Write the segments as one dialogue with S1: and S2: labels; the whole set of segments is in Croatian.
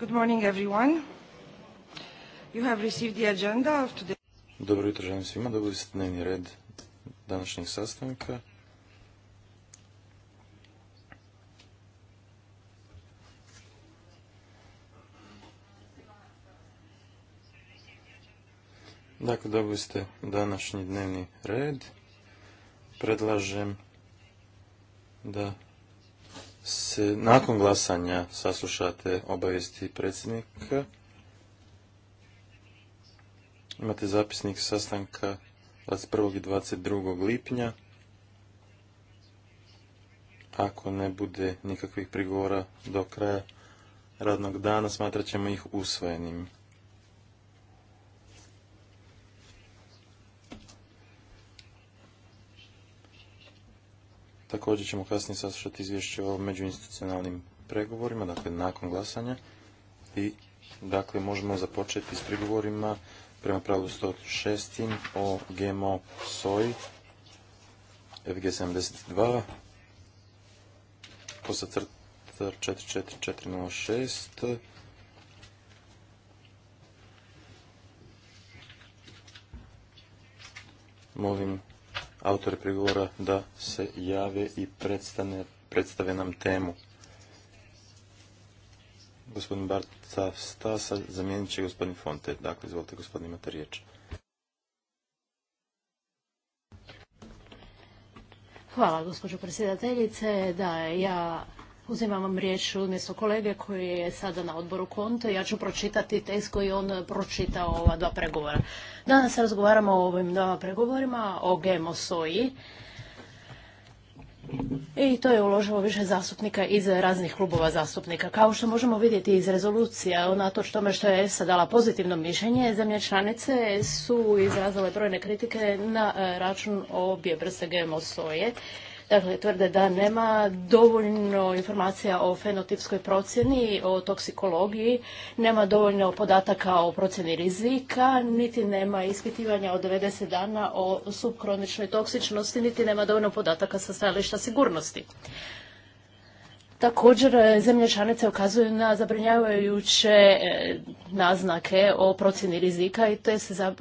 S1: Good morning everyone. You have received the agenda of today.
S2: Dobro jutro želim svima, dobili ste dnevni red današnjeg sastanka. Dakle, dobili ste današnji dnevni red. Predlažem da se nakon glasanja saslušate obavijesti predsjednika. Imate zapisnik sastanka 21. i 22. lipnja. Ako ne bude nikakvih prigovora do kraja radnog dana, smatrat ćemo ih usvojenim. Također ćemo kasnije saslušati izvješće o međuinstitucionalnim pregovorima, dakle nakon glasanja. I dakle možemo započeti s pregovorima prema pravilu 106. o GMO soji FG72 posa crta 44406 molim autore prigovora da se jave i predstane, predstave nam temu. Gospodin Barca Stasa zamijenit će gospodin Fonte. Dakle, izvolite gospodin, imate riječ.
S3: Hvala gospođo predsjedateljice. Da, ja Uzimam vam riječ umjesto kolege koji je sada na odboru konto. Ja ću pročitati tekst koji on pročitao ova dva pregovora. Danas razgovaramo o ovim dva pregovorima, o GMO soji. I to je uložilo više zastupnika iz raznih klubova zastupnika. Kao što možemo vidjeti iz rezolucija, unatoč tome što je ESA dala pozitivno mišljenje, zemlje članice su izrazile brojne kritike na e, račun obje vrste GMO soje Dakle, tvrde da nema dovoljno informacija o fenotipskoj procjeni, o toksikologiji, nema dovoljno podataka o procjeni rizika, niti nema ispitivanja od 90 dana o subkroničnoj toksičnosti, niti nema dovoljno podataka sa stajališta sigurnosti. Također, e, zemlje članice ukazuju na zabrinjavajuće e, naznake o procjeni rizika i te se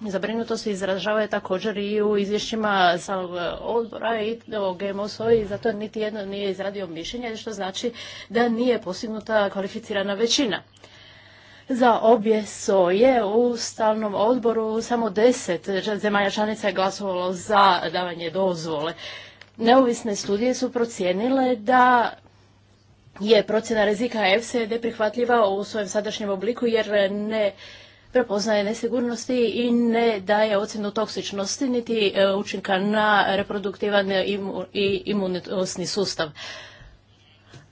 S3: zabrinutost izražavaju također i u izvješćima samog e, odbora i o GMO soji, zato niti jedno nije izradio mišljenje, što znači da nije postignuta kvalificirana većina. Za obje soje u stalnom odboru samo deset zemalja članica je glasovalo za davanje dozvole. Neovisne studije su procijenile da je procjena rizika EFSE neprihvatljiva u svojem sadašnjem obliku jer ne prepoznaje nesigurnosti i ne daje ocjenu toksičnosti niti e, učinka na reproduktivan i imunitosni sustav.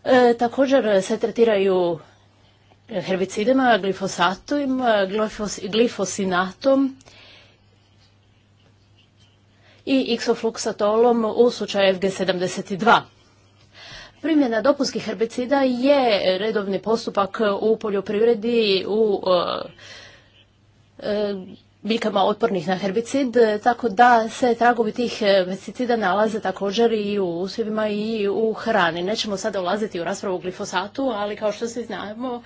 S3: E, također se tretiraju herbicidima, glifosatom, e, glifosinatom i iksofluksatolom u slučaju FG72. Primjena dopunskih herbicida je redovni postupak u poljoprivredi u e, e, biljkama otpornih na herbicid, tako da se tragovi tih pesticida nalaze također i u usjevima i u hrani. Nećemo sada ulaziti u raspravu o glifosatu, ali kao što svi znamo,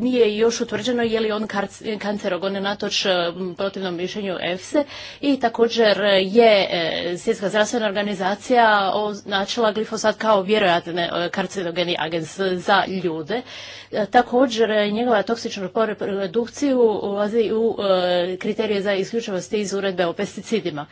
S3: nije još utvrđeno je li on kancerogon natoč e, protivnom mišljenju EFSE i također je e, Svjetska zdravstvena organizacija označila glifosat kao vjerojatne e, karcinogeni agens za ljude. Također njegova toksična reprodukciju ulazi u kriterije za isključivost iz uredbe o pesticidima.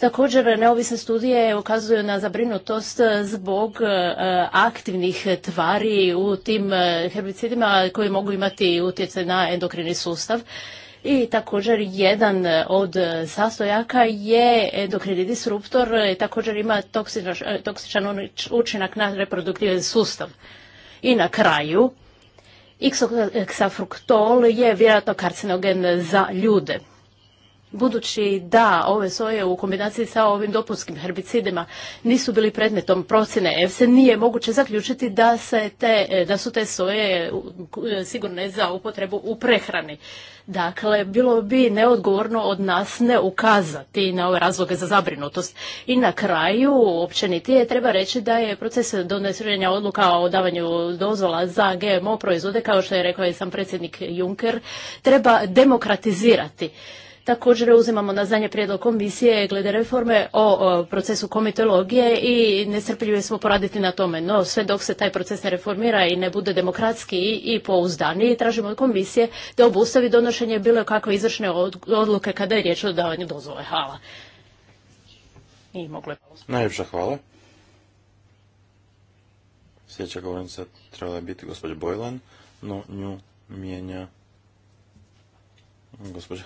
S3: Također, neovisne studije ukazuju na zabrinutost zbog e, aktivnih tvari u tim e, herbicidima koji mogu imati utjecaj na endokrini sustav. I također jedan od sastojaka je endokrini disruptor i također ima e, toksičan učinak na reproduktivni sustav. I na kraju, iksofruktol je vjerojatno karcinogen za ljude budući da ove soje u kombinaciji sa ovim dopunskim herbicidima nisu bili predmetom procjene EFSE, nije moguće zaključiti da, se da su te soje sigurne za upotrebu u prehrani. Dakle, bilo bi neodgovorno od nas ne ukazati na ove razloge za zabrinutost. I na kraju, je treba reći da je proces donesenja odluka o davanju dozvola za GMO proizvode, kao što je rekao i sam predsjednik Juncker, treba demokratizirati. Također uzimamo na znanje prijedlog komisije glede reforme o, procesu komitologije i nestrpljivi smo poraditi na tome. No sve dok se taj proces ne reformira i ne bude demokratski i, i pouzdaniji, tražimo od komisije da obustavi donošenje bilo kakve izvršne odluke kada je riječ o davanju dozvole. Hvala.
S2: Najljepša hvala. Sljedeća govornica trebala biti gospođa Bojlan, no nju mijenja gospođa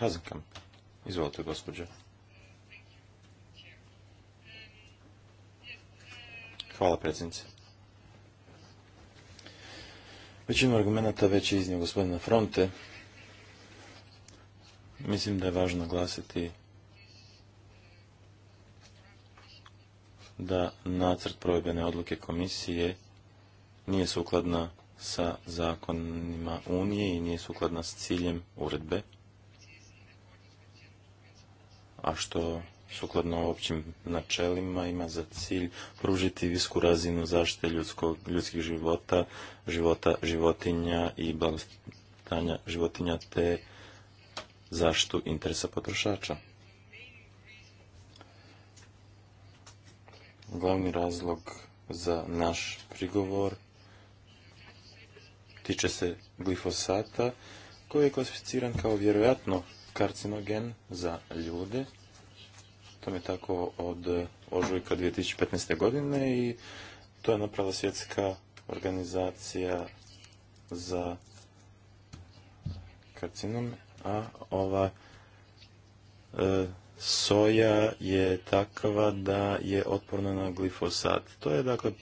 S2: Izvolite, gospođo. Hvala, predsjednice. Većinu argumenta već je iznio gospodina Fronte. Mislim da je važno glasiti da nacrt provedbene odluke komisije nije sukladna sa zakonima Unije i nije sukladna s ciljem uredbe a što sukladno općim načelima ima za cilj pružiti visku razinu zaštite ljudskih života, života životinja i blagostanja životinja te zaštitu interesa potrošača. Glavni razlog za naš prigovor tiče se glifosata koji je klasificiran kao vjerojatno karcinogen za ljude. To je tako od ožujka 2015. godine i to je napravila svjetska organizacija za karcinom, a ova e, soja je takva da je otporna na glifosat. To je dakle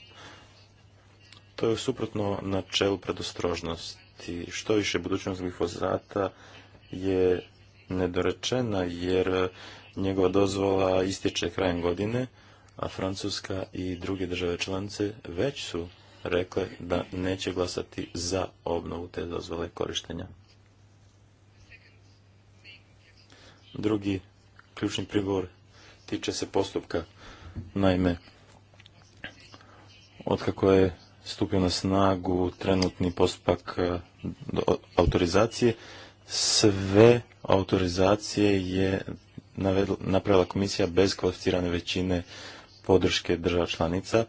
S2: to je suprotno načelu predostrožnosti. Što više budućnost glifosata je nedorečena jer njegova dozvola ističe krajem godine, a Francuska i druge države članice već su rekle da neće glasati za obnovu te dozvole korištenja. Drugi ključni prigovor tiče se postupka. Naime, otkako je stupio na snagu trenutni postupak e, autorizacije, sve autorizacije je napravila komisija bez kvalificirane većine podrške država članica.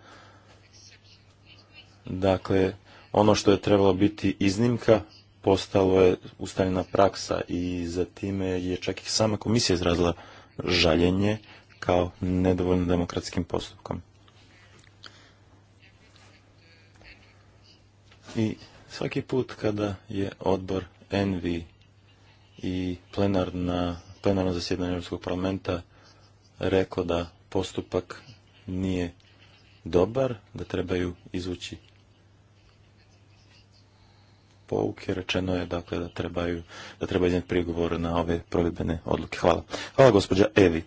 S2: Dakle, ono što je trebalo biti iznimka postalo je ustaljena praksa i za time je čak i sama komisija izrazila žaljenje kao nedovoljno demokratskim postupkom. I svaki put kada je odbor NV i plenarna, plenarno zasjedanje Europskog parlamenta rekao da postupak nije dobar, da trebaju izvući pouke. Rečeno je dakle da trebaju, da treba iznijeti prigovor na ove provedbene odluke. Hvala. Hvala gospođa Evi.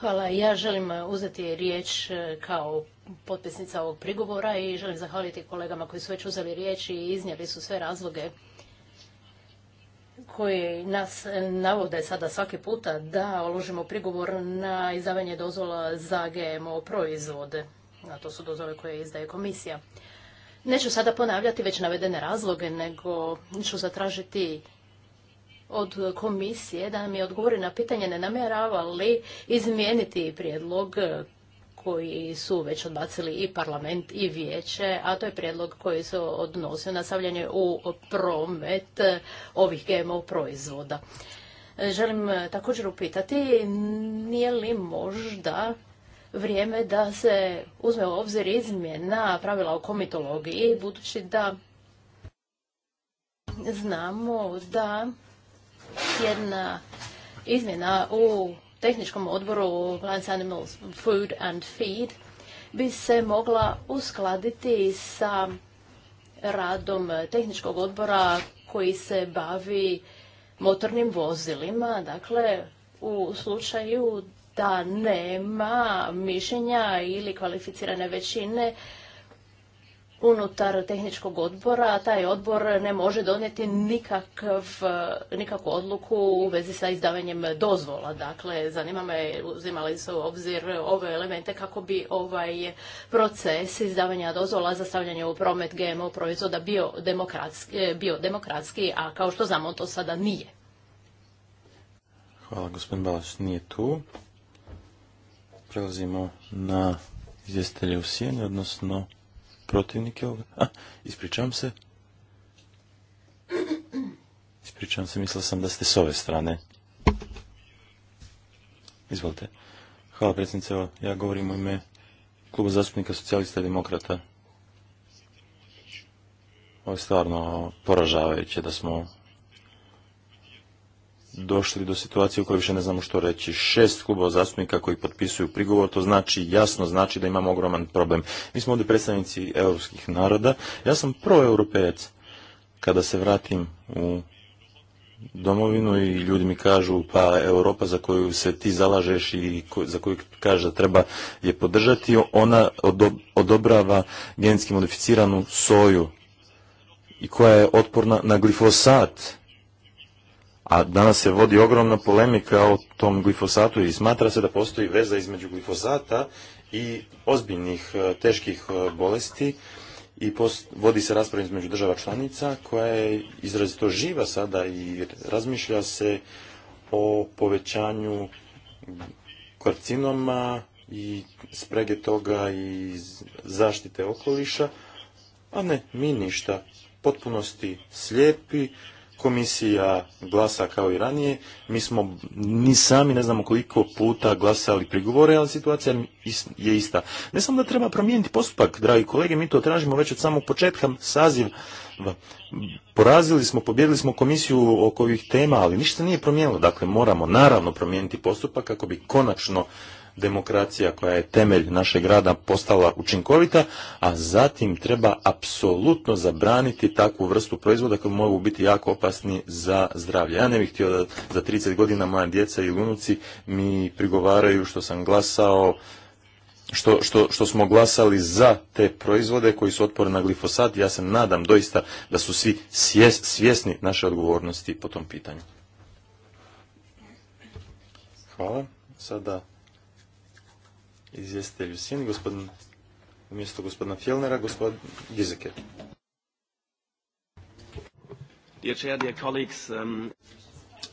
S3: Hvala. Ja želim uzeti riječ e, kao potpisnica ovog prigovora i želim zahvaliti kolegama koji su već uzeli riječ i iznijeli su sve razloge koji nas navode sada svaki puta da uložimo prigovor na izdavanje dozvola za GMO proizvode, a to su dozvole koje izdaje komisija. Neću sada ponavljati već navedene razloge, nego ću zatražiti od komisije da mi odgovori na pitanje ne namjerava li izmijeniti prijedlog koji su već odbacili i parlament i vijeće, a to je prijedlog koji se odnosio na stavljanje u promet ovih GMO proizvoda. Želim također upitati, nije li možda vrijeme da se uzme u obzir izmjena pravila o komitologiji, budući da znamo da jedna izmjena u tehničkom odboru Plants Animals Food and Feed bi se mogla uskladiti sa radom tehničkog odbora koji se bavi motornim vozilima. Dakle, u slučaju da nema mišljenja ili kvalificirane većine unutar tehničkog odbora, a taj odbor ne može donijeti nikakvu odluku u vezi sa izdavanjem dozvola. Dakle, zanima me, uzimali su u obzir ove elemente kako bi ovaj proces izdavanja dozvola za stavljanje u promet GMO proizvoda bio demokratski, bio demokratski a kao što znamo to sada nije.
S4: Hvala,
S2: gospodin Balaš nije tu. Prelazimo na izvjestelje u sjeni, odnosno protivnike ovoga? A, ah, ispričavam se. Ispričam se, mislio sam da ste s ove strane. Izvolite. Hvala predsjednice, ja govorim u ime Kluba zastupnika socijalista i demokrata. Ovo je stvarno poražavajuće da smo došli do situacije u kojoj više ne znamo što reći. Šest klubova zastupnika koji potpisuju prigovor, to znači jasno znači da imamo ogroman problem. Mi smo ovdje predstavnici europskih naroda. Ja sam proeuropejac kada se vratim u domovinu i ljudi mi kažu pa Europa za koju se ti zalažeš i za koju kaže da treba je podržati, ona odobrava genetski modificiranu soju i koja je otporna na glifosat a danas se vodi ogromna polemika o tom glifosatu i smatra se da postoji veza između glifosata i ozbiljnih e, teških e, bolesti i vodi se rasprava između država članica koja je izrazito živa sada i razmišlja se o povećanju karcinoma i sprege toga i zaštite okoliša, a ne mi ništa. Potpunosti slijepi, komisija glasa kao i ranije. Mi smo ni sami ne znamo koliko puta glasali prigovore, ali situacija je ista. Ne samo da treba promijeniti postupak, dragi kolege, mi to tražimo već od samog početka saziv. Porazili smo, pobjedili smo komisiju oko ovih tema, ali ništa nije promijenilo. Dakle, moramo naravno promijeniti postupak kako bi konačno demokracija koja je temelj našeg rada postala učinkovita, a zatim treba apsolutno zabraniti takvu vrstu proizvoda koji mogu biti jako opasni za zdravlje. Ja ne bih htio da za 30 godina moja djeca i unuci mi prigovaraju što sam glasao što, što, što, smo glasali za te proizvode koji su otpore na glifosat. Ja se nadam doista da su svi svjesni naše odgovornosti po tom pitanju. Hvala. Sada izvjestitelju sin gospodin, umjesto gospodina Fjellnera, gospodin Gizeke. Um,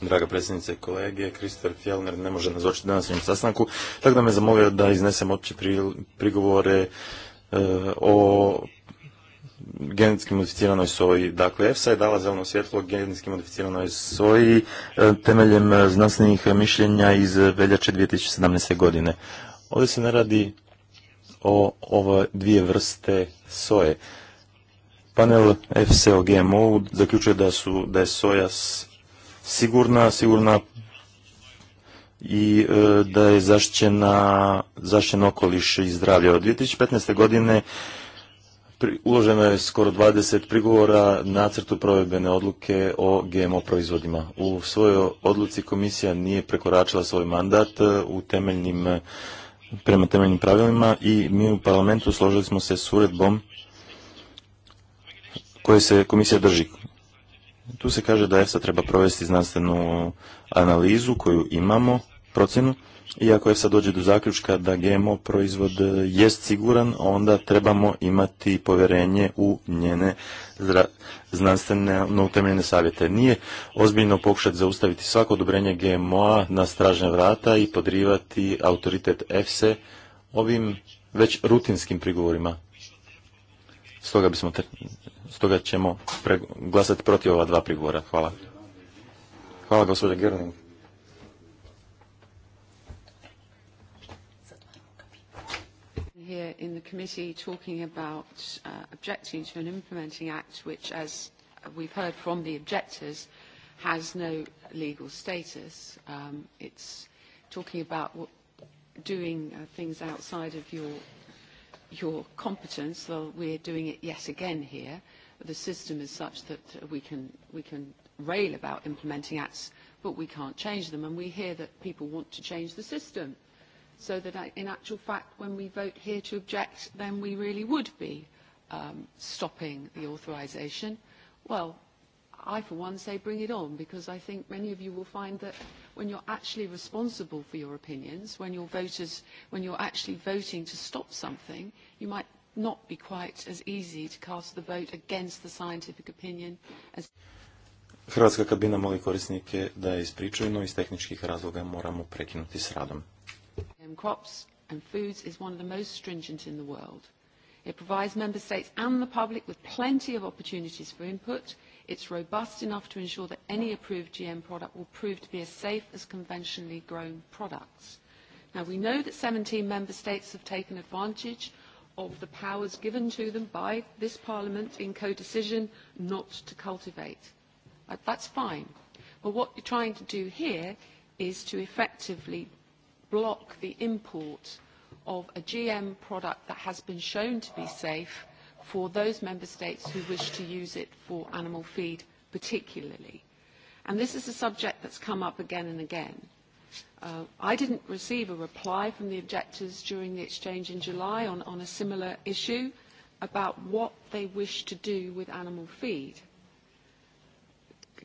S2: Draga predsjednice i kolege, Kristofer Fjellner ne može nazočiti danas ovom sastanku, tako da me zamolio da iznesem opće prigovore e, o genetski modificiranoj soji. Dakle, EFSA je dala zeleno svjetlo genetski modificiranoj soji e, temeljem e, znanstvenih mišljenja iz veljače 2017. godine. Ovdje se ne radi o ove dvije vrste soje. Panel FCO GMO zaključuje da, su, da je soja sigurna, sigurna i e, da je zaštićena, zaštićen okoliš i zdravlje. Od 2015. godine uloženo je skoro 20 prigovora nacrtu provedbene odluke o GMO proizvodima. U svojoj odluci komisija nije prekoračila svoj mandat e, u temeljnim prema temeljnim pravilima i mi u parlamentu složili smo se s uredbom koje se komisija drži. Tu se kaže da EFSA treba provesti znanstvenu analizu koju imamo, procjenu, iako je sad dođe do zaključka da GMO proizvod e, jest siguran, onda trebamo imati povjerenje u njene znanstvene, utemljene savjete. Nije ozbiljno pokušati zaustaviti svako odobrenje GMO-a na stražne vrata i podrivati autoritet EFSE ovim već rutinskim prigovorima. Stoga, bismo stoga ćemo glasati protiv ova dva prigovora. Hvala. Hvala, gospođa Gerling.
S5: in the committee talking about uh, objecting to an implementing act which, as we've heard from the objectors, has no legal status. Um, it's talking about what, doing uh, things outside of your, your competence. Well, we're doing it yet again here. The system is such that uh, we can, we can rail about implementing acts, but we can't change them. And we hear that people want to change the system so that uh, in actual fact when we vote here to object then we really would be um, stopping the authorisation. Well, I for one say bring it on because I think many of you will find that when you're actually responsible for your opinions, when your voters, when you're actually voting to stop something, you might not be quite as easy to cast the vote against the scientific opinion as...
S2: Hrvatska kabina moli korisnike da je ispričujno iz tehničkih razloga moramo prekinuti s radom.
S5: Crops and foods is one of the most stringent in the world. It provides member states and the public with plenty of opportunities for input. It's robust enough to ensure that any approved GM product will prove to be as safe as conventionally grown products. Now, we know that 17 member states have taken advantage of the powers given to them by this Parliament in co-decision not to cultivate. That's fine. But what you're trying to do here is to effectively block the import of a GM product that has been shown to be safe for those member states who wish to use it for animal feed particularly. And this is a subject that's come up again and again. I uh, I didn't receive a reply from the objectors during the exchange in July on, on a similar issue about what they wish to do with animal feed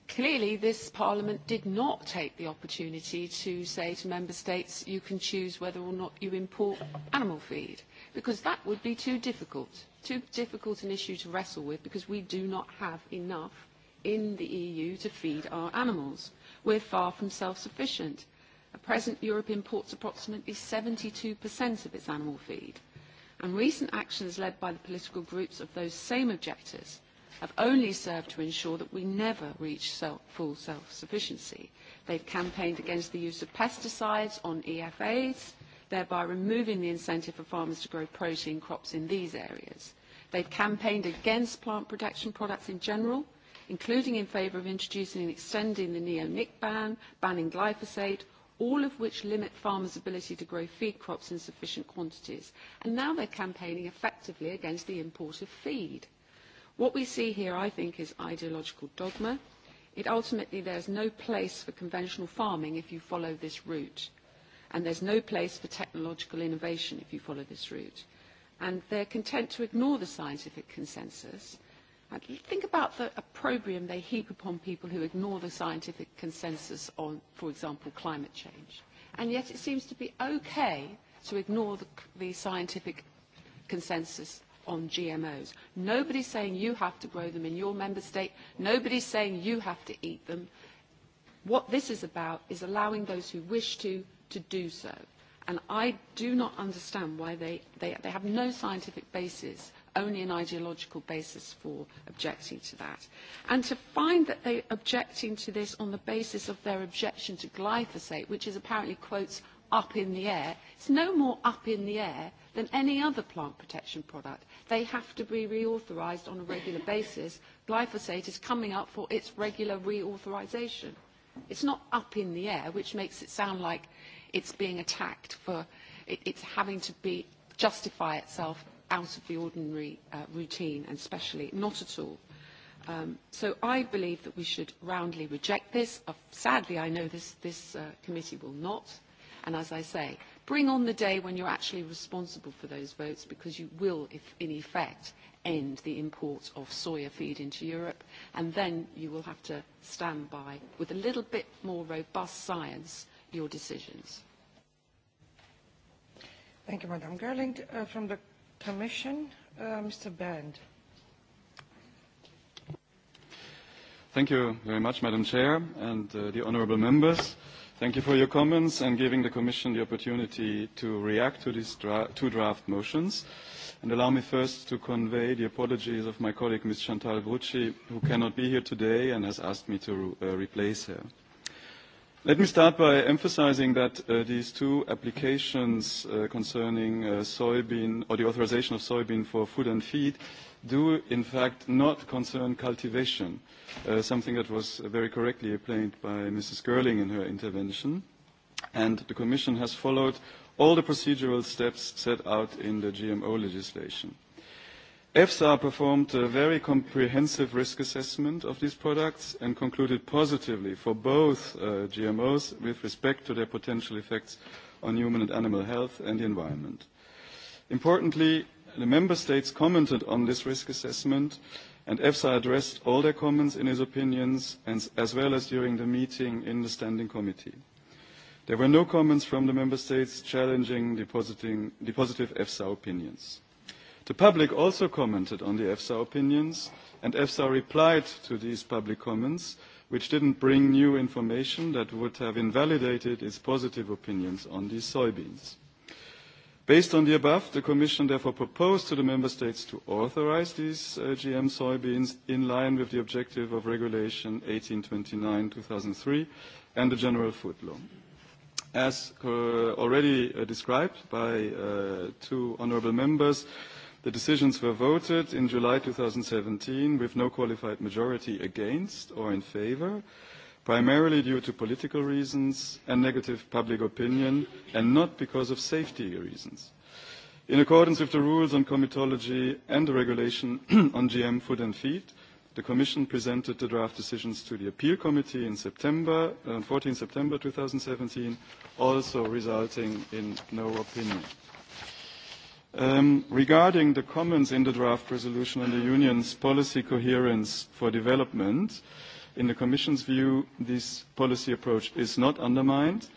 S5: clearly this parliament did not take the opportunity to say to member states you can choose whether or not you import animal feed because that would be too difficult too difficult an issue to wrestle with because we do not have enough in the eu to feed our animals we're far from self sufficient at present europe imports approximately 72% of its animal feed and recent actions led by the political groups of those same objectors have only served to ensure that we never reach self, full self-sufficiency. They've campaigned against the use of pesticides on EFAs, thereby removing the incentive for farmers to grow protein crops in these areas. They've campaigned against plant protection products in general, including in favour of introducing and extending the neonic ban, banning glyphosate, all of which limit farmers' ability to grow feed crops in sufficient quantities. And now they're campaigning effectively against the import of feed. What we see here, I think, is ideological dogma. It ultimately, there's no place for conventional farming if you follow this route. And there's no place for technological innovation if you follow this route. And they're content to ignore the scientific consensus. And think about the opprobrium they heap upon people who ignore the scientific consensus on, for example, climate change. And yet it seems to be okay to ignore the, the scientific consensus on GMOs. Nobody's saying you have to grow them in your member state. Nobody's saying you have to eat them. What this is about is allowing those who wish to, to do so. And I do not understand why they, they, they have no scientific basis, only an ideological basis for objecting to that. And to find that they're objecting to this on the basis of their objection to glyphosate, which is apparently, quotes, up in the air. It's no more up in the air than any other plant protection product. They have to be reauthorized on a regular basis. Glyphosate is coming up for its regular reauthorization. It's not up in the air, which makes it sound like it's being attacked for, it's having to be, justify itself out of the ordinary uh, routine and especially not at all. Um, so I believe that we should roundly reject this. Uh, sadly, I know this, this uh, committee will not. And as I say, bring on the day when you're actually responsible for those votes because you will, if in effect, end the import of soya feed into Europe. And then you will have to stand by, with a little bit more robust science, your decisions.
S1: Thank you, Madam uh, from the Commission, uh, Mr. Band.
S6: Thank you very much, Madam Chair and uh, the honourable members. Thank you for your comments and giving the Commission the opportunity to react to these dra two draft motions. And allow me first to convey the apologies of my colleague, Ms. Chantal Brucci, who cannot be here today and has asked me to uh, replace her. Let me start by emphasizing that uh, these two applications uh, concerning uh, soybean or the authorization of soybean for food and feed do in fact not concern cultivation, uh, something that was very correctly explained by Mrs. Gerling in her intervention. And the Commission has followed all the procedural steps set out in the GMO legislation. EFSA performed a very comprehensive risk assessment of these products and concluded positively for both uh, GMOs with respect to their potential effects on human and animal health and the environment. Importantly, The member states commented on this risk assessment and EFSA addressed all their comments in his opinions as well as during the meeting in the standing committee. There were no comments from the member states challenging the, the positive EFSA opinions. The public also commented on the EFSA opinions and EFSA replied to these public comments which didn't bring new information that would have invalidated its positive opinions on these soybeans. Based on the above, the Commission therefore proposed to the Member States to authorize these uh, GM soybeans in line with the objective of Regulation 1829-2003 and the General Food Law. As uh, already uh, described by two honourable members, the decisions were voted in July 2017 with no qualified majority against or in favour primarily due to political reasons and negative public opinion and not because of safety reasons. In accordance with the rules on comitology and the regulation on GM food and feed, the Commission presented the draft decisions to the Appeal Committee in September, on 14 September 2017, also resulting in no opinion. Um, regarding the comments in the draft resolution on the Union's policy coherence for development, In the Commission's view, this policy approach is not undermined.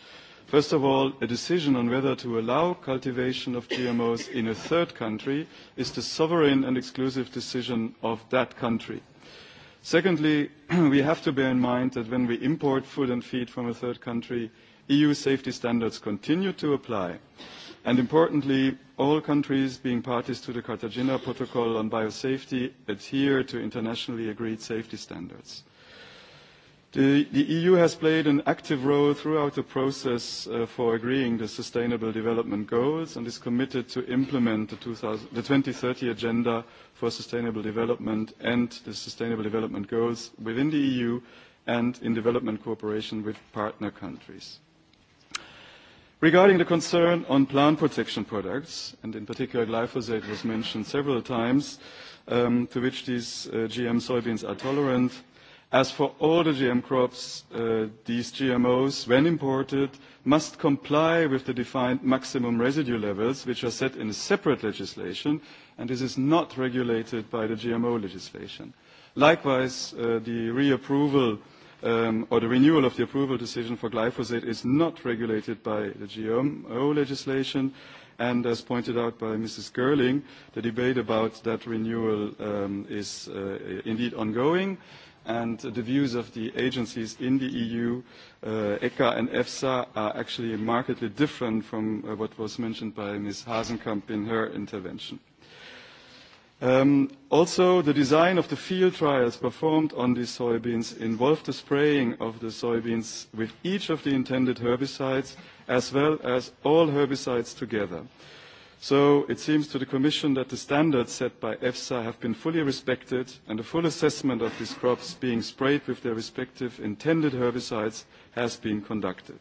S6: First of all, a decision on whether to allow cultivation of GMOs in a third country is the sovereign and exclusive decision of that country. Secondly, we have to bear in mind that when we import food and feed from a third country, EU safety standards continue to apply. And importantly, all countries being parties to the Cartagena Protocol on biosafety adhere to internationally agreed safety standards. Uh, the, EU has played an active role throughout the process uh, for agreeing the Sustainable Development Goals and is committed to implement the, 2000, the 2030 Agenda for Sustainable Development and the Sustainable Development Goals within the EU and in development cooperation with partner countries. Regarding the concern on plant protection products, and in particular glyphosate was mentioned several times, um, to which these uh, GM soybeans are tolerant, As for all the GM crops, uh, these GMOs, when imported, must comply with the defined maximum residue levels, which are set in a separate legislation, and this is not regulated by the GMO legislation. Likewise, uh, the reapproval um, or the renewal of the approval decision for glyphosate is not regulated by the GMO legislation, and as pointed out by Mrs. Gerling, the debate about that renewal um, is uh, indeed ongoing and the views of the agencies in the EU, uh, ECHA and EFSA, are actually markedly different from uh, what was mentioned by Ms. Hasenkamp in her intervention. Um, also, the design of the field trials performed on these soybeans involved the spraying of the soybeans with each of the intended herbicides, as well as all herbicides together. So it seems to the Commission that the standards set by EFSA have been fully respected and a full assessment of these crops being sprayed with their respective intended herbicides has been conducted.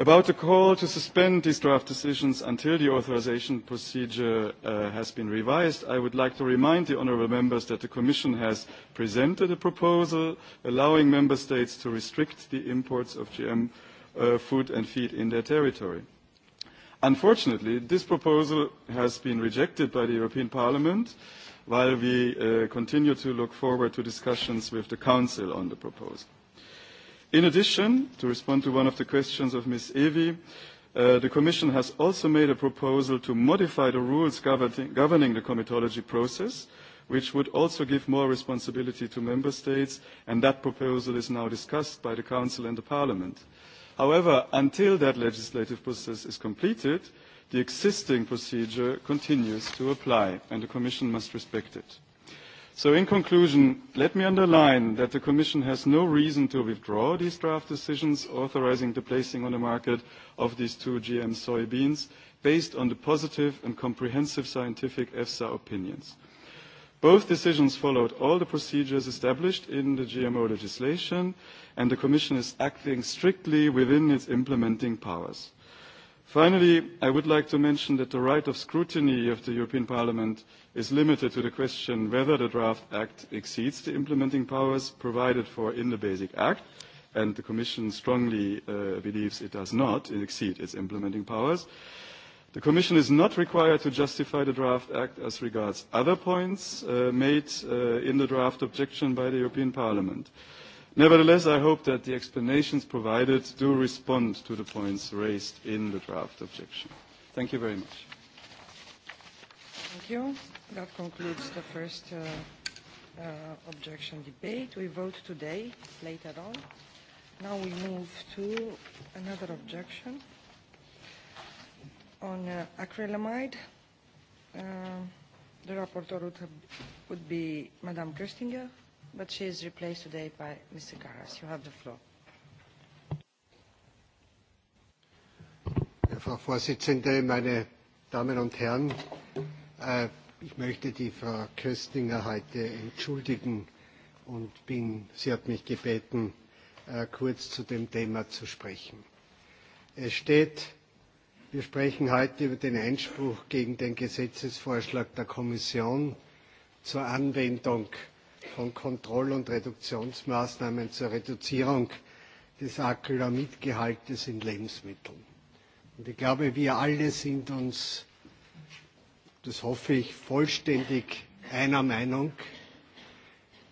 S6: About the call to suspend these draft decisions until the authorisation procedure uh, has been revised, I would like to remind the honourable members that the Commission has presented a proposal allowing member states to restrict the imports of GM uh, food and feed in their territory. Unfortunately, this proposal has been rejected by the European Parliament while we uh, continue to look forward to discussions with the Council on the proposal. In addition, to respond to one of the questions of Ms. Evi, uh, the Commission has also made a proposal to modify the rules governing, the comitology process, which would also give more responsibility to Member States, and that proposal is now discussed by the Council and the Parliament. However, until that legislative process is completed, the existing procedure continues to apply and the Commission must respect it. So in conclusion, let me underline that the Commission has no reason to withdraw these draft decisions authorizing the placing on the market of these two GM soybeans based on the positive and comprehensive scientific EFSA opinions. Both decisions followed all the procedures established in the GMO legislation, and the Commission is acting strictly within its implementing powers. Finally, I would like to mention that the right of scrutiny of the European Parliament is limited to the question whether the draft act exceeds the implementing powers provided for in the Basic Act, and the Commission strongly uh, believes it does not exceed its implementing powers. The Commission is not required to justify the draft act as regards other points uh, made uh, in the draft objection by the European Parliament. Nevertheless, I hope that the explanations provided do respond to the points raised in the draft objection. Thank you very much.
S1: Thank you. That concludes the first uh, objection debate. We vote today, later on. Now we move to another objection on uh, acrylamide. Uh, the rapporteur would, have, would be Madame Köstinger, but she is replaced today by Mr. Karas. You have the floor.
S7: Ja, Frau Vorsitzende, meine Damen und Herren, äh, ich möchte die Frau Köstinger heute entschuldigen und bin, sie hat mich gebeten, äh, kurz zu dem Thema zu sprechen. Es steht Wir sprechen heute über den Einspruch gegen den Gesetzesvorschlag der Kommission zur Anwendung von Kontroll- und Reduktionsmaßnahmen zur Reduzierung des Acrylamidgehaltes in Lebensmitteln. Und ich glaube, wir alle sind uns, das hoffe ich, vollständig einer Meinung,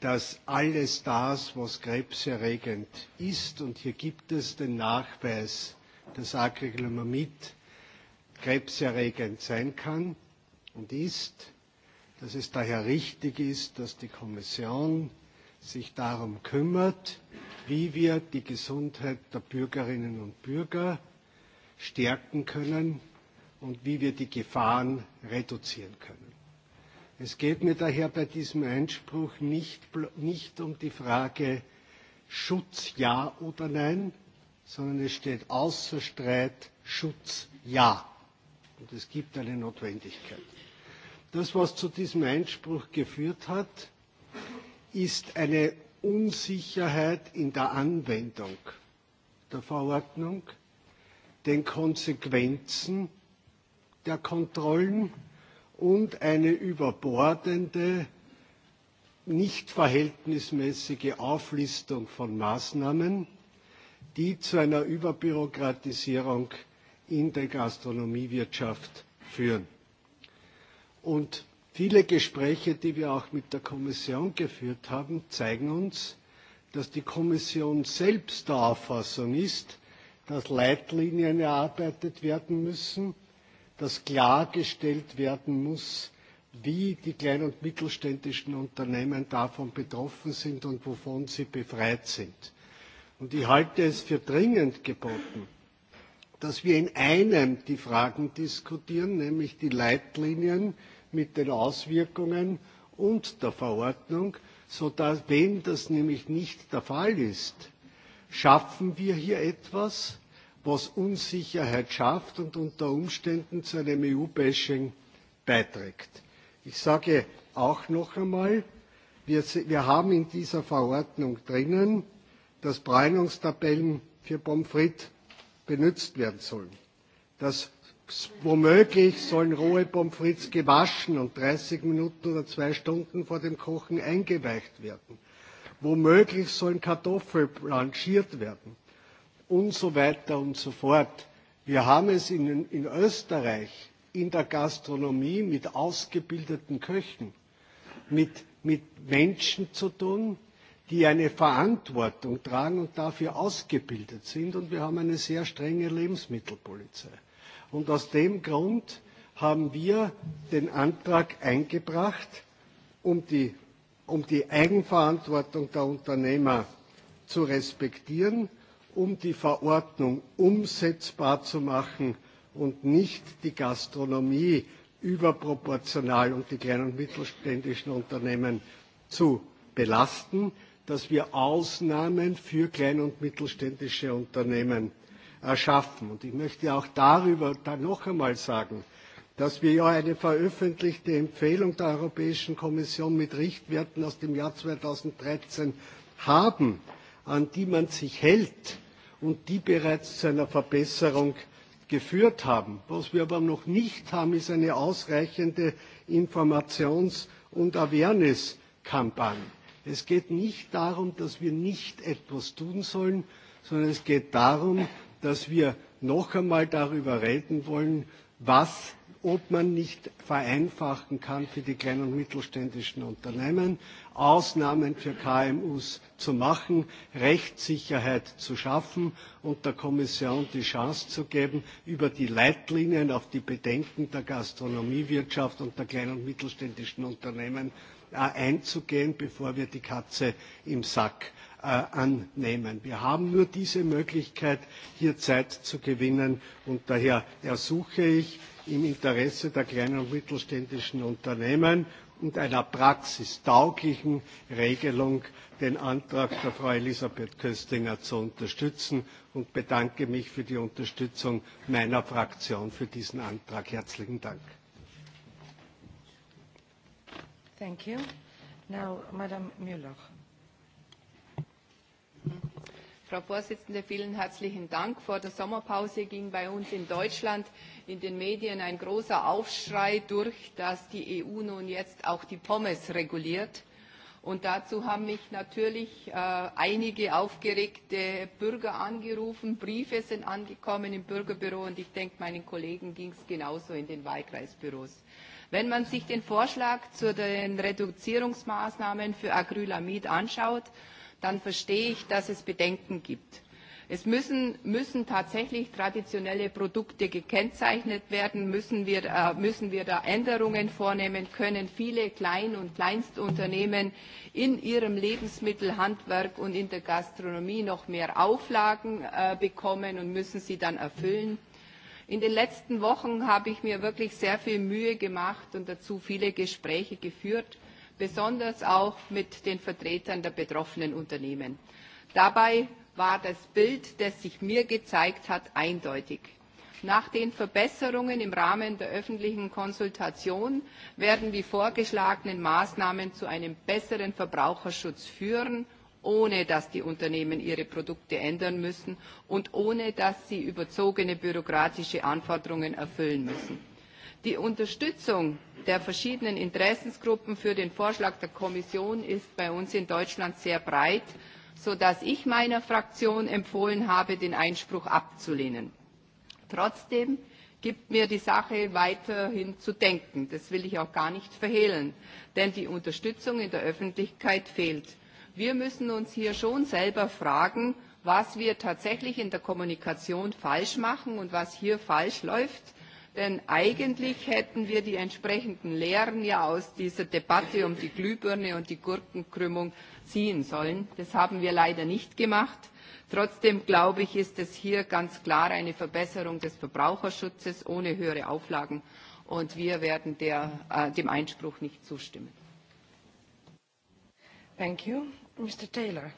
S7: dass alles das, was krebserregend ist, und hier gibt es den Nachweis, dass Acrylamid krebserregend sein kann und ist, dass es daher richtig ist, dass die Kommission sich darum kümmert, wie wir die Gesundheit der Bürgerinnen und Bürger stärken können und wie wir die Gefahren reduzieren können. Es geht mir daher bei diesem Einspruch nicht, nicht um die Frage Schutz ja oder nein, sondern es steht außer Streit Schutz ja. Und es gibt eine Notwendigkeit. Das, was zu diesem Einspruch geführt hat, ist eine Unsicherheit in der Anwendung der Verordnung, den Konsequenzen der Kontrollen und eine überbordende, nicht verhältnismäßige Auflistung von Maßnahmen, die zu einer Überbürokratisierung in der Gastronomiewirtschaft führen. Und viele Gespräche, die wir auch mit der Kommission geführt haben, zeigen uns, dass die Kommission selbst der Auffassung ist, dass Leitlinien erarbeitet werden müssen, dass klargestellt werden muss, wie die kleinen und mittelständischen Unternehmen davon betroffen sind und wovon sie befreit sind. Und ich halte es für dringend geboten, dass wir in einem die Fragen diskutieren, nämlich die Leitlinien mit den Auswirkungen und der Verordnung, sodass, wenn das nämlich nicht der Fall ist, schaffen wir hier etwas, was Unsicherheit schafft und unter Umständen zu einem EU-Bashing beiträgt. Ich sage auch noch einmal, wir, wir haben in dieser Verordnung drinnen, dass Bräunungstabellen für Pommes frites benutzt werden sollen. Das, womöglich sollen rohe Pommes frites gewaschen und 30 Minuten oder zwei Stunden vor dem Kochen eingeweicht werden. Womöglich sollen Kartoffeln blanchiert werden und so weiter und so fort. Wir haben es in, in Österreich in der Gastronomie mit ausgebildeten Köchen, mit, mit Menschen zu tun, die eine Verantwortung tragen und dafür ausgebildet sind. Und wir haben eine sehr strenge Lebensmittelpolizei. Und aus dem Grund haben wir den Antrag eingebracht, um die, um die Eigenverantwortung der Unternehmer zu respektieren, um die Verordnung umsetzbar zu machen und nicht die Gastronomie überproportional und die kleinen und mittelständischen Unternehmen zu belasten dass wir Ausnahmen für kleine und mittelständische Unternehmen erschaffen. Und ich möchte auch darüber dann noch einmal sagen, dass wir ja eine veröffentlichte Empfehlung der Europäischen Kommission mit Richtwerten aus dem Jahr 2013 haben, an die man sich hält und die bereits zu einer Verbesserung geführt haben. Was wir aber noch nicht haben, ist eine ausreichende Informations- und Awareness-Kampagne. Es geht nicht darum, dass wir nicht etwas tun sollen, sondern es geht darum, dass wir noch einmal darüber reden wollen, was, ob man nicht vereinfachen kann für die kleinen und mittelständischen Unternehmen, Ausnahmen für KMU zu machen, Rechtssicherheit zu schaffen und der Kommission die Chance zu geben, über die Leitlinien auf die Bedenken der Gastronomiewirtschaft und der kleinen und mittelständischen Unternehmen Äh, einzugehen, bevor wir die Katze im Sack äh, annehmen. Wir haben nur diese Möglichkeit, hier Zeit zu gewinnen, und daher ersuche ich im Interesse der kleinen und mittelständischen Unternehmen und einer praxistauglichen Regelung den Antrag der Frau Elisabeth Köstinger zu unterstützen und bedanke mich für die Unterstützung meiner Fraktion für diesen Antrag. Herzlichen Dank.
S1: Thank you. Now, Madame Müller.
S8: Frau Vorsitzende, vielen herzlichen Dank. Vor der Sommerpause ging bei uns in Deutschland in den Medien ein großer Aufschrei durch, dass die EU nun jetzt auch die Pommes reguliert. Und dazu haben mich natürlich äh, einige aufgeregte Bürger angerufen. Briefe sind angekommen im Bürgerbüro und ich denke, meinen Kollegen ging es genauso in den Wahlkreisbüros. Wenn man sich den Vorschlag zu den Reduzierungsmaßnahmen für Acrylamid anschaut, dann verstehe ich, dass es Bedenken gibt. Es müssen, müssen tatsächlich traditionelle Produkte gekennzeichnet werden, müssen wir, äh, müssen wir da Änderungen vornehmen können. Viele Klein- und Kleinstunternehmen in ihrem Lebensmittelhandwerk und in der Gastronomie noch mehr Auflagen äh, bekommen und müssen sie dann erfüllen In den letzten Wochen habe ich mir wirklich sehr viel Mühe gemacht und dazu viele Gespräche geführt, besonders auch mit den Vertretern der betroffenen Unternehmen. Dabei war das Bild, das sich mir gezeigt hat, eindeutig. Nach den Verbesserungen im Rahmen der öffentlichen Konsultation werden die vorgeschlagenen Maßnahmen zu einem besseren Verbraucherschutz führen ohne dass die Unternehmen ihre Produkte ändern müssen und ohne dass sie überzogene bürokratische Anforderungen erfüllen müssen. Die Unterstützung der verschiedenen Interessengruppen für den Vorschlag der Kommission ist bei uns in Deutschland sehr breit, sodass ich meiner Fraktion empfohlen habe, den Einspruch abzulehnen. Trotzdem gibt mir die Sache weiterhin zu denken. Das will ich auch gar nicht verhehlen, denn die Unterstützung in der Öffentlichkeit fehlt wir müssen uns hier schon selber fragen was wir tatsächlich in der kommunikation falsch machen und was hier falsch läuft denn eigentlich hätten wir die entsprechenden lehren ja aus dieser debatte um die glühbirne und die gurkenkrümmung ziehen sollen. das haben wir leider nicht gemacht. trotzdem glaube ich ist es hier ganz klar eine verbesserung des verbraucherschutzes ohne höhere auflagen und wir werden der, äh, dem einspruch nicht zustimmen.
S1: Thank you. Mr. Taylor.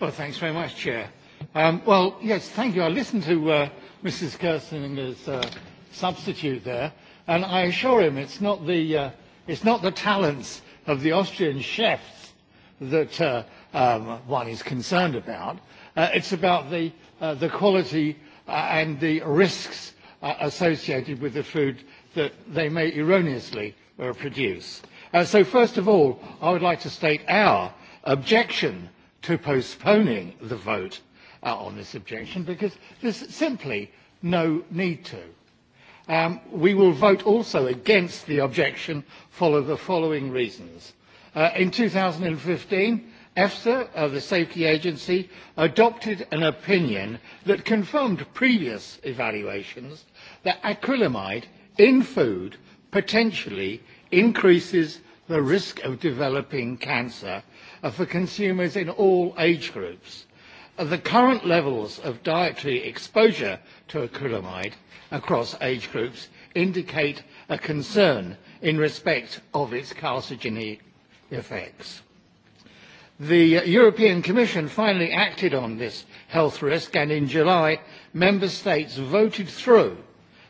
S9: Well, thanks very much, Chair. Um, well, yes, thank you. I listened to uh, Mrs. Kirsten's uh, substitute there, and I assure him it's not the, uh, it's not the talents of the Austrian chefs that uh, um, one is concerned about. Uh, it's about the, uh, the quality uh, and the risks uh, associated with the food that they may erroneously uh, produce. Uh, so first of all, I would like to state our objection to postponing the vote uh, on this objection because there's simply no need to. Um, we will vote also against the objection for the following reasons. Uh, in 2015, EFSA, uh, the safety agency, adopted an opinion that confirmed previous evaluations that acrylamide in food potentially increases the risk of developing cancer uh, for consumers in all age groups. Uh, the current levels of dietary exposure to acrylamide across age groups indicate a concern in respect of its carcinogenic effects. The uh, European Commission finally acted on this health risk and in July member states voted through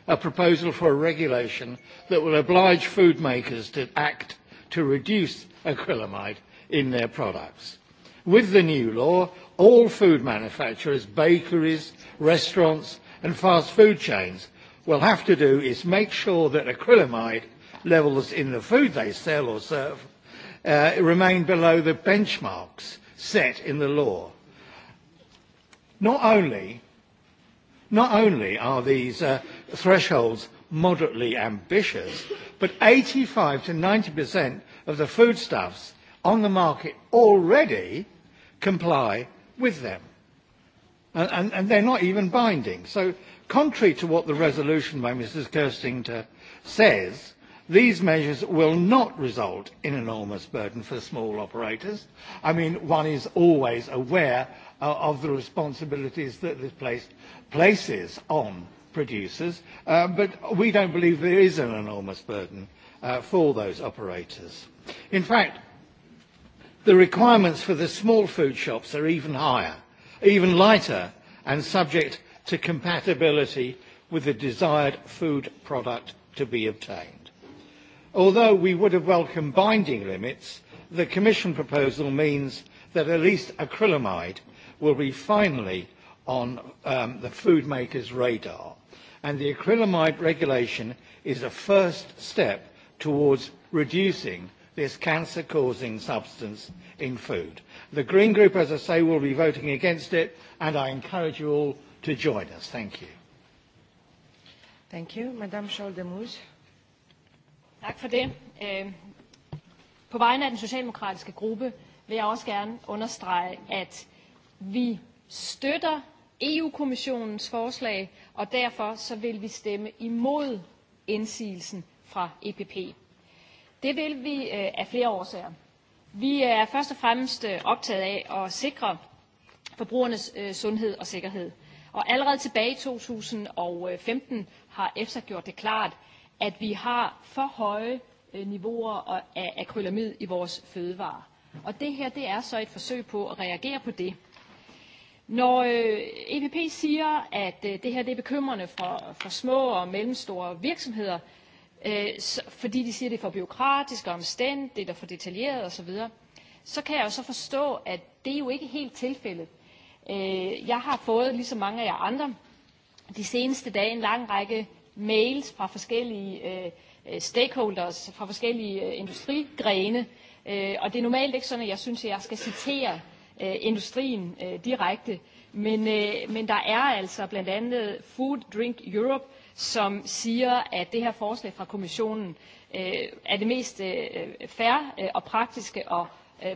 S9: a proposal for a regulation that will oblige food makers to act to reduce acrylamide in their products. With the new law, all food manufacturers, bakeries, restaurants and fast food chains will have to do is make sure that acrylamide levels in the food they sell or serve uh, remain below the benchmarks set in the law. Not only, not only are these uh, thresholds moderately ambitious, but 85 to 90% of the foodstuffs on the market already comply with them. And, and, and they're not even binding. So contrary to what the resolution by Mrs. Kirstinger says, these measures will not result in enormous burden for small operators. I mean, one is always aware uh, of the responsibilities that this place places on producers, um, but we don't believe there is an enormous burden uh, for those operators. In fact, the requirements for the small food shops are even higher, even lighter, and subject to compatibility with the desired food product to be obtained. Although we would have welcomed binding limits, the Commission proposal means that at least acrylamide will be finally on um, the food makers' radar and the acrylamide regulation is a first step towards reducing this cancer causing substance in food. The Green Group, as I say, will be voting against it and I encourage you all to join us. Thank you. Thank you. Madame Scholdemuse.
S10: Tak for det. På vegne af den socialdemokratiske gruppe vil jeg også gerne understrege, at vi støtter EU-kommissionens forslag og derfor så vil vi stemme imod indsigelsen fra EPP. Det vil vi øh, af flere årsager. Vi er først og fremmest øh, optaget af at sikre forbrugernes øh, sundhed og sikkerhed. Og allerede tilbage i 2015 har EFSA gjort det klart, at vi har for høje niveauer af akrylamid i vores fødevarer. Og det her det er så et forsøg på at reagere på det. Når øh, EVP siger, at øh, det her det er bekymrende for, for små og mellemstore virksomheder, øh, fordi de siger, at det er for byråkratisk og omstændigt og er for detaljeret osv., så kan jeg jo så forstå, at det er jo ikke helt tilfældet. Jeg har fået, ligesom mange af jer andre, de seneste dage en lang række mails fra forskellige stakeholders, fra forskellige industrigrene, og det er normalt ikke sådan, at jeg synes, at jeg skal citere Øh, industrien øh, direkte. Men, øh, men der er altså blandt andet Food Drink Europe, som siger, at det her forslag fra kommissionen er det mest fair og praktiske og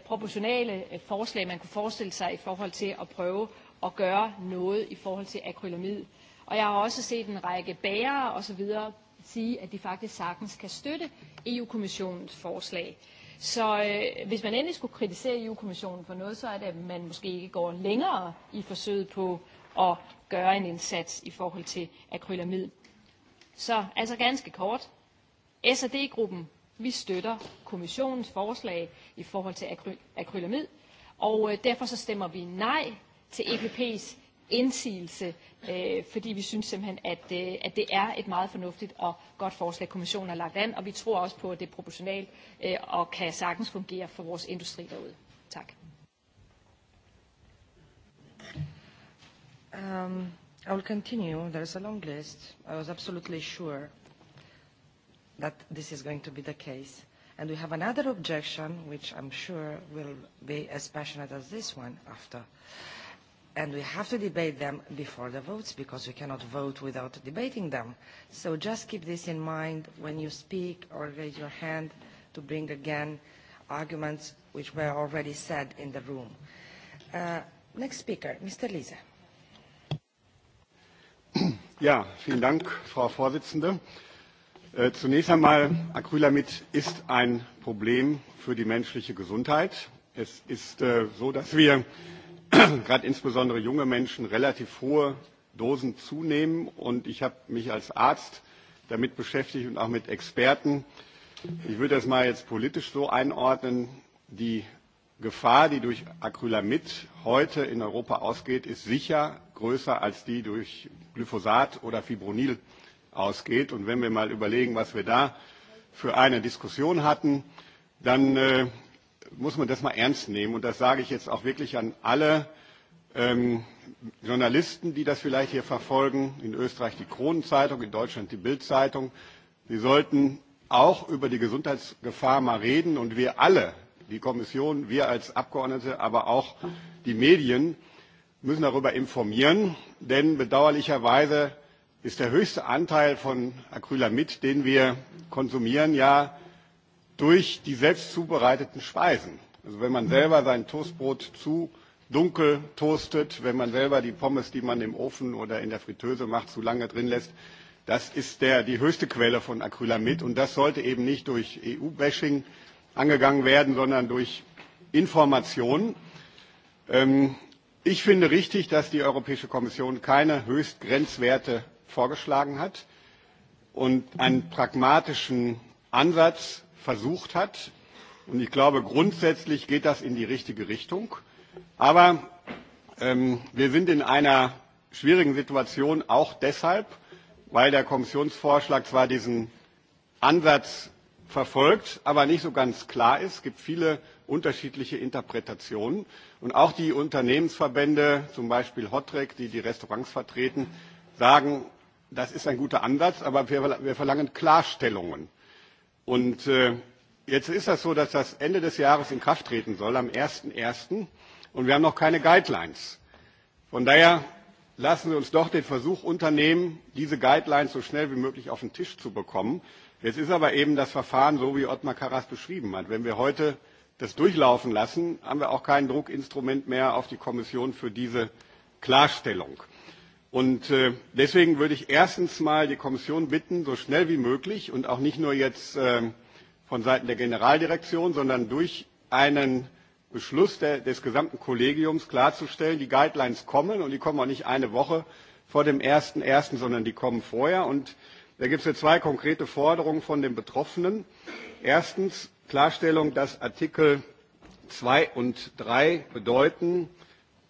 S10: proportionale forslag, man kunne forestille sig i forhold til at prøve at gøre noget i forhold til akrylamid. Og jeg har også set en række bærere osv. sige, at de faktisk sagtens kan støtte EU-kommissionens forslag. Så øh, hvis man endelig skulle kritisere EU-kommissionen for noget, så er det, at man måske ikke går længere i forsøget på at gøre en indsats i forhold til akrylamid. Så altså ganske kort. S&D-gruppen, vi støtter kommissionens forslag i forhold til akry akrylamid, og øh, derfor så stemmer vi nej til EPP's indsigelse, øh, fordi vi synes simpelthen, at, øh, at det er et meget fornuftigt og godt forslag, kommissionen har lagt an, og vi tror også på, at det er proportionalt øh, og kan sagtens fungere for vores industri derude. Tak.
S1: Um, I will continue. There is a long list. I was absolutely sure that this is going to be the case. And we have another objection, which I'm sure will be as passionate as this one after and we have to debate them before the votes because we cannot vote without debating them. So just keep this in mind when you speak or raise your hand to bring again arguments which were already said in the room. Uh, next speaker, Mr. Lise.
S11: Ja, vielen Dank, Frau Vorsitzende. Äh, zunächst einmal, Acrylamid ist ein Problem für die menschliche Gesundheit. Es ist äh, so, dass wir gerade insbesondere junge Menschen relativ hohe Dosen zunehmen. Und ich habe mich als Arzt damit beschäftigt und auch mit Experten. Ich würde das mal jetzt politisch so einordnen. Die Gefahr, die durch Acrylamid heute in Europa ausgeht, ist sicher größer als die durch Glyphosat oder Fibronil ausgeht. Und wenn wir mal überlegen, was wir da für eine Diskussion hatten, dann äh, muss man das mal ernst nehmen. Und das sage ich jetzt auch wirklich an alle ähm, Journalisten, die das vielleicht hier verfolgen. In Österreich die Kronenzeitung, in Deutschland die Bildzeitung. Sie sollten auch über die Gesundheitsgefahr mal reden. Und wir alle, die Kommission, wir als Abgeordnete, aber auch die Medien, müssen darüber informieren. Denn bedauerlicherweise ist der höchste Anteil von Acrylamid, den wir konsumieren, ja durch die selbst zubereiteten Speisen. Also wenn man mhm. selber sein Toastbrot zu dunkel toastet, wenn man selber die Pommes, die man im Ofen oder in der Fritteuse macht, zu lange drin lässt, das ist der, die höchste Quelle von Acrylamid. Und das sollte eben nicht durch EU-Bashing angegangen werden, sondern durch Informationen. Ähm, ich finde richtig, dass die Europäische Kommission keine Höchstgrenzwerte vorgeschlagen hat und einen pragmatischen Ansatz versucht hat. Und ich glaube, grundsätzlich geht das in die richtige Richtung. Aber ähm, wir sind in einer schwierigen Situation auch deshalb, weil der Kommissionsvorschlag zwar diesen Ansatz verfolgt, aber nicht so ganz klar ist. Es gibt viele unterschiedliche Interpretationen. Und auch die Unternehmensverbände, zum Beispiel Hotrec, die die Restaurants vertreten, sagen, das ist ein guter Ansatz, aber wir, wir verlangen Klarstellungen. Und äh, jetzt ist das so, dass das Ende des Jahres in Kraft treten soll, am 1.1. Und wir haben noch keine Guidelines. Von daher lassen Sie uns doch den Versuch unternehmen, diese Guidelines so schnell wie möglich auf den Tisch zu bekommen. Jetzt ist aber eben das Verfahren so, wie Ottmar Karas beschrieben hat. Wenn wir heute das durchlaufen lassen, haben wir auch kein Druckinstrument mehr auf die Kommission für diese Klarstellung. Und äh, deswegen würde ich erstens mal die Kommission bitten, so schnell wie möglich und auch nicht nur jetzt ähm, von Seiten der Generaldirektion, sondern durch einen Beschluss der, des gesamten Kollegiums klarzustellen, die Guidelines kommen und die kommen auch nicht eine Woche vor dem 1.1., sondern die kommen vorher. Und da gibt es zwei konkrete Forderungen von den Betroffenen. Erstens Klarstellung, dass Artikel 2 und 3 bedeuten,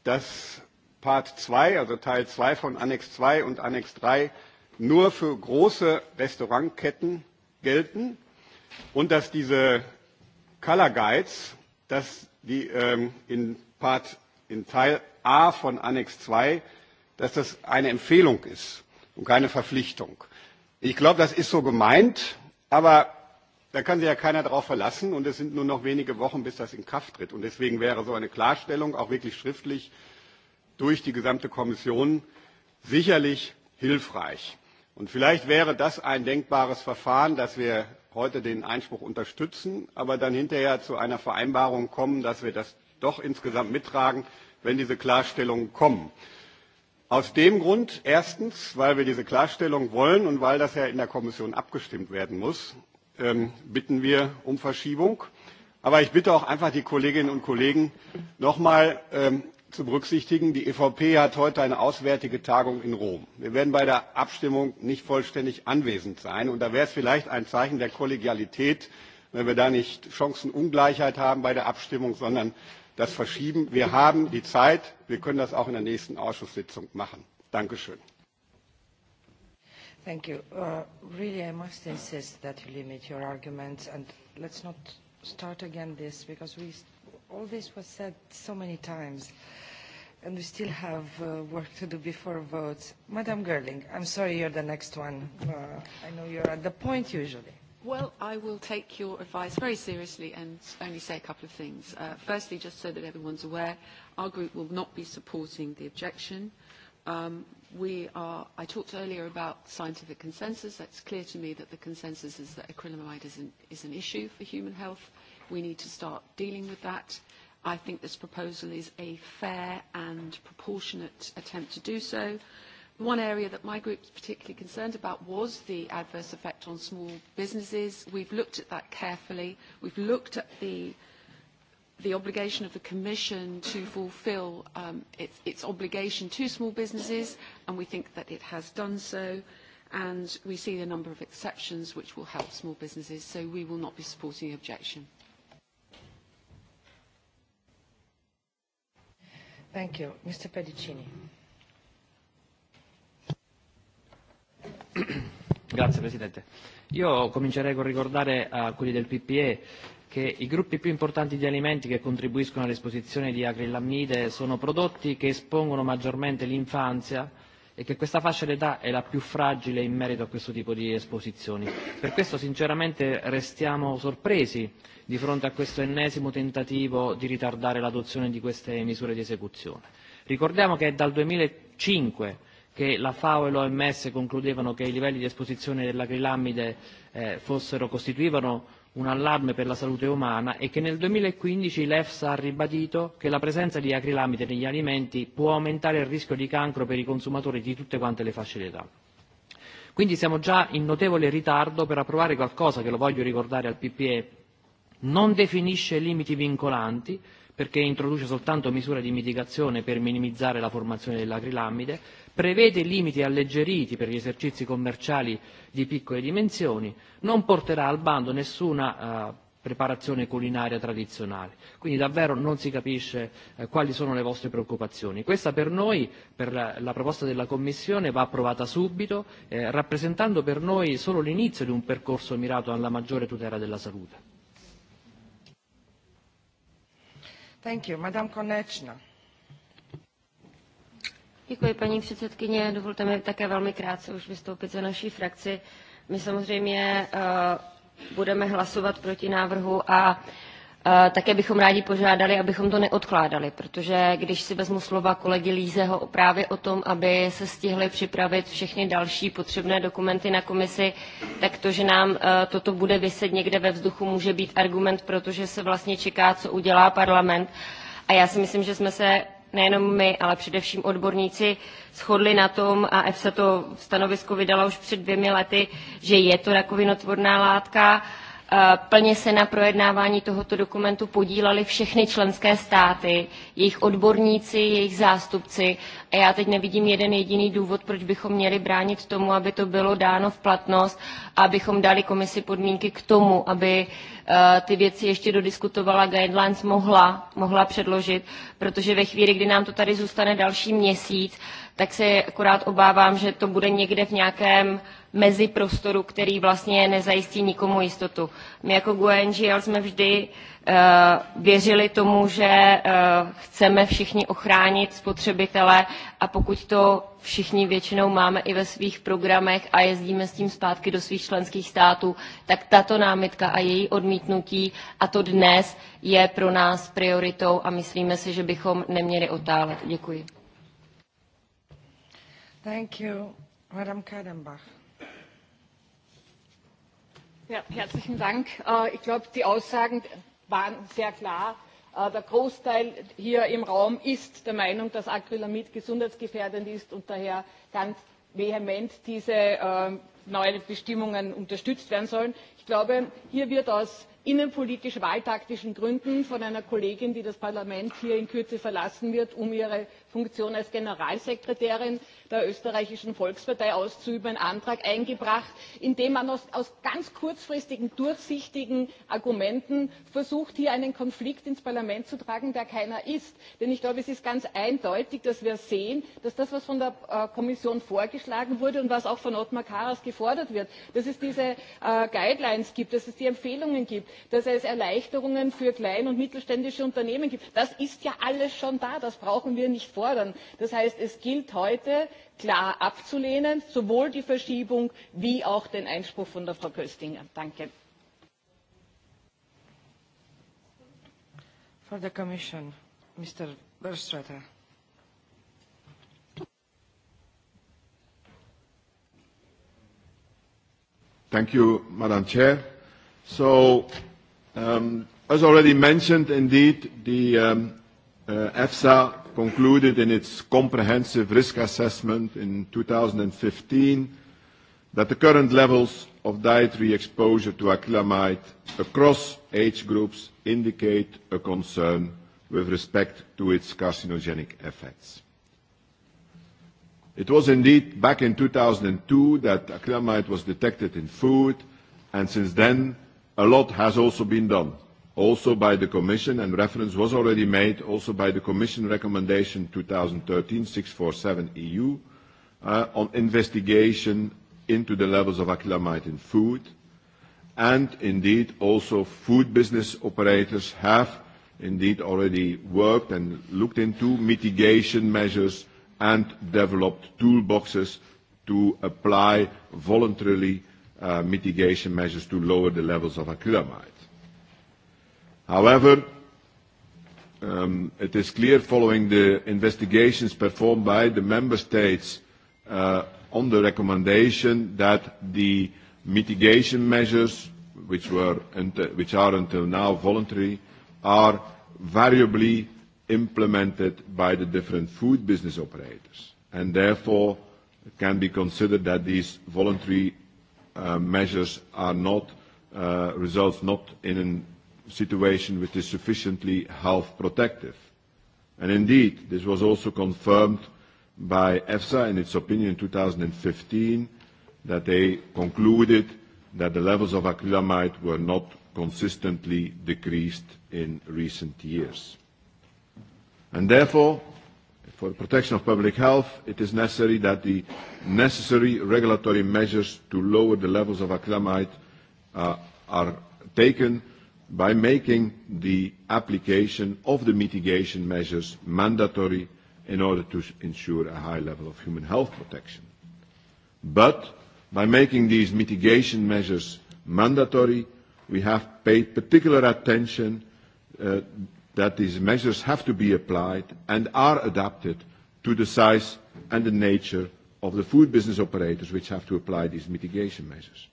S11: dass Part 2, also Teil 2 von Annex 2 und Annex 3 nur für große Restaurantketten gelten und dass diese Color Guides, dass die ähm, in Part in Teil A von Annex 2, dass das eine Empfehlung ist und keine Verpflichtung. Ich glaube, das ist so gemeint, aber da kann sich ja keiner darauf verlassen und es sind nur noch wenige Wochen, bis das in Kraft tritt. Und deswegen wäre so eine Klarstellung auch wirklich schriftlich durch die gesamte kommission sicherlich hilfreich. Und vielleicht wäre das ein denkbares verfahren dass wir heute den einspruch unterstützen aber dann hinterher zu einer vereinbarung kommen dass wir das doch insgesamt mittragen wenn diese klarstellungen kommen. aus dem grund erstens weil wir diese klarstellung wollen und weil das ja in der kommission abgestimmt werden muss ähm, bitten wir um verschiebung. aber ich bitte auch einfach die kolleginnen und kollegen noch einmal ähm, zu berücksichtigen. Die EVP hat heute eine auswärtige Tagung in Rom. Wir werden bei der Abstimmung nicht vollständig anwesend sein. Und da wäre es vielleicht ein Zeichen der Kollegialität, wenn wir da nicht Chancenungleichheit haben bei der Abstimmung, sondern das verschieben. Wir haben die Zeit. Wir können das auch in der nächsten Ausschusssitzung machen. Dankeschön.
S1: Thank you. Uh, really, I must insist that you limit your arguments and let's not start again this because we all this was said so many times, and we still have uh, work to do before votes. Madam Gerling, I'm sorry you're the next one. Uh, I know you're at the point usually.
S5: Well, I will take your advice very seriously and only say a couple of things. Uh, firstly, just so that everyone's aware, our group will not be supporting the objection. Um, we are, I talked earlier about scientific consensus. It's clear to me that the consensus is that acrylamide is an, is an issue for human health We need to start dealing with that. I think this proposal is a fair and proportionate attempt to do so. One area that my group is particularly concerned about was the adverse effect on small businesses. We've looked at that carefully. We've looked at the the obligation of the Commission to fulfil um, its, its obligation to small businesses, and we think that it has done so. And we see a number of exceptions which will help small businesses, so we will not be supporting the objection.
S1: Thank you. Mr. Pedicini.
S12: Grazie Presidente. Io comincerei con ricordare a quelli del PPE che i gruppi più importanti di alimenti che contribuiscono all'esposizione di acrilammide sono prodotti che espongono maggiormente l'infanzia e che questa fascia d'età è la più fragile in merito a questo tipo di esposizioni. Per questo sinceramente restiamo sorpresi di fronte a questo ennesimo tentativo di ritardare l'adozione di queste misure di esecuzione. Ricordiamo che è dal 2005 e che la FAO e l'OMS concludevano che i livelli di esposizione della eh, fossero costituivano un allarme per la salute umana e che nel 2015 l'EFSA ha ribadito che la presenza di acrilamide negli alimenti può aumentare il rischio di cancro per i consumatori di tutte quante le fasce d'età. Quindi siamo già in notevole ritardo per approvare qualcosa che, lo voglio ricordare al PPE, non definisce limiti vincolanti perché introduce soltanto misure di mitigazione per minimizzare la formazione dell'acrilamide, prevede limiti alleggeriti per gli esercizi commerciali di piccole dimensioni, non porterà al bando nessuna eh, preparazione culinaria tradizionale. Quindi davvero non si capisce eh, quali sono le vostre preoccupazioni. Questa per noi, per la, proposta della Commissione, va approvata subito, eh, rappresentando per noi solo l'inizio di un percorso mirato alla maggiore tutela della salute.
S1: Thank you. Madame Konechna.
S13: Děkuji, paní předsedkyně. Dovolte mi také velmi krátce už vystoupit za naší frakci. My samozřejmě eh, budeme hlasovat proti návrhu a eh, také bychom rádi požádali, abychom to neodkládali, protože když si vezmu slova kolegy Lízeho právě o tom, aby se stihly připravit všechny další potřebné dokumenty na komisi, tak to, že nám eh, toto bude vyset někde ve vzduchu, může být argument, protože se vlastně čeká, co udělá parlament. A já si myslím, že jsme se nejenom my, ale především odborníci shodli na tom, a EFSA to stanovisko vydala už před dvěmi lety, že je to rakovinotvorná látka Eh, plně se na projednávání tohoto dokumentu podílely všechny členské státy, jejich odborníci, jejich zástupci a já teď nevidím jeden jediný důvod, proč bychom měli bránit tomu, aby to bylo dáno v platnost a abychom dali komisi podmínky k tomu, aby eh, ty věci ještě dodiskutovala, guidelines mohla, mohla předložit, protože ve chvíli, kdy nám to tady zůstane další měsíc, tak se akorát obávám, že to bude někde v nějakém mezi prostoru, který vlastně nezajistí nikomu jistotu. My jako GoNGL jsme vždy eh, věřili tomu, že eh, chceme všichni ochránit spotřebitele a pokud to všichni většinou máme i ve svých programech a jezdíme s tím zpátky do svých členských států, tak tato námitka a její odmítnutí a to dnes je pro nás prioritou a myslíme se, že bychom neměli otálet. Děkuji.
S1: Thank you. Madam Kadenbach.
S14: Ja, herzlichen Dank. Äh, ich glaube, die Aussagen waren sehr klar. Äh, der Großteil hier im Raum ist der Meinung, dass Acrylamid gesundheitsgefährdend ist und daher ganz vehement diese äh, neuen Bestimmungen unterstützt werden sollen. Ich glaube, hier wird aus innenpolitisch wahltaktischen Gründen von einer Kollegin, die das Parlament hier in Kürze verlassen wird, um ihre funktion als generalsekretärin der österreichischen volkspartei auszuüben einen antrag eingebracht in dem man aus ganz kurzfristigen durchsichtigen argumenten versucht hier einen konflikt ins parlament zu tragen der keiner ist. denn ich glaube es ist ganz eindeutig dass wir sehen dass das was von der äh, kommission vorgeschlagen wurde und was auch von othmar karas gefordert wird dass es diese äh, guidelines gibt dass es die empfehlungen gibt dass es erleichterungen für kleine und mittelständische unternehmen gibt das ist ja alles schon da das brauchen wir nicht fordern. das heißt es gilt heute klar abzulehnen sowohl die verschiebung wie auch den einspruch von der frau köstinger. danke.
S1: For the Commission, Mr. Berstrater.
S15: Thank you, Madam Chair. So, um, as already mentioned, indeed, the um, uh, EFSA concluded in its comprehensive risk assessment in 2015 that the current levels of dietary exposure to acrylamide across age groups indicate a concern with respect to its carcinogenic effects. It was indeed back in 2002 that acrylamide was detected in food, and since then, a lot has also been done also by the Commission, and reference was already made also by the Commission Recommendation 2013-647-EU e uh, on investigation into the levels of acrylamide in food. And indeed, also food business operators have indeed already worked and looked into mitigation measures and developed toolboxes to apply voluntarily uh, mitigation measures to lower the levels of acrylamide. However, um, it is clear following the investigations performed by the member states uh, on the recommendation that the mitigation measures which, were which are until now voluntary are variably implemented by the different food business operators and therefore it can be considered that these voluntary uh, measures are not uh, results not in an situation which is sufficiently health protective. And indeed, this was also confirmed by EFSA in its opinion in 2015 that they concluded that the levels of acrylamide were not consistently decreased in recent years. And therefore, for the protection of public health, it is necessary that the necessary regulatory measures to lower the levels of acrylamide uh, are taken by making the application of the mitigation measures mandatory in order to ensure a high level of human health protection. But by making these mitigation measures mandatory, we have paid particular attention uh, that these measures have to be applied and are adapted to the size and the nature of the food business operators which have to apply these mitigation measures.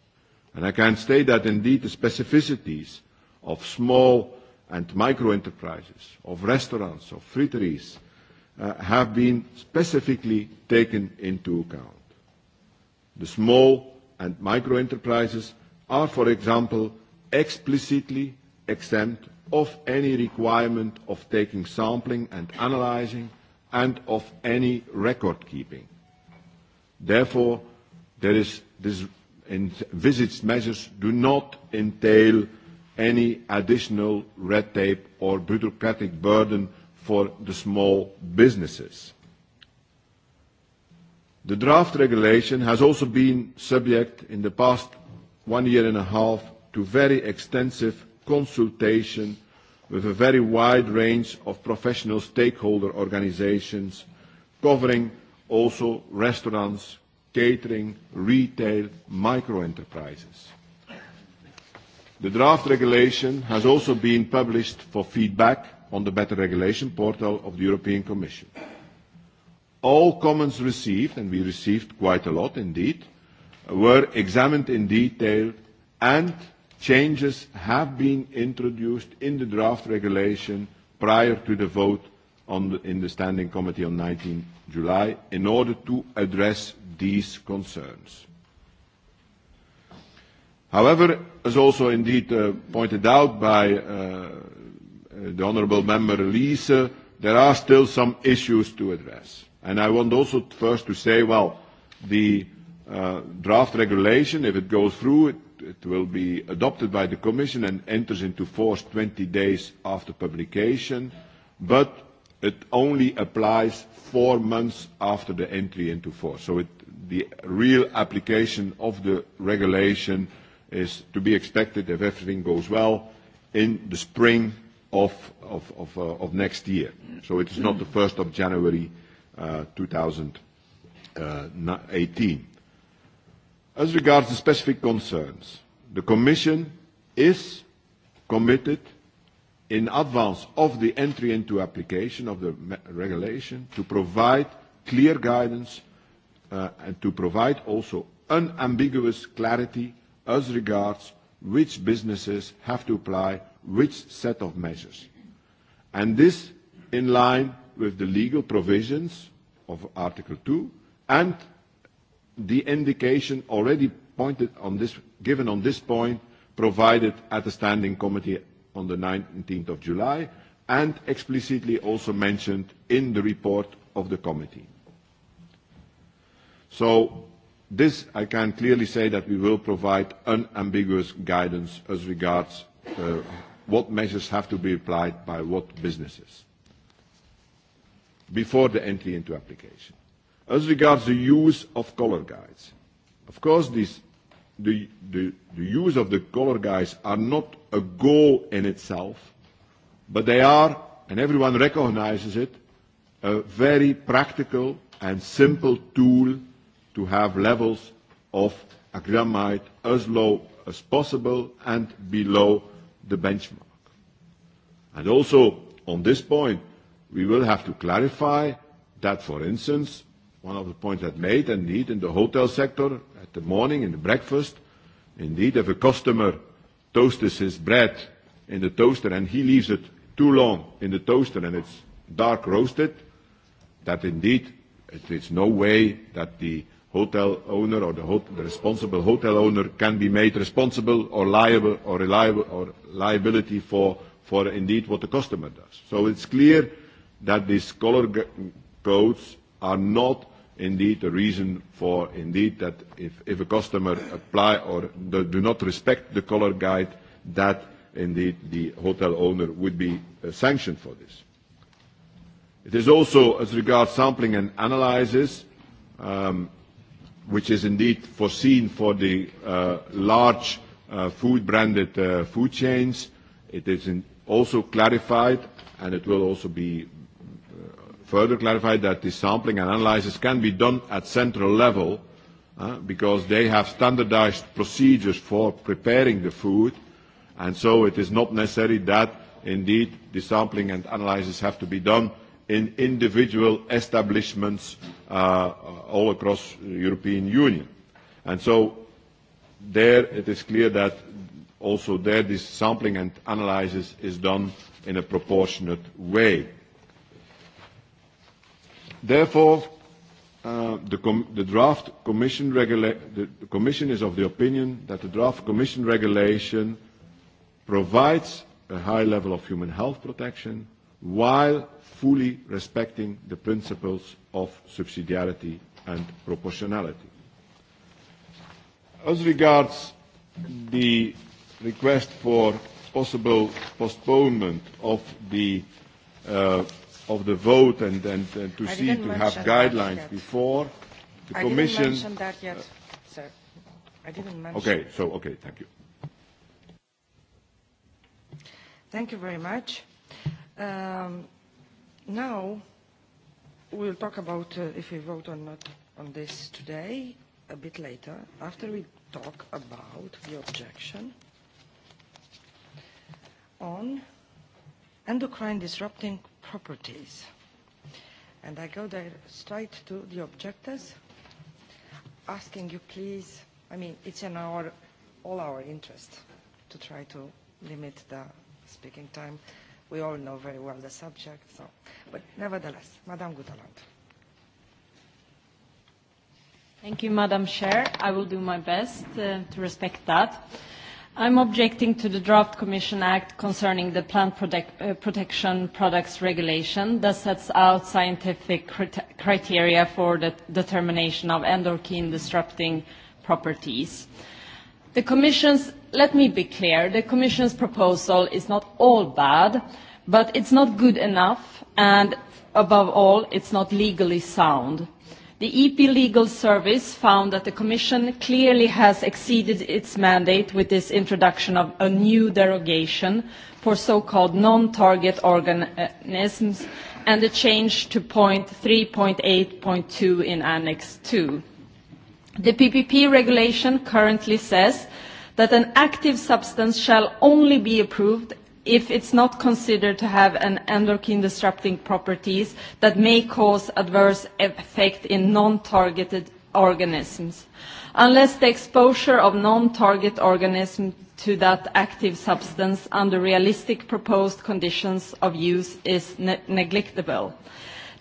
S15: And I can state that indeed the specificities of small and micro enterprises, of restaurants, of fritteries uh, have been specifically taken into account. The small and micro enterprises are, for example, explicitly exempt of any requirement of taking sampling and analyzing and of any record keeping. Therefore, there is envisaged measures do not entail any additional red tape or bureaucratic burden for the small businesses. The draft regulation has also been subject in the past one year and a half to very extensive consultation with a very wide range of professional stakeholder organizations covering also restaurants, catering, retail, micro enterprises. The draft regulation has also been published for feedback on the Better Regulation portal of the European Commission. All comments received, and we received quite a lot indeed, were examined in detail and changes have been introduced in the draft regulation prior to the vote on in the Standing Committee on 19 July in order to address these concerns. However, as also indeed uh, pointed out by uh, the honourable member Lies, uh, there are still some issues to address. And I want also first to say, well, the uh, draft regulation, if it goes through, it, it will be adopted by the Commission and enters into force 20 days after publication, but it only applies four months after the entry into force. So it, the real application of the regulation is to be expected, if everything goes well, in the spring of, uh, next year. So it is not the 1st of January 2018. Uh, As regards the specific concerns, the Commission is committed in advance of the entry into application of the regulation to provide clear guidance uh, and to provide also unambiguous clarity as regards which businesses have to apply which set of measures. And this in line with the legal provisions of Article 2 and the indication already pointed on this, given on this point provided at the Standing Committee on the 19th of July and explicitly also mentioned in the report of the committee. So This, I can clearly say that we will provide unambiguous guidance as regards uh, what measures have to be applied by what businesses before the entry into application. As regards the use of color guides, of course, the, the use of the color guides are not a goal in itself, but they are, and everyone recognizes it, a very practical and simple tool to have levels of acrylamide as low as possible and below the benchmark. And also, on this point, we will have to clarify that, for instance, one of the points that made, indeed, in the hotel sector, at the morning, in the breakfast, indeed, if a customer toasts his bread in the toaster and he leaves it too long in the toaster and it's dark roasted, that indeed, it is no way that the hotel owner or the, the responsible hotel owner can be made responsible or liable or reliable or liability for, for indeed what the customer does. So it's clear that these color codes are not indeed a reason for indeed that if, if a customer apply or do not respect the color guide that indeed the hotel owner would be uh, sanctioned for this. It is also as regards sampling and analysis um, which is indeed foreseen for the uh, large uh, food branded uh, food chains. It is also clarified, and it will also be further clarified, that the sampling and analysis can be done at central level, because they have standardized procedures for preparing the food, and so it is not necessary that indeed the sampling and analysis have to be done in individual establishments uh, all across the European Union. And so there it is clear that also there this sampling and analysis is done in a proportionate way. Therefore, uh, the, the draft Commission the Commission is of the opinion that the draft Commission regulation provides a high level of human health protection while fully respecting the principles of subsidiarity and proportionality. As regards the request for possible postponement of the uh, of the vote and, and, to see to have guidelines before the Commission. didn't
S1: that yet, sir. I didn't mention. Okay,
S15: so okay, thank you.
S1: Thank you very much. Um, now, we will talk about uh, if we vote or not on this today, a bit later, after we talk about the objection on endocrine disrupting properties. And I go there straight to the objectors, asking you please, I mean, it's in our, all our interest to try to limit the speaking time we all know very well the subject, so. But nevertheless, Madame Gutaland.
S16: Thank you, Madam Chair. I will do my best uh, to respect that. I'm objecting to the Draft Commission Act concerning the Plant uh, Protection Products Regulation that sets out scientific crit criteria for the determination of endocrine disrupting properties. The Commission's let me be clear, the Commission's proposal is not all bad, but it's not good enough, and above all, it's not legally sound. The EP Legal Service found that the Commission clearly has exceeded its mandate with this introduction of a new derogation for so-called non-target organisms and a change to point 3.8.2 in Annex 2. The PPP regulation currently says that an active substance shall only be approved if it's not considered to have an endocrine disrupting properties that may cause adverse effect in non-targeted organisms, unless the exposure of non-target organisms to that active substance under realistic proposed conditions of use is ne negligible.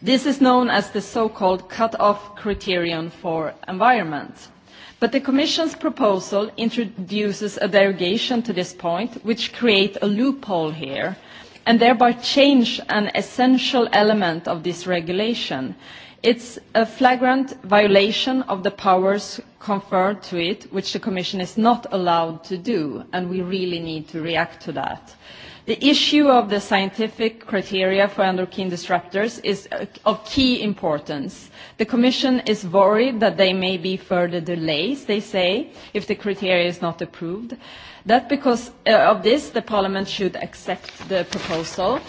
S16: This is known as the so-called cut-off criterion for environment. But the Commission's proposal introduces a derogation to this point, which creates a loophole here, and thereby change an essential element of this regulation. It's a flagrant violation of the powers conferred to it, which the Commission is not allowed to do, and we really need to react to that. The issue of the scientific criteria for endocrine disruptors is uh, of key importance. The Commission is worried that there may be further delays, they say, if the criteria is not approved. That because uh, of this, the Parliament should accept the proposal.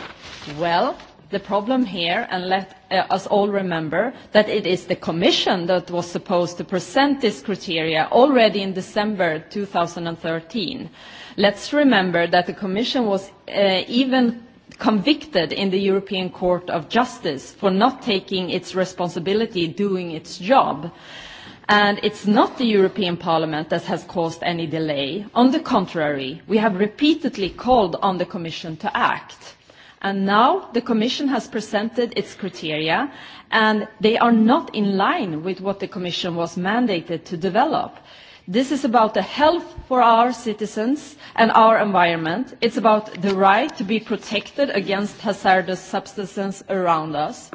S16: Well, the problem here, and let uh, us all remember, that it is the Commission that was supposed to present this criteria already in December 2013. Let's remember that the Commission was uh, even convicted in the European Court of Justice for not taking its responsibility doing its job. And it's not the European Parliament that has caused any delay. On the contrary, we have repeatedly called on the Commission to act. And now the Commission has presented its criteria and they are not in line with what the Commission was mandated to develop. This is about the health for our citizens and our environment. It's about the right to be protected against hazardous substances around us.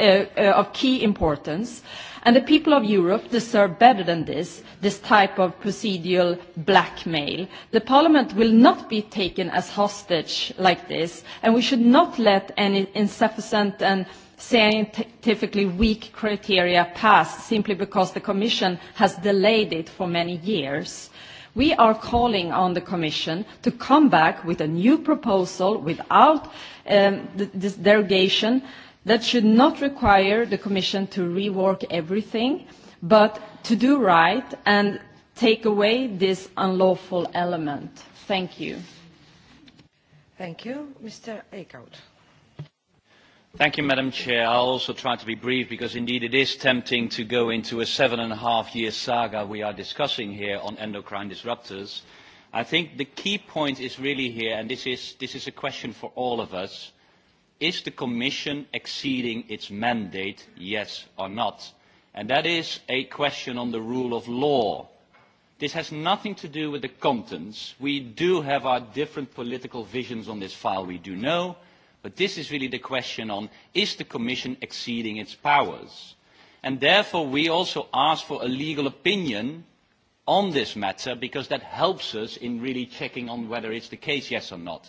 S16: Uh, uh, of key importance. And the people of Europe deserve better than this, this type of procedural blackmail. The parliament will not be taken as hostage like this, and we should not let any insufficient and scientifically weak criteria passed simply because the Commission has delayed it for many years. We are calling on the Commission to come back with a new proposal without um, this derogation that should not require the Commission to rework everything, but to do right and take away this unlawful element. Thank you.
S1: Thank you. Mr. Eickhout.
S17: Thank you, Madam Chair. I'll also try to be brief because indeed it is tempting to go into a seven and a half year saga we are discussing here on endocrine disruptors. I think the key point is really here, and this is, this is a question for all of us, is the Commission exceeding its mandate, yes or not? And that is a question on the rule of law. This has nothing to do with the contents. We do have our different political visions on this file, we do know But this is really the question on, is the Commission exceeding its powers? And therefore, we also ask for a legal opinion on this matter because that helps us in really checking on whether it's the case, yes or not.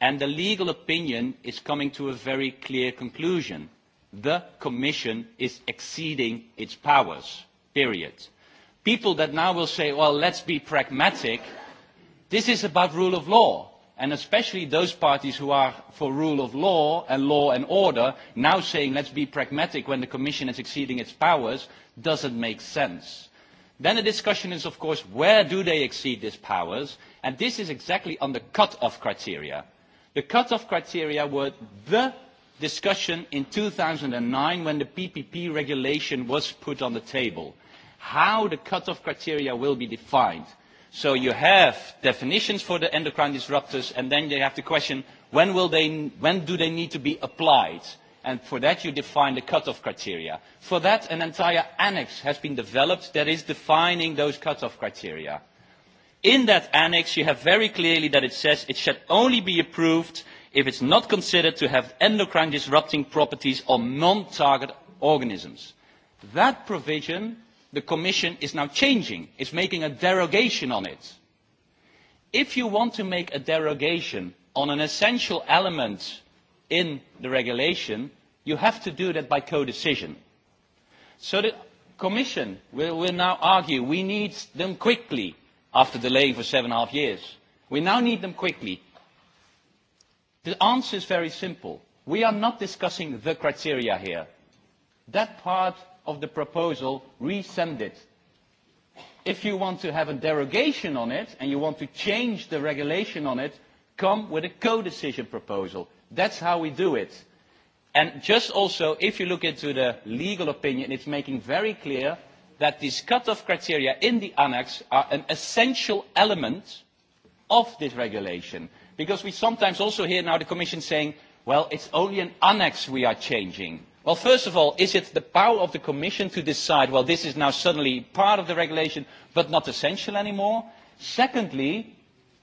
S17: And the legal opinion is coming to a very clear conclusion. The Commission is exceeding its powers, period. People that now will say, well, let's be pragmatic, this is about rule of law and especially those parties who are for rule of law and law and order now saying let's be pragmatic when the commission is exceeding its powers doesn't make sense. then the discussion is of course where do they exceed these powers and this is exactly on the cut off criteria. the cut off criteria were the discussion in two thousand nine when the ppp regulation was put on the table how the cut off criteria will be defined. So you have definitions for the endocrine disruptors, and then you have the question, when, will they, when do they need to be applied? And for that, you define the cutoff criteria. For that, an entire annex has been developed that is defining those cutoff criteria. In that annex, you have very clearly that it says it should only be approved if it's not considered to have endocrine disrupting properties on non-target organisms. That provision the commission is now changing it is making a derogation on it. if you want to make a derogation on an essential element in the regulation you have to do that by codecision. so the commission will, will now argue we need them quickly after delaying for seven and a half years. we now need them quickly. the answer is very simple. we are not discussing the criteria here. that part of the proposal resend it. If you want to have a derogation on it and you want to change the regulation on it, come with a co-decision proposal. That's how we do it. And just also, if you look into the legal opinion, it's making very clear that these cut-off criteria in the annex are an essential element of this regulation. Because we sometimes also hear now the Commission saying, well, it's only an annex we are changing well first of all is it the power of the commission to decide well this is now suddenly part of the regulation but not essential anymore? secondly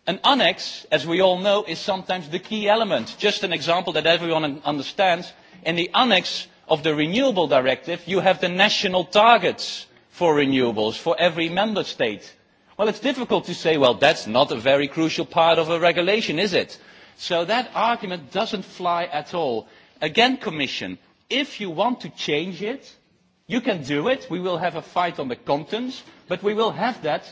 S17: an annex as we all know is sometimes the key element. just an example that everyone understands in the annex of the renewable directive you have the national targets for renewables for every member state. well it's difficult to say well that's not a very crucial part of a regulation is it? so that argument doesn't fly at all. again commission if you want to change it you can do it we will have a fight on the contents but we will have that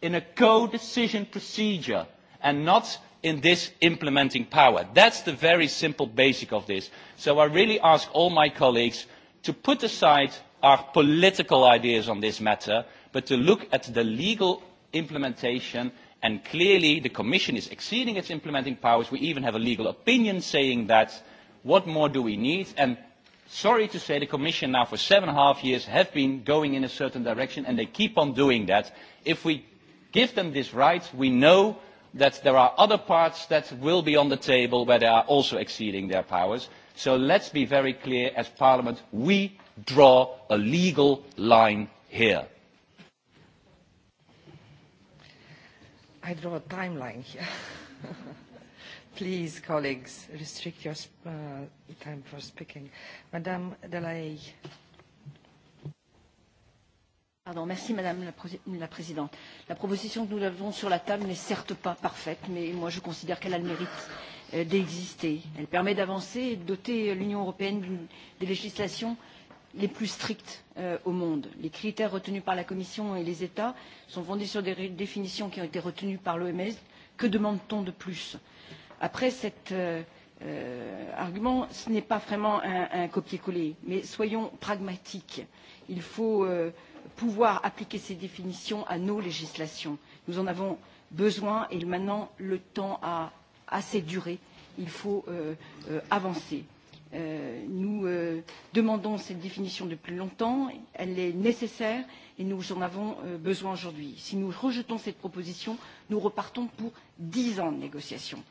S17: in a codecision procedure and not in this implementing power. that is the very simple basic of this. so i really ask all my colleagues to put aside our political ideas on this matter but to look at the legal implementation and clearly the commission is exceeding its implementing powers we even have a legal opinion saying that what more do we need and sorry to say the commission now for seven and a half years have been going in a certain direction and they keep on doing that. if we give them this right we know that there are other parts that will be on the table where they are also exceeding their powers so let's be very clear as parliament we draw a legal line here.
S1: i draw a timeline here. Please, colleagues, restrict your uh, time for speaking. Madame Delahaye.
S18: Pardon, merci Madame la, Présidente. La proposition que nous avons sur la table n'est certes pas parfaite, mais moi je considère qu'elle a le mérite euh, d'exister. Elle permet d'avancer et de doter euh, l'Union européenne des législations les plus strictes euh, au monde. Les critères retenus par la Commission et les États sont fondés sur des définitions qui ont été retenues par l'OMS. Que demande t on de plus? après cet euh, euh, argument ce n'est pas vraiment un, copier coller mais soyons pragmatiques il faut euh, pouvoir appliquer ces définitions à nos législations nous en avons besoin et maintenant le temps a assez duré il faut avancer. nous demandons cette définition depuis longtemps elle est nécessaire et nous en avons besoin aujourd'hui. si nous rejetons cette proposition nous repartons pour dix ans de négociations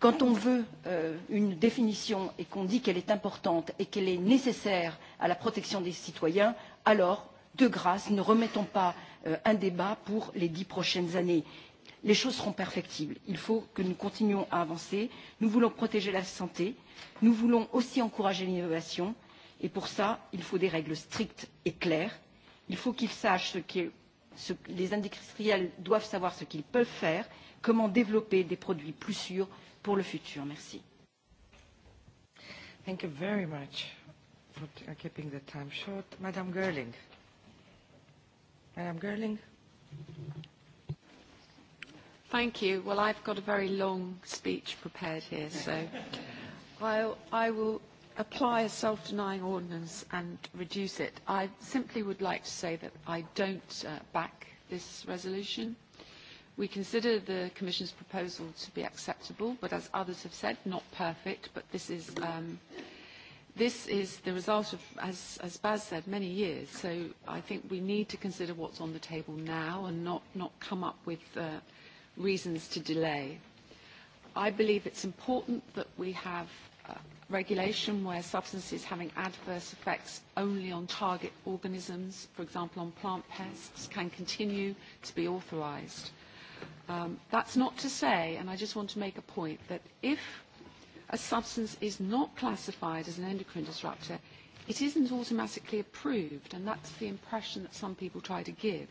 S18: quand on veut euh, une définition et qu'on dit qu'elle est importante et qu'elle est nécessaire à la protection des citoyens alors de grâce ne remettons pas euh, un débat pour les dix prochaines années. les choses seront perfectibles il faut que nous continuions à avancer nous voulons protéger la santé nous voulons aussi encourager l'innovation et pour cela il faut des règles strictes et claires il faut qu'ils sachent ce que ce, les industriels doivent savoir ce qu'ils peuvent faire comment développer des produits plus sûrs pour le futur. Merci.
S1: Thank you very much for uh, keeping the time short. Madame Gerling. Madame Gerling.
S5: Thank you. Well, I've got a very long speech prepared here, so I'll, I will apply a self-denying ordinance and reduce it. I simply would like to say that I don't uh, back this resolution. We consider the Commission's proposal to be acceptable, but as others have said, not perfect, but this is, um, this is the result of, as, as Baz said, many years. So I think we need to consider what's on the table now and not, not come up with uh, reasons to delay. I believe it's important that we have uh, regulation where substances having adverse effects only on target organisms, for example on plant pests, can continue to be authorised Um, that's not to say, and I just want to make a point, that if a substance is not classified as an endocrine disruptor, it isn't automatically approved, and that's the impression that some people try to give.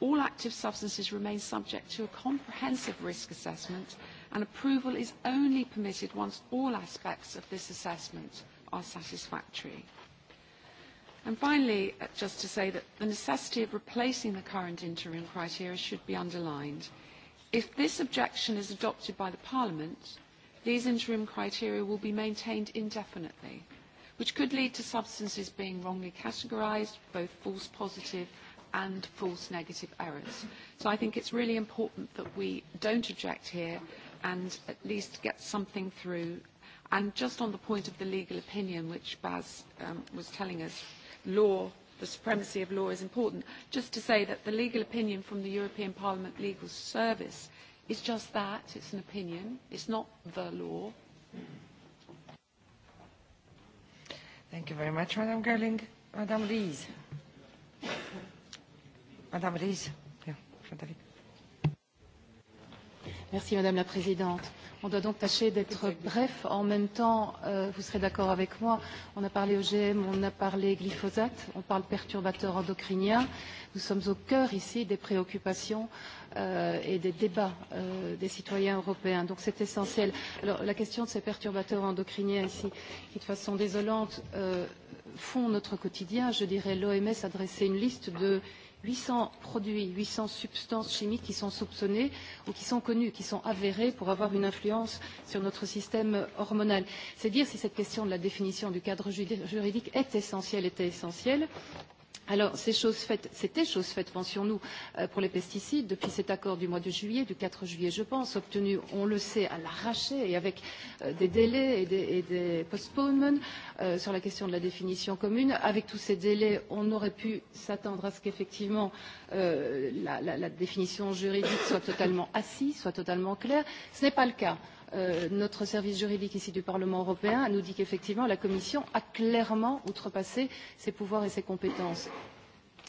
S5: All active substances remain subject to a comprehensive risk assessment, and approval is only permitted once all aspects of this assessment are satisfactory. And finally, uh, just to say that the necessity of replacing the current interim criteria should be underlined. If this objection is adopted by the Parliament, these interim criteria will be maintained indefinitely, which could lead to substances being wrongly categorised, both false positive and false negative errors. So I think it's really important that we don't object here and at least get something through. And just on the point of the legal opinion, which Baz um, was telling us, law the supremacy of law is important. Just to say that the legal opinion from the European Parliament Legal Service is just that. It's an opinion. It's not the law.
S1: Thank you very much, Madam Gerling. Madam Rees. Madame Rees. Yeah,
S19: Merci, Madame la Présidente on doit donc tâcher d'être bref. En même temps, euh, vous serez d'accord avec moi, on a parlé OGM, on a parlé glyphosate, on parle perturbateurs endocriniens. Nous sommes au cœur ici des préoccupations euh, et des débats euh, des citoyens européens. Donc c'est essentiel. Alors la question de ces perturbateurs endocriniens ici, qui de façon désolante euh, font notre quotidien, je dirais l'OMS a dressé une liste de 800 produits, 800 substances chimiques qui sont soupçonnées ou qui sont connues, qui sont avérées pour avoir une influence sur notre système hormonal. C'est dire si cette question de la définition du cadre juridique est essentielle, était essentielle Alors, ces choses faites, c'était chose faites, pensions-nous, euh, pour les pesticides depuis cet accord du mois de juillet, du 4 juillet, je pense, obtenu, on le sait, à l'arraché et avec euh, des délais et des, et des postponements euh, sur la question de la définition commune. Avec tous ces délais, on aurait pu s'attendre à ce qu'effectivement la, la, la définition juridique soit totalement assise, soit totalement claire. Ce n'est pas le cas Euh, notre service juridique ici du Parlement européen nous dit qu'effectivement la Commission a clairement outrepassé ses pouvoirs et ses compétences.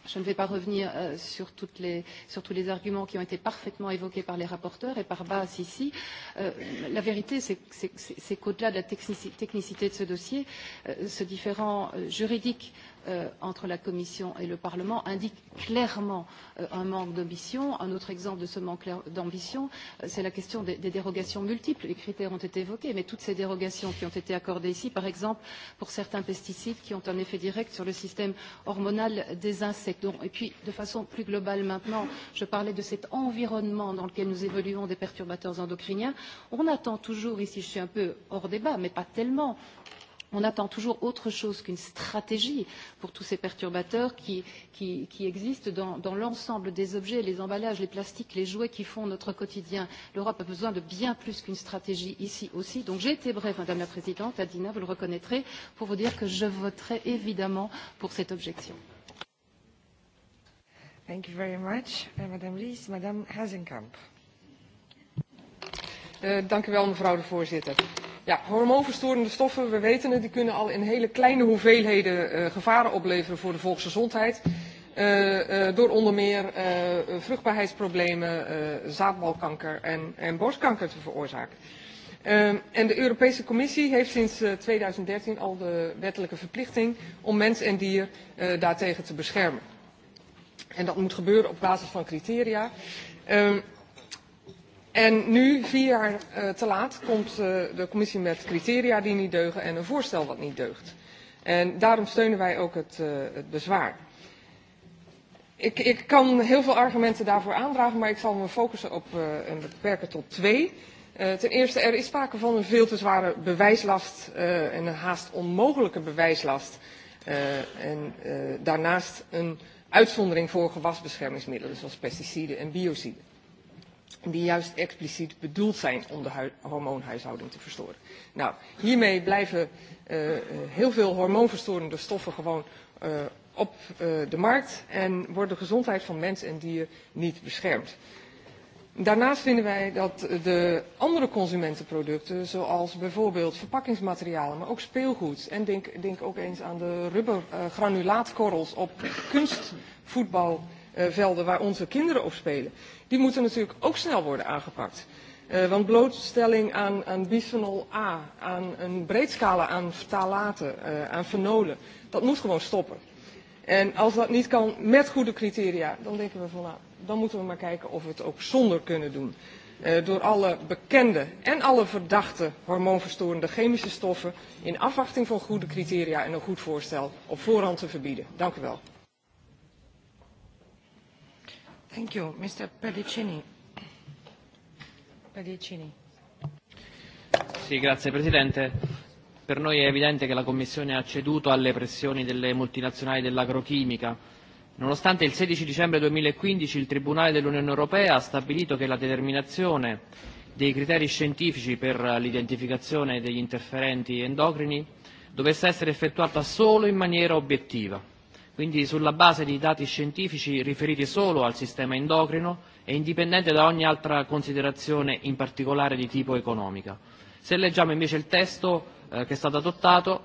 S19: Je ne vais pas revenir euh, sur, toutes les, sur tous les arguments qui ont été parfaitement évoqués par les rapporteurs et par Bas ici. Euh, la vérité, c'est qu'au-delà de la technicité de ce dossier, euh, ce différent euh, juridique Euh, entre la Commission et le Parlement indique clairement euh, un manque d'ambition. Un autre exemple de ce manque d'ambition, euh, c'est la question des, dérogations multiples. Les critères ont été évoqués, mais toutes ces dérogations qui ont été accordées ici, par exemple pour certains pesticides qui ont un effet direct sur le système hormonal des insectes. et puis, de façon plus globale maintenant, je parlais de cet environnement dans lequel nous évoluons des perturbateurs endocriniens. On attend toujours, ici je suis un peu hors débat, mais pas tellement, on attend toujours autre chose qu'une stratégie pour tous ces perturbateurs qui, qui, qui existent dans, dans l'ensemble des objets, les emballages, les plastiques, les jouets qui font notre quotidien. L'Europe a besoin de bien plus qu'une stratégie ici aussi. Donc j'ai été brève, Madame la Présidente, Adina, vous le reconnaîtrez, pour vous dire que je voterai évidemment pour cette objection.
S1: Thank you very much. Euh, Madame Lies, Madame Hazenkamp.
S20: Uh, dank u wel, mevrouw de voorzitter ja, hormoonverstorende stoffen, we weten het, die kunnen al in hele kleine hoeveelheden eh, gevaren opleveren voor de volksgezondheid. Eh, eh, door onder meer vruchtbaarheidsproblemen, zaadbalkanker en, en borstkanker te veroorzaken. Ehm, en de Europese Commissie heeft sinds 2013 al de wettelijke verplichting om mens en dier daartegen te beschermen. En dat moet gebeuren op basis van criteria. Ehm, En nu, vier jaar eh, te laat, komt eh, de commissie met criteria die niet deugen en een voorstel wat niet deugt. En daarom steunen wij ook eh, het, bezwaar. Ik, ik kan heel veel argumenten daarvoor aandragen, maar ik zal me focussen op en beperken tot twee. Ten eerste, er is sprake van een veel te zware bewijslast en een haast onmogelijke bewijslast. en daarnaast een uitzondering voor gewasbeschermingsmiddelen zoals pesticiden en biociden die juist expliciet bedoeld zijn om de hormoonhuishouding te verstoren. Nou, hiermee blijven uh, heel veel hormoonverstorende stoffen gewoon uh, op de markt en wordt de gezondheid van mens en dier niet beschermd. Daarnaast vinden wij dat de andere consumentenproducten, zoals bijvoorbeeld verpakkingsmaterialen, maar ook speelgoed. En denk, denk ook eens aan de rubbergranulaatkorrels op kunstvoetbalvelden waar onze kinderen op spelen die moeten natuurlijk ook snel worden aangepakt. Eh, want blootstelling aan, aan bisphenol A, aan een breed scala aan ftalaten, uh, eh, aan fenolen, dat moet gewoon stoppen. En als dat niet kan met goede criteria, dan denken we van nou, dan moeten we maar kijken of we het ook zonder kunnen doen. Uh, door alle bekende en alle verdachte hormoonverstorende chemische stoffen in afwachting van goede criteria en een goed voorstel op voorhand te verbieden. Dank u wel. Signora Presidente Mr.
S1: Pedicini.
S12: Presidente. Per noi è evidente che la Commissione ha ceduto alle pressioni delle multinazionali dell'agrochimica. Nonostante il 16 dicembre 2015 e il Tribunale dell'Unione Europea ha stabilito che la determinazione dei criteri scientifici per l'identificazione degli interferenti endocrini dovesse essere effettuata solo in maniera obiettiva quindi sulla base di dati scientifici riferiti solo al sistema endocrino e indipendente da ogni altra considerazione, in particolare di tipo economica. Se leggiamo invece il testo eh, che è stato adottato,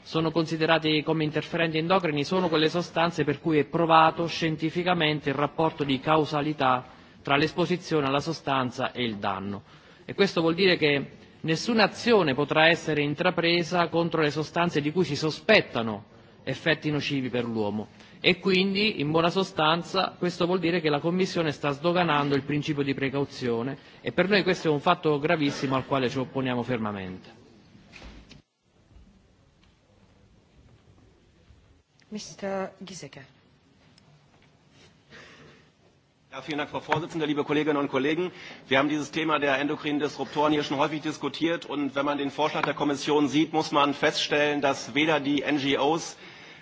S12: sono considerati come interferenti endocrini solo quelle sostanze per cui è provato scientificamente il rapporto di causalità tra l'esposizione alla sostanza e il danno. E questo vuol dire che nessuna azione potrà essere intrapresa contro le sostanze di cui si sospettano effetti nocivi per l'uomo e quindi in buona sostanza questo vuol dire che la Commissione sta sdoganando il principio di precauzione e per noi questo è un fatto gravissimo al quale ci opponiamo fermamente.
S1: Mr. Giseke.
S21: Ja, vielen Dank, Frau Vorsitzende, liebe Kolleginnen und Kollegen. Wir haben dieses Thema der endokrinen Disruptoren hier schon häufig diskutiert. Und wenn man den Vorschlag der Kommission sieht, muss man feststellen, dass weder die NGOs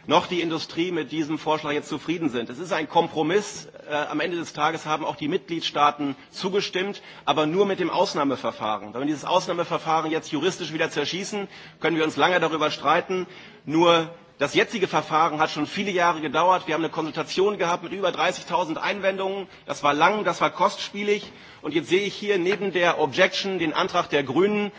S21: noch die Industrie mit diesem Vorschlag jetzt zufrieden sind. Es ist ein Kompromiss. Äh, am Ende des Tages haben auch die Mitgliedstaaten zugestimmt, aber nur mit dem Ausnahmeverfahren. Wenn wir dieses Ausnahmeverfahren jetzt juristisch wieder zerschießen, können wir uns lange darüber streiten. Nur das jetzige Verfahren hat schon viele Jahre gedauert. Wir haben eine Konsultation gehabt mit über 30.000 Einwendungen. Das war lang, das war kostspielig. Und jetzt sehe ich hier neben der Objection den Antrag der Grünen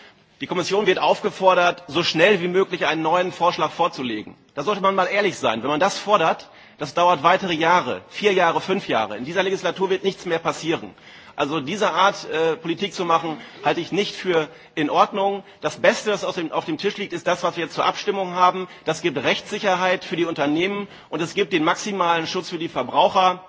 S21: die kommission wird aufgefordert so schnell wie möglich einen neuen vorschlag vorzulegen. da sollte man mal ehrlich sein wenn man das fordert das dauert weitere jahre vier jahre fünf jahre. in dieser legislatur wird nichts mehr passieren. also diese art äh, politik zu machen halte ich nicht für in ordnung. das beste was auf dem, auf dem tisch liegt ist das was wir jetzt zur abstimmung haben. das gibt rechtssicherheit für die unternehmen und es gibt den maximalen schutz für die verbraucher.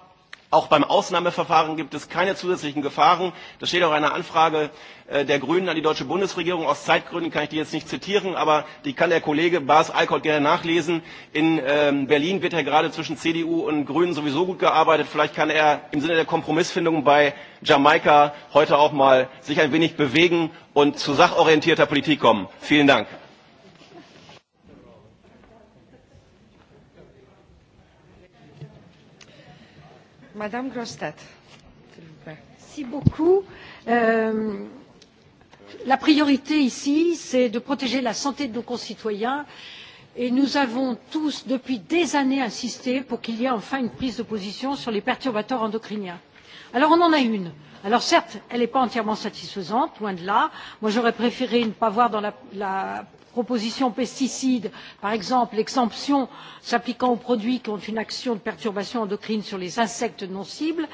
S21: Auch beim Ausnahmeverfahren gibt es keine zusätzlichen Gefahren. Das steht auch in einer Anfrage Äh, der Grünen an die deutsche Bundesregierung. Aus Zeitgründen kann ich die jetzt nicht zitieren, aber die kann der Kollege Bas Alkort gerne nachlesen. In ähm, Berlin wird ja gerade zwischen CDU und Grünen sowieso gut gearbeitet. Vielleicht kann er im Sinne der Kompromissfindung bei Jamaika heute auch mal sich ein wenig bewegen und zu sachorientierter Politik kommen. Vielen Dank.
S4: Madame beaucoup. Euh, la priorité ici c'est de protéger la santé de nos concitoyens et nous avons tous depuis des années insisté pour qu'il y ait enfin une prise de position sur les perturbateurs endocriniens. alors on en a une. alors certes elle n'est pas entièrement satisfaisante loin de là. moi j'aurais préféré ne pas voir dans la, proposition pesticides par exemple l'exemption s'appliquant aux produits qui ont une action de perturbation endocrine sur les insectes non cibles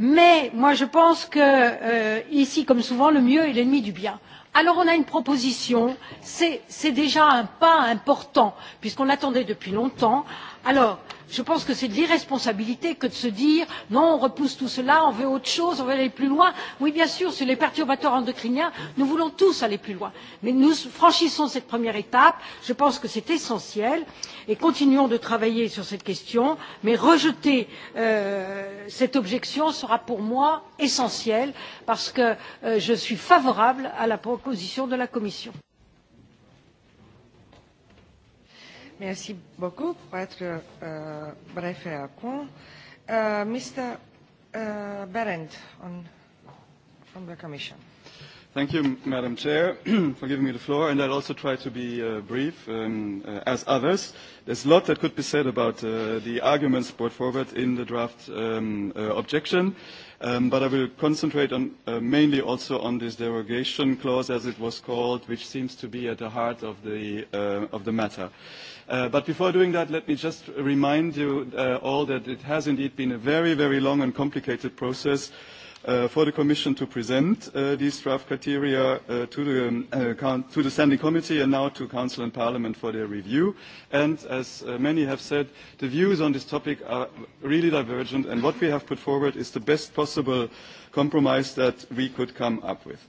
S4: mais moi je pense que euh, ici comme souvent le mieux est l'ennemi du bien. alors on a une proposition c'est déjà un pas important puisqu'on l'attendait depuis longtemps. alors je pense que c'est de l'irresponsabilité que de se dire non on repousse tout cela on veut autre chose on veut aller plus loin. oui bien sûr sur les perturbateurs endocriniens nous voulons tous aller plus loin mais nous franchissons cette première étape je pense que c'est essentiel et continuons de travailler sur cette question mais rejeter euh, cette objection sera pour moi essentiel parce que euh, je suis favorable à la proposition de la commission. Merci beaucoup pour être euh, bref
S1: et à point. Uh, Mr. Euh, Berend on, from the Commission.
S6: Thank you, Madam Chair, for giving me the floor, and I'll also try to be uh, brief um, uh, as others. There's a lot that could be said about uh, the arguments brought forward in the draft um, uh, objection, um, but I will concentrate on, uh, mainly also on this derogation clause, as it was called, which seems to be at the heart of the, uh, of the matter. Uh, but before doing that, let me just remind you uh, all that it has indeed been a very, very long and complicated process uh, for the Commission to present these draft criteria to the, um, to the Standing Committee and now to Council and Parliament for their review. And as many have said, the views on this topic are really divergent, and what we have put forward is the best possible compromise that we could come up with.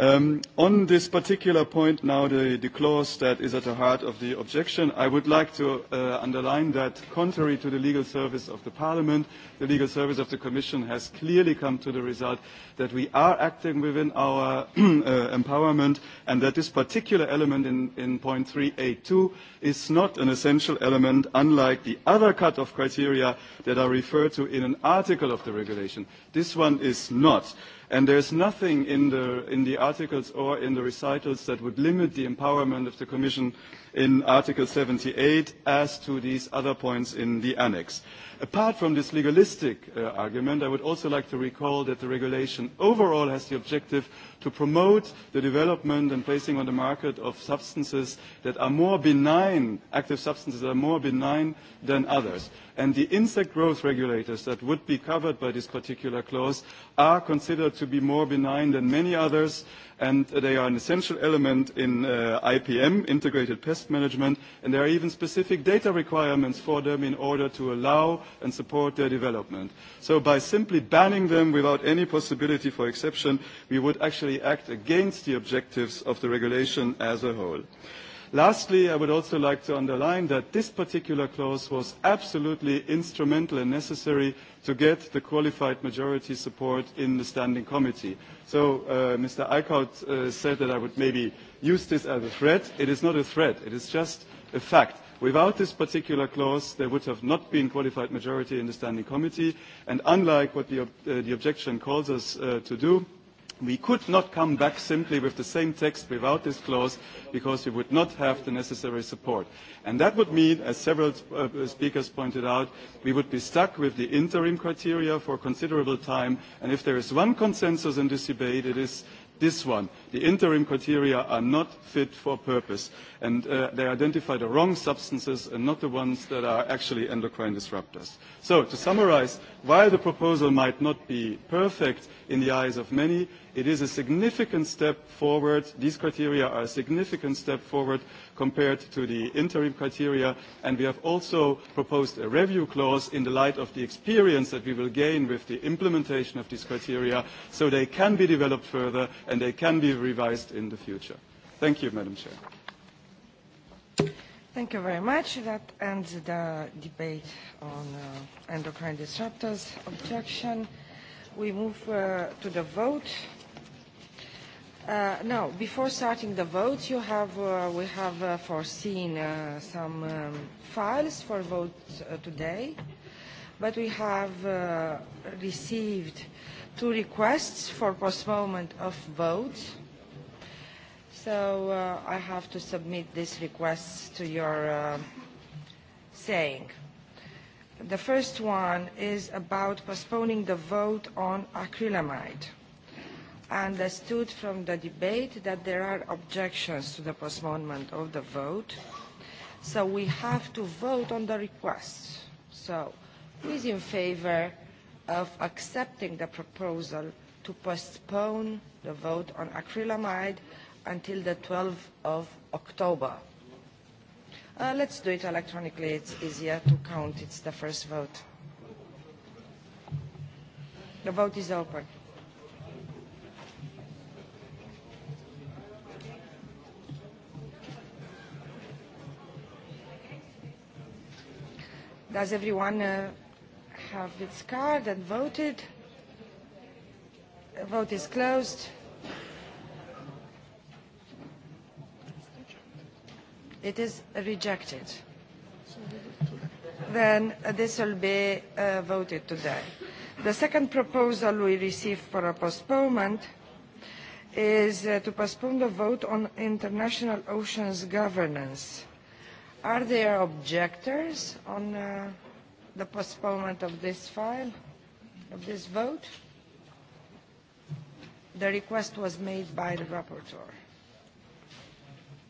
S6: Um, on this particular point now, the, clause that is at the heart of the objection, I would like to uh, underline that contrary to the legal service of the Parliament, the legal service of the Commission has clearly come to the result that we are acting within our uh, empowerment and that this particular element in, in point 382 is not an essential element unlike the other cut-off criteria that are referred to in an article of the regulation. This one is not. And is nothing in the, in the articles or in the recitals that would limit the empowerment of the Commission in Article 78 as to these other points in the annex. Apart from this legalistic uh, argument, I would also like to recall that the regulation overall has the objective to promote the development and placing on the market of substances that are more benign, active substances that are more benign than others. And the insect growth regulators that would be covered by this particular clause are considered to be more benign than many others and they are an essential element in uh, IPM, integrated pest management, and there are even specific data requirements for them in order to allow and support their development. So by simply banning them without any possibility for exception, we would actually act against the objectives of the regulation as a whole. Lastly, I would also like to underline that this particular clause was absolutely instrumental and necessary to get the qualified majority support in the standing committee. So uh, Mr. Eickhout uh, said that I would maybe use this as a threat. It is not a threat. It is just a fact. Without this particular clause, there would have not been qualified majority in the standing committee. And unlike what the, uh, the objection calls us to do, we could not come back simply with the same text without this clause because we would not have the necessary support. And that would mean, as several uh, speakers pointed out, we would be stuck with the interim criteria for considerable time. And if there is one consensus in this debate, it is this one. The interim criteria are not fit for purpose, and uh, they identify the wrong substances and not the ones that are actually endocrine disruptors. So, to summarize, while the proposal might not be perfect in the eyes of many, it is a significant step forward. These criteria are a significant step forward compared to the interim criteria, and we have also proposed a review clause in the light of the experience that we will gain with the implementation of these criteria, so they can be developed further and they can be revised in the future. Thank you, Madam Chair.
S1: Thank you very much. That ends the debate on uh, endocrine disruptors. Objection. We move uh, to the vote. Uh, now, before starting the vote, you have, we have foreseen some um, files for vote today, but we have received two requests for postponement of votes so uh, I have to submit this request to your uh, saying. The first one is about postponing the vote on acrylamide. understood I from the debate that there are objections to the postponement of the vote. So we have to vote on the request. So who is in favor of accepting the proposal to postpone the vote on acrylamide until the 12th of October. Uh, let's do it electronically. It's easier to count. It's the first vote. The vote is open. Does everyone uh, have its card and voted? The vote is closed. It is rejected. Then this will be uh, voted today. The second proposal we received for a postponement is uh, to postpone the vote on international oceans governance. Are there objectors on uh, the postponement of this file, of this vote? The request was made by the rapporteur.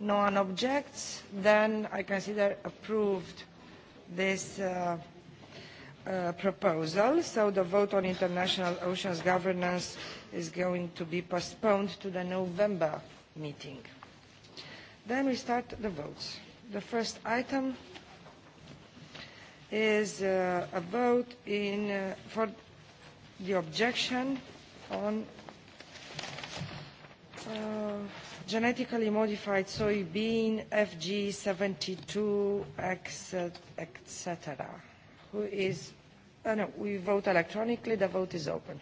S1: No one objects. Then I consider approved this uh, uh, proposal. So the vote on international oceans governance is going to be postponed to the November meeting. Then we start the votes. The first item is uh, a vote in, for the objection on genetically modified soybean FG72, etc. Who is... Oh no, we vote electronically. The vote is open.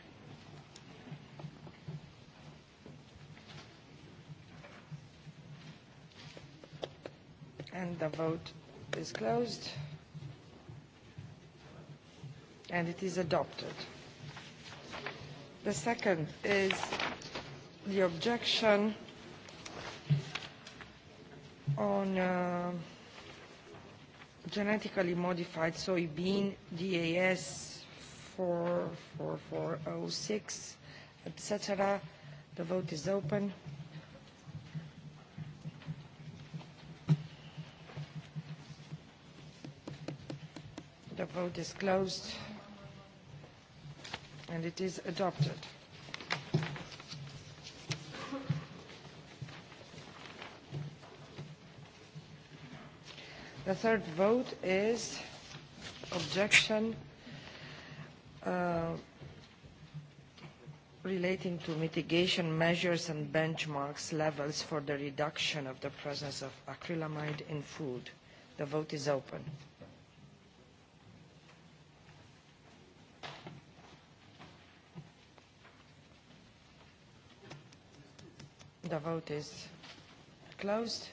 S1: And the vote is closed. And it is adopted. The second is the objection on uh, genetically modified soybean DAS 4406, etc. The vote is open. The vote is closed and it is adopted. The third vote is objection uh, relating to mitigation measures and benchmarks levels for the reduction of the presence of acrylamide in food. The vote is open. The vote is closed.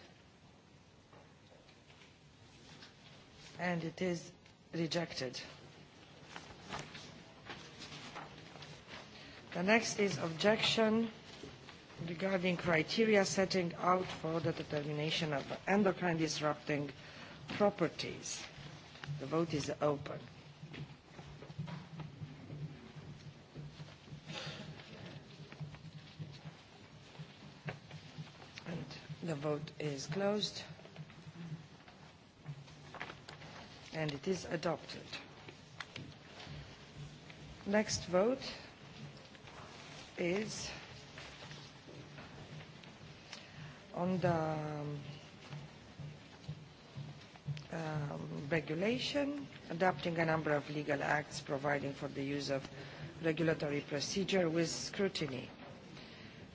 S1: and it is rejected. The next is objection regarding criteria setting out for the determination of endocrine disrupting properties. The vote is open. And the vote is closed. and it is adopted. Next vote is on the um, um, regulation adopting a number of legal acts providing for the use of regulatory procedure with scrutiny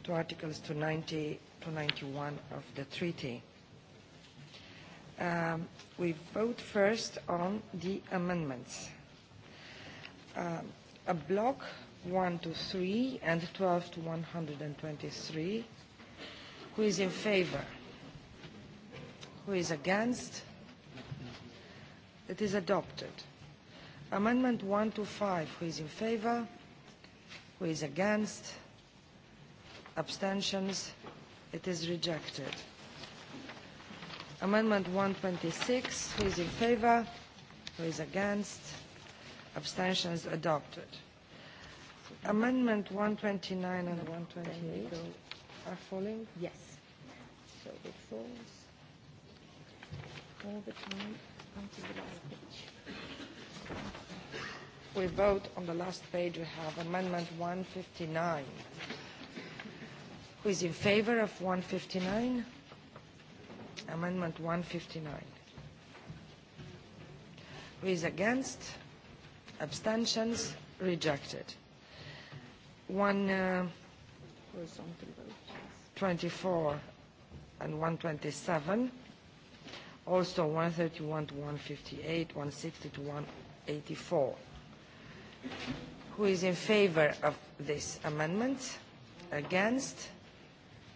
S1: to Articles 290 to 91 of the treaty. Um, we vote first on the amendments. Um, a block 1 to 3 and 12 to 123. Who is in favor? Who is against? It is adopted. Amendment 1 to 5. Who is in favor? Who is against? Abstentions? It is rejected. Amendment 126, who is in favor? Who is against? Abstentions adopted. Amendment 129 and 128 are falling? Yes. So it falls all the time until the last page. We vote on the last page. We have Amendment 159. Who is in favor of 159? Amendment 159. Who is against? Abstentions? Rejected. One uh, 24 and 127. Also 131 to 158, 160 to 184. Who is in favor of this amendment? Against?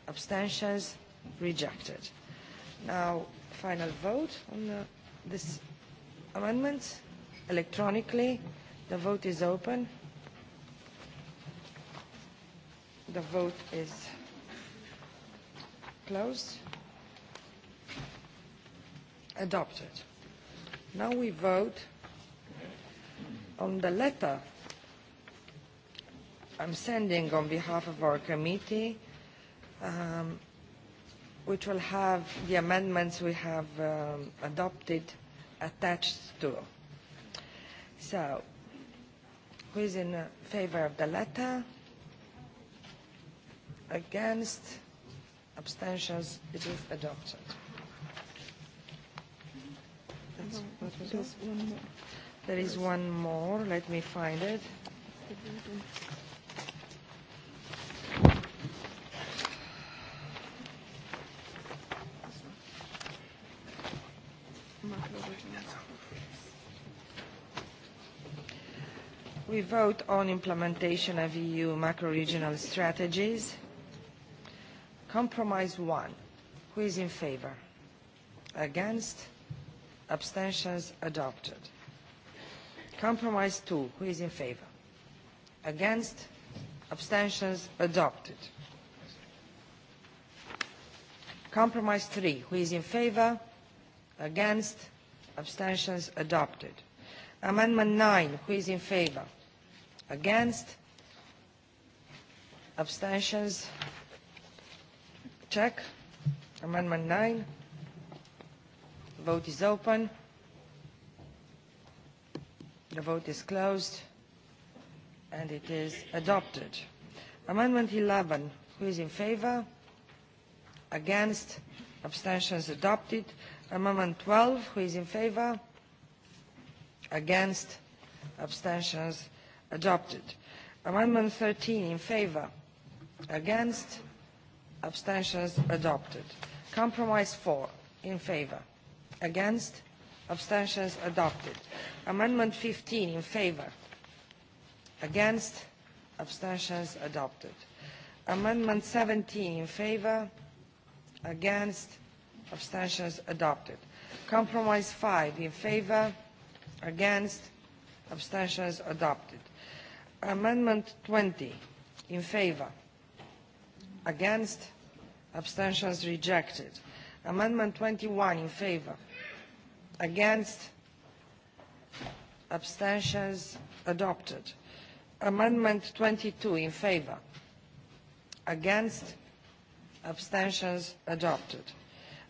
S1: Abstentions? Rejected. Now, final vote on the, this amendment electronically. The vote is open. The vote is closed. Adopted. Now we vote on the letter I'm sending on behalf of our committee um, which will have the amendments we have um, adopted attached to. So, who is in favor of the letter? Against? Abstentions? It is adopted. There is one more. Let me find it. vote on implementation of EU macro-regional strategies. Compromise one. Who is in favor? Against? Abstentions adopted. Compromise two. Who is in favor? Against? Abstentions adopted. Compromise three. Who is in favor? Against? Abstentions adopted. Amendment nine. Who is in favor? against abstentions check amendment 9 vote is open the vote is closed and it is adopted amendment 11 who is in favor against abstentions adopted amendment 12 who is in favor against abstentions adopted amendment 13 in favor against abstentions adopted compromise 4 in favor against abstentions adopted amendment 15 in favor against abstentions adopted amendment 17 in favor against abstentions adopted compromise 5 in favor against abstentions adopted Amendment twenty in favor against abstentions rejected amendment twenty one in favor against abstentions adopted amendment twenty two in favor against abstentions adopted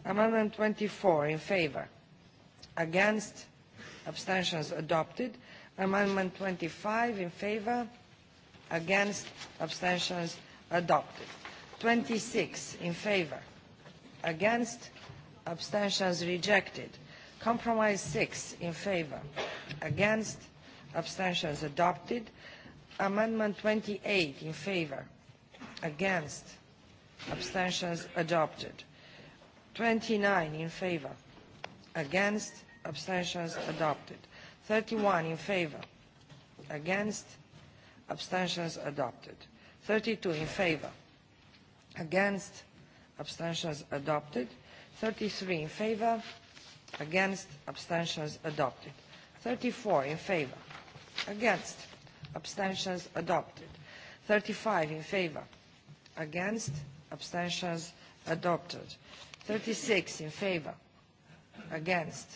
S1: amendment twenty four in favor against abstentions adopted Amendment 25 in favor, against, abstentions adopted. 26 in favor, against, abstentions rejected. Compromise 6 in favor, against, abstentions adopted. Amendment 28 in favor, against, abstentions adopted. 29 in favor, against, abstentions adopted. 31 in favor against abstentions adopted 32 in favor against abstentions adopted 33 in favor against abstentions adopted 34 in favor against abstentions adopted 35 in favor against abstentions adopted 36 in favor against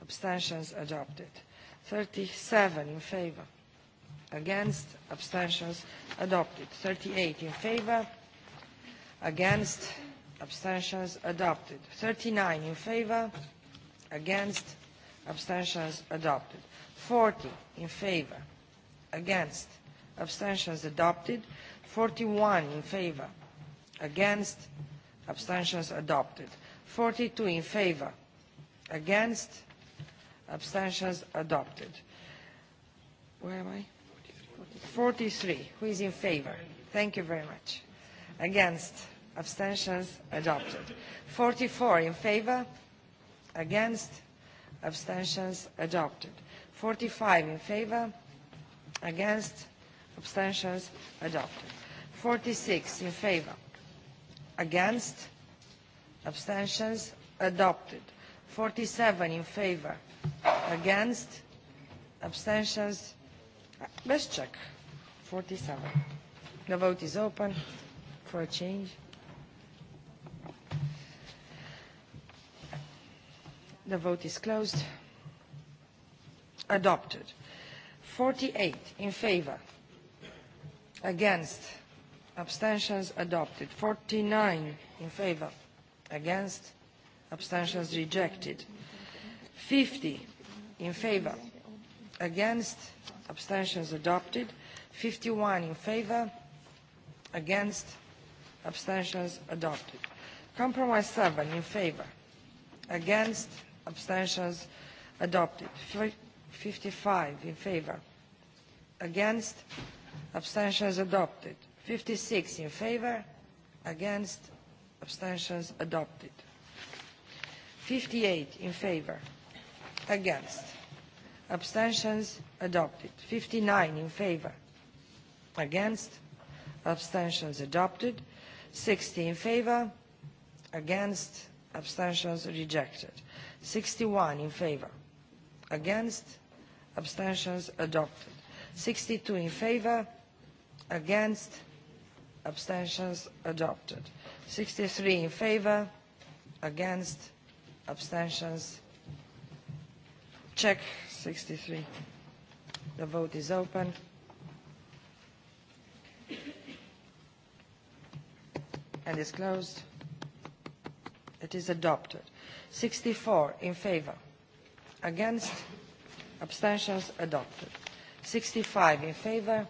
S1: abstentions adopted 37 in favor against abstentions adopted 38 in favor against abstentions adopted 39 in favor against abstentions adopted 40 in favor against abstentions adopted 41 in favor against abstentions adopted 42 in favor against abstentions adopted. Where am I? 43. Who is in favor? Thank you very much. Against? Abstentions adopted. 44 in favor? Against? Abstentions adopted. 45 in favor? Against? Abstentions adopted. 46 in favor? Against? Abstentions adopted. 47 in favor against abstentions let's check 47 the vote is open for a change the vote is closed adopted 48 in favor against abstentions adopted 49 in favor against abstentions rejected 50 in favor against abstentions adopted 51 in favor against abstentions adopted compromise 7 in favor against abstentions adopted 55 in favor against abstentions adopted 56 in favor against abstentions adopted 58 in favor against abstentions adopted 59 in favor against abstentions adopted 60 in favor against abstentions rejected 61 in favor against abstentions adopted 62 in favor against abstentions adopted 63 in favor against abstentions check 63 the vote is open and is closed it is adopted 64 in favor against abstentions adopted 65 in favor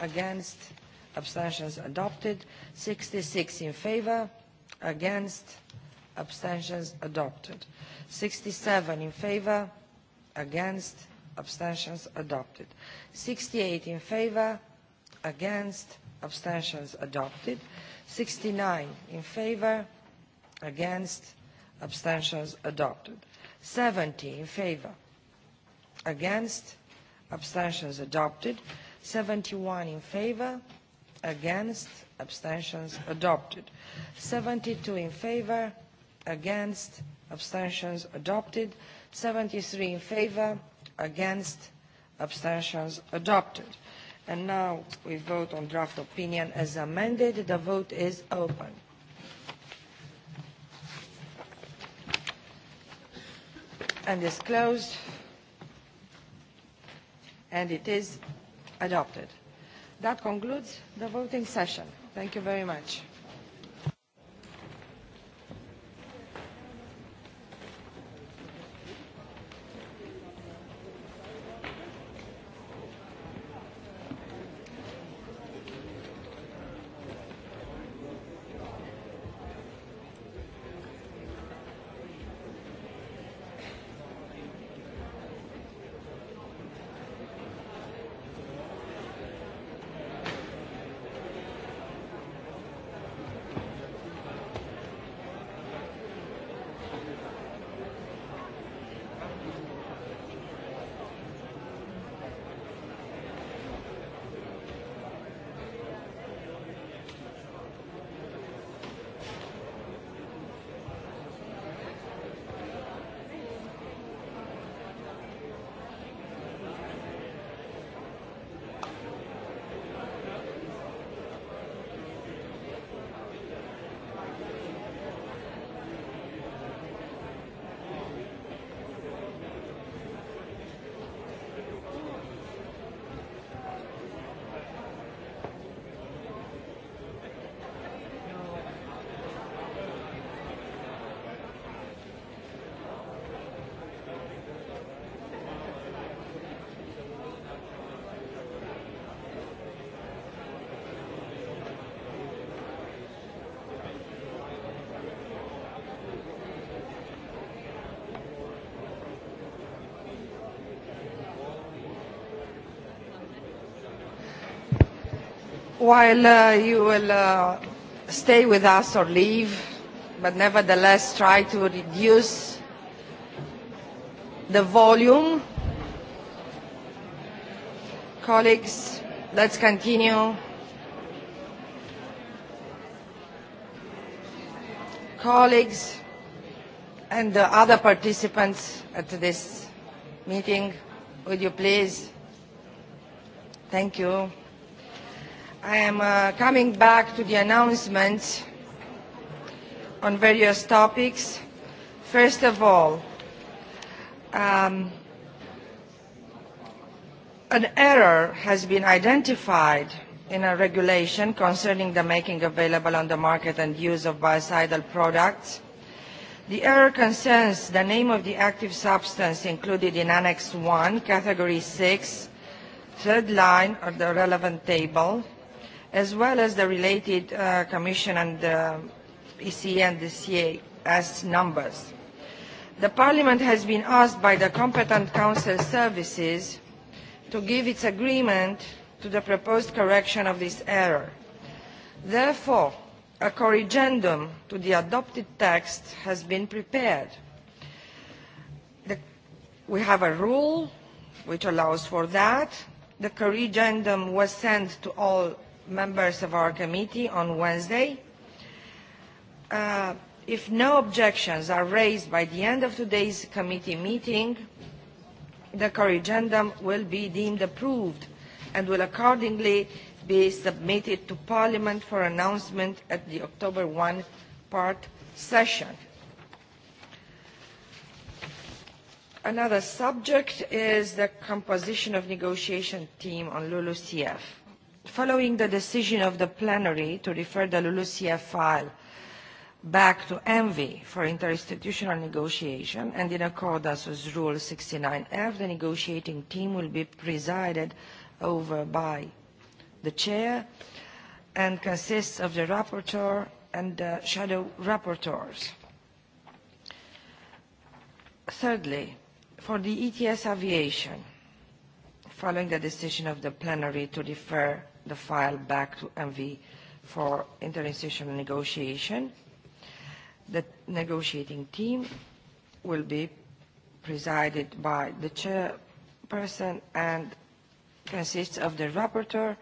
S1: against abstentions adopted 66 in favor against abstentions adopted 67 in favor against abstentions adopted 68 in favor against abstentions adopted 69 in favor against abstentions adopted 70 in favor against abstentions adopted 71 in favor against abstentions adopted 72 in favor against abstentions adopted 73 in favor against abstentions adopted and now we vote on draft opinion as amended the vote is open and is closed and it is adopted that concludes the voting session thank you very much while uh, you will uh, stay with us or leave, but nevertheless try to reduce the volume. Colleagues, let's continue. Colleagues and the other participants at this meeting, would you please? Thank you. I am uh, coming back to the announcements on various topics. First of all, um, an error has been identified in a regulation concerning the making available on the market and use of biocidal products. The error concerns the name of the active substance included in Annex 1, Category 6, third line of the relevant table, as well as the related uh, Commission and the EC and the CA as numbers. The Parliament has been asked by the competent Council services to give its agreement to the proposed correction of this error. Therefore, a corrigendum to the adopted text has been prepared. The, we have a rule which allows for that. The corrigendum was sent to all members of our committee on Wednesday. Uh, if no objections are raised by the end of today's committee meeting, the corrigendum will be deemed approved and will accordingly be submitted to Parliament for announcement at the October 1 part session. Another subject is the composition of negotiation team on LULUCF. Following the decision of the plenary to refer the LULUCF file back to ENVI for interinstitutional negotiation and in accordance with Rule 69F, the negotiating team will be presided over by the chair and consists of the rapporteur and the shadow rapporteurs. Thirdly, for the ETS aviation, following the decision of the plenary to refer the file back to MV for interinstitutional negotiation. The negotiating team will be presided by the chairperson and consists of the rapporteur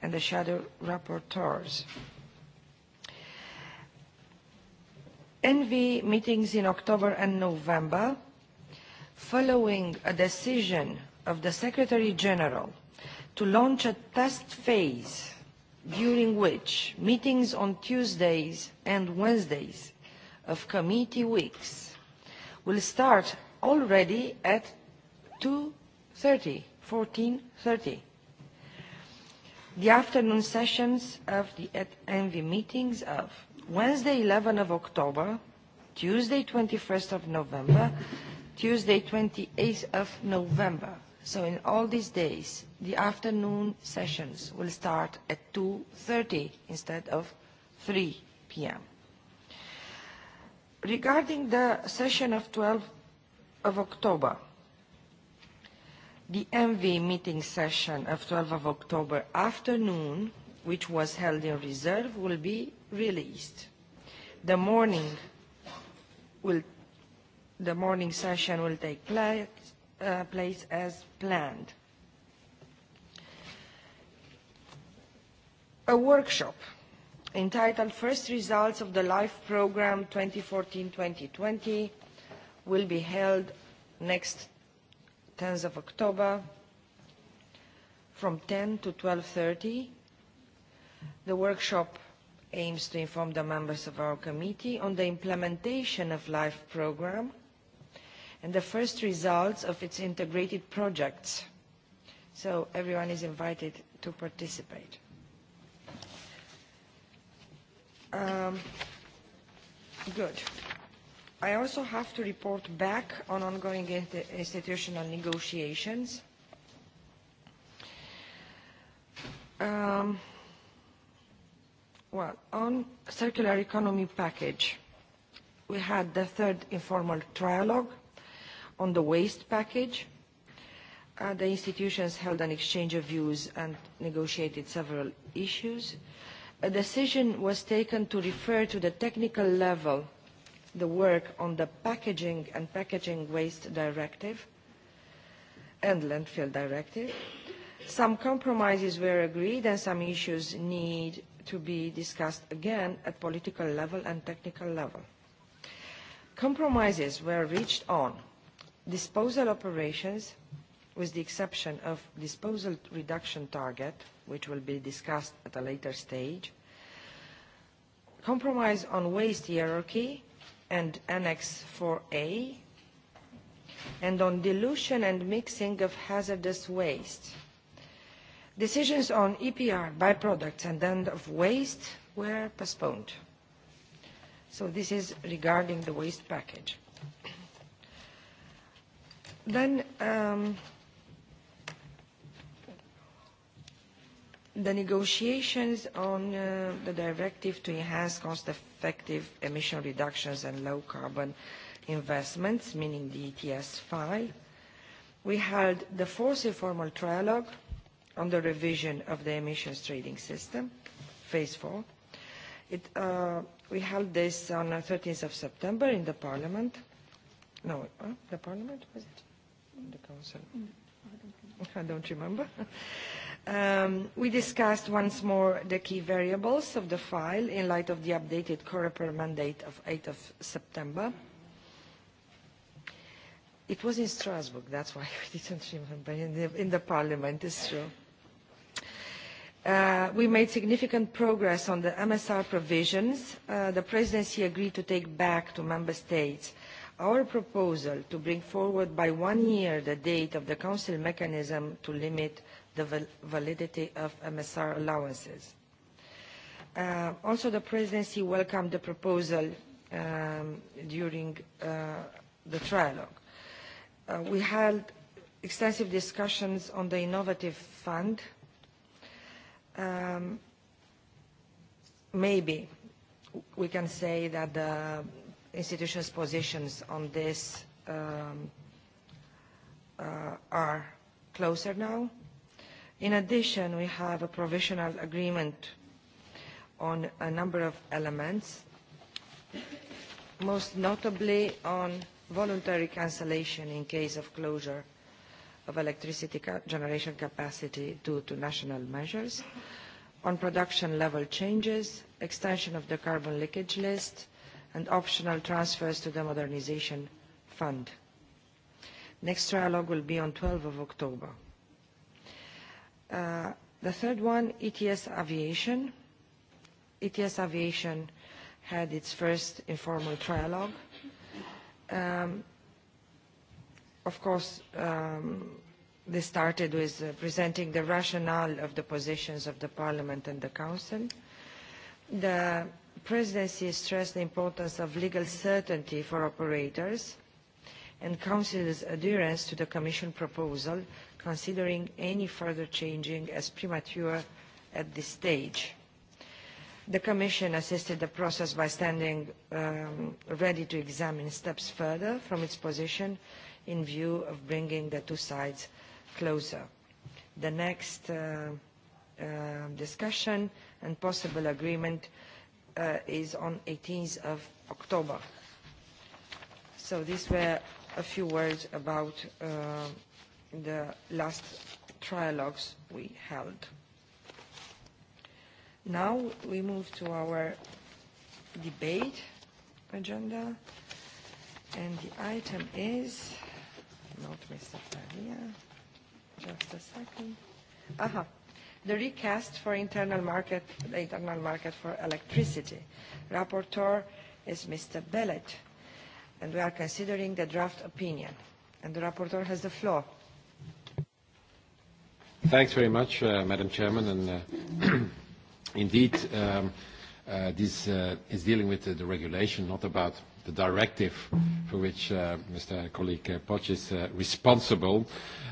S1: and the shadow rapporteurs. NV meetings in October and November, following a decision of the Secretary General to launch a test phase during which meetings on Tuesdays and Wednesdays of committee weeks will start already at 2.30, 14.30. The afternoon sessions of the ENVI meetings of Wednesday, 11 of October, Tuesday, 21st of November, Tuesday, 28th of November So in all these days, the afternoon sessions will start at 2.30 instead of 3 p.m. Regarding the session of 12 of October, the MV meeting session of 12 of October afternoon, which was held in reserve, will be released. The morning will the morning session will take place Uh, place as planned. A workshop entitled First Results of the LIFE Program 2014-2020 will be held next 10th of October from 10 to 12.30. The workshop aims to inform the members of our committee on the implementation of LIFE programme and the first results of its integrated projects. So everyone is invited to participate. Um, good. I also have to report back on ongoing institutional negotiations. Um, well, on circular economy package, we had the third informal trialogue on the waste package, uh, the institutions held an exchange of views and negotiated several issues. A decision was taken to refer to the technical level the work on the packaging and packaging waste directive and landfill directive. Some compromises were agreed and some issues need to be discussed again at political level and technical level. Compromises were reached on disposal operations, with the exception of disposal reduction target, which will be discussed at a later stage, compromise on waste hierarchy and Annex 4A, and on dilution and mixing of hazardous waste. Decisions on EPR, byproducts, and end of waste were postponed. So this is regarding the waste package. Then um, the negotiations on uh, the directive to enhance cost-effective emission reductions and low-carbon investments, meaning the ETS file we held the fourth informal trialogue on the revision of the emissions trading system, phase four. It, uh, we held this on the 13th of September in the Parliament. No, uh, the Parliament was it? the Council? I don't remember. Um, we discussed once more the key variables of the file in light of the updated COREPER mandate of 8th of September. It was in Strasbourg, that's why we didn't remember, in the, in the Parliament, it's true. Uh, we made significant progress on the MSR provisions. Uh, the Presidency agreed to take back to Member States Our proposal to bring forward by one year the date of the Council mechanism to limit the validity of MSR allowances. Uh, also, the Presidency welcomed the proposal um, during uh, the trialogue. Uh, we held extensive discussions on the innovative fund. Um, maybe we can say that the institutions' positions on this um, uh, are closer now. In addition, we have a provisional agreement on a number of elements, most notably on voluntary cancellation in case of closure of electricity generation capacity due to national measures, on production level changes, extension of the carbon leakage list, and optional transfers to the modernisation fund. Next trialogue will be on 12 of October. Uh, the third one, ETS Aviation. ETS Aviation had its first informal trialogue. Um, of course, um, they started with uh, presenting the rationale of the positions of the Parliament and the Council. The presidency stressed the importance of legal certainty for operators and council's adherence to the commission proposal considering any further changing as premature at this stage. The Commission assisted the process by standing um, ready to examine steps further from its position in view of bringing the two sides closer. The next uh, uh, discussion and possible agreement Uh, is on 18th of October. So these were a few words about uh, the last trialogues we held. Now we move to our debate agenda, and the item is not Mr. Faria. Just a second. Aha, the recast for internal market, the internal market for electricity. Rapporteur is Mr. Bellet, and we are considering the draft opinion. And the rapporteur has the floor.
S22: Thanks very much, uh, Madam Chairman. And uh, indeed, um, uh, this is dealing with the regulation, not about the directive for which uh, Mr. colleague uh, Poch is uh, responsible.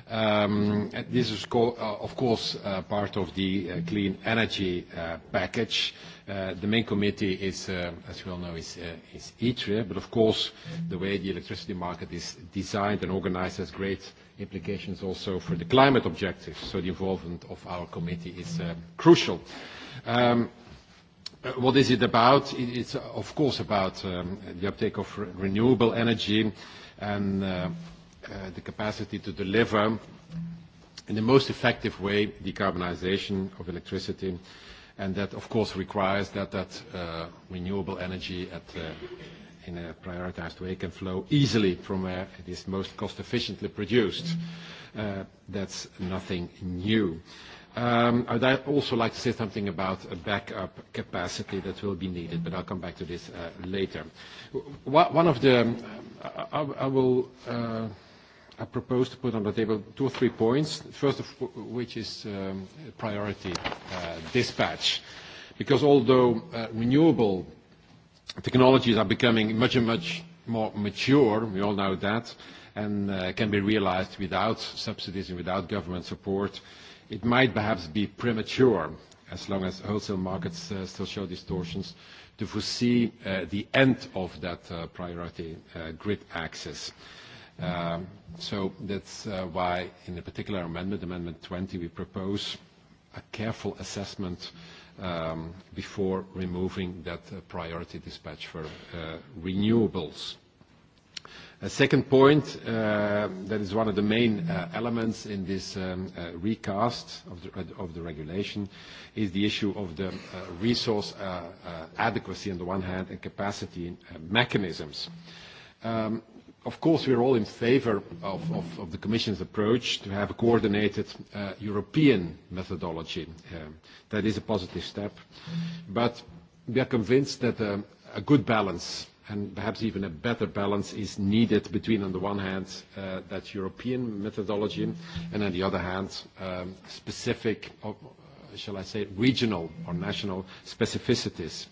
S22: Um, this is, uh, of course, uh, part of the uh, clean energy package. The main committee is, as we all know, is, is ITRE, but of course, the way the electricity market is designed and organized has great implications also for the climate objectives, so the involvement of our committee is crucial. Um, Uh, what is it about? It's uh, of course about um, the uptake of renewable energy and uh, the capacity to deliver in the most effective way decarbonization of electricity. And that of course requires that renewable energy in a prioritized way can flow easily from where it is most cost efficiently produced. That's nothing new. Um, would also like to say something about a backup capacity that will be needed, but I'll come back to this uh, later. One of the... Um, I, will uh, propose to put on the table two or three points, first of which is um, priority uh, dispatch. Because although renewable technologies are becoming much and much more mature, we all know that, and can be realized without subsidies and without government support, It might perhaps be premature, as long as wholesale markets uh, still show distortions, to foresee uh, the end of that uh, priority grid access. Um, so that's why in the particular amendment, Amendment 20, we propose a careful assessment um, before removing that priority dispatch for renewables. A second point, uh, that is one of the main uh, elements in this um, uh, recast of the, regulation, is the issue of the resource adequacy on the one hand and capacity mechanisms. Um, of course, we are all in favor of, of the Commission's approach to have a coordinated European methodology. That is a positive step. But we are convinced that um, a good balance and perhaps even a better balance is needed between, on the one hand, uh, that European methodology, and on the other hand, um, specific, or, shall I say, regional or national specificities.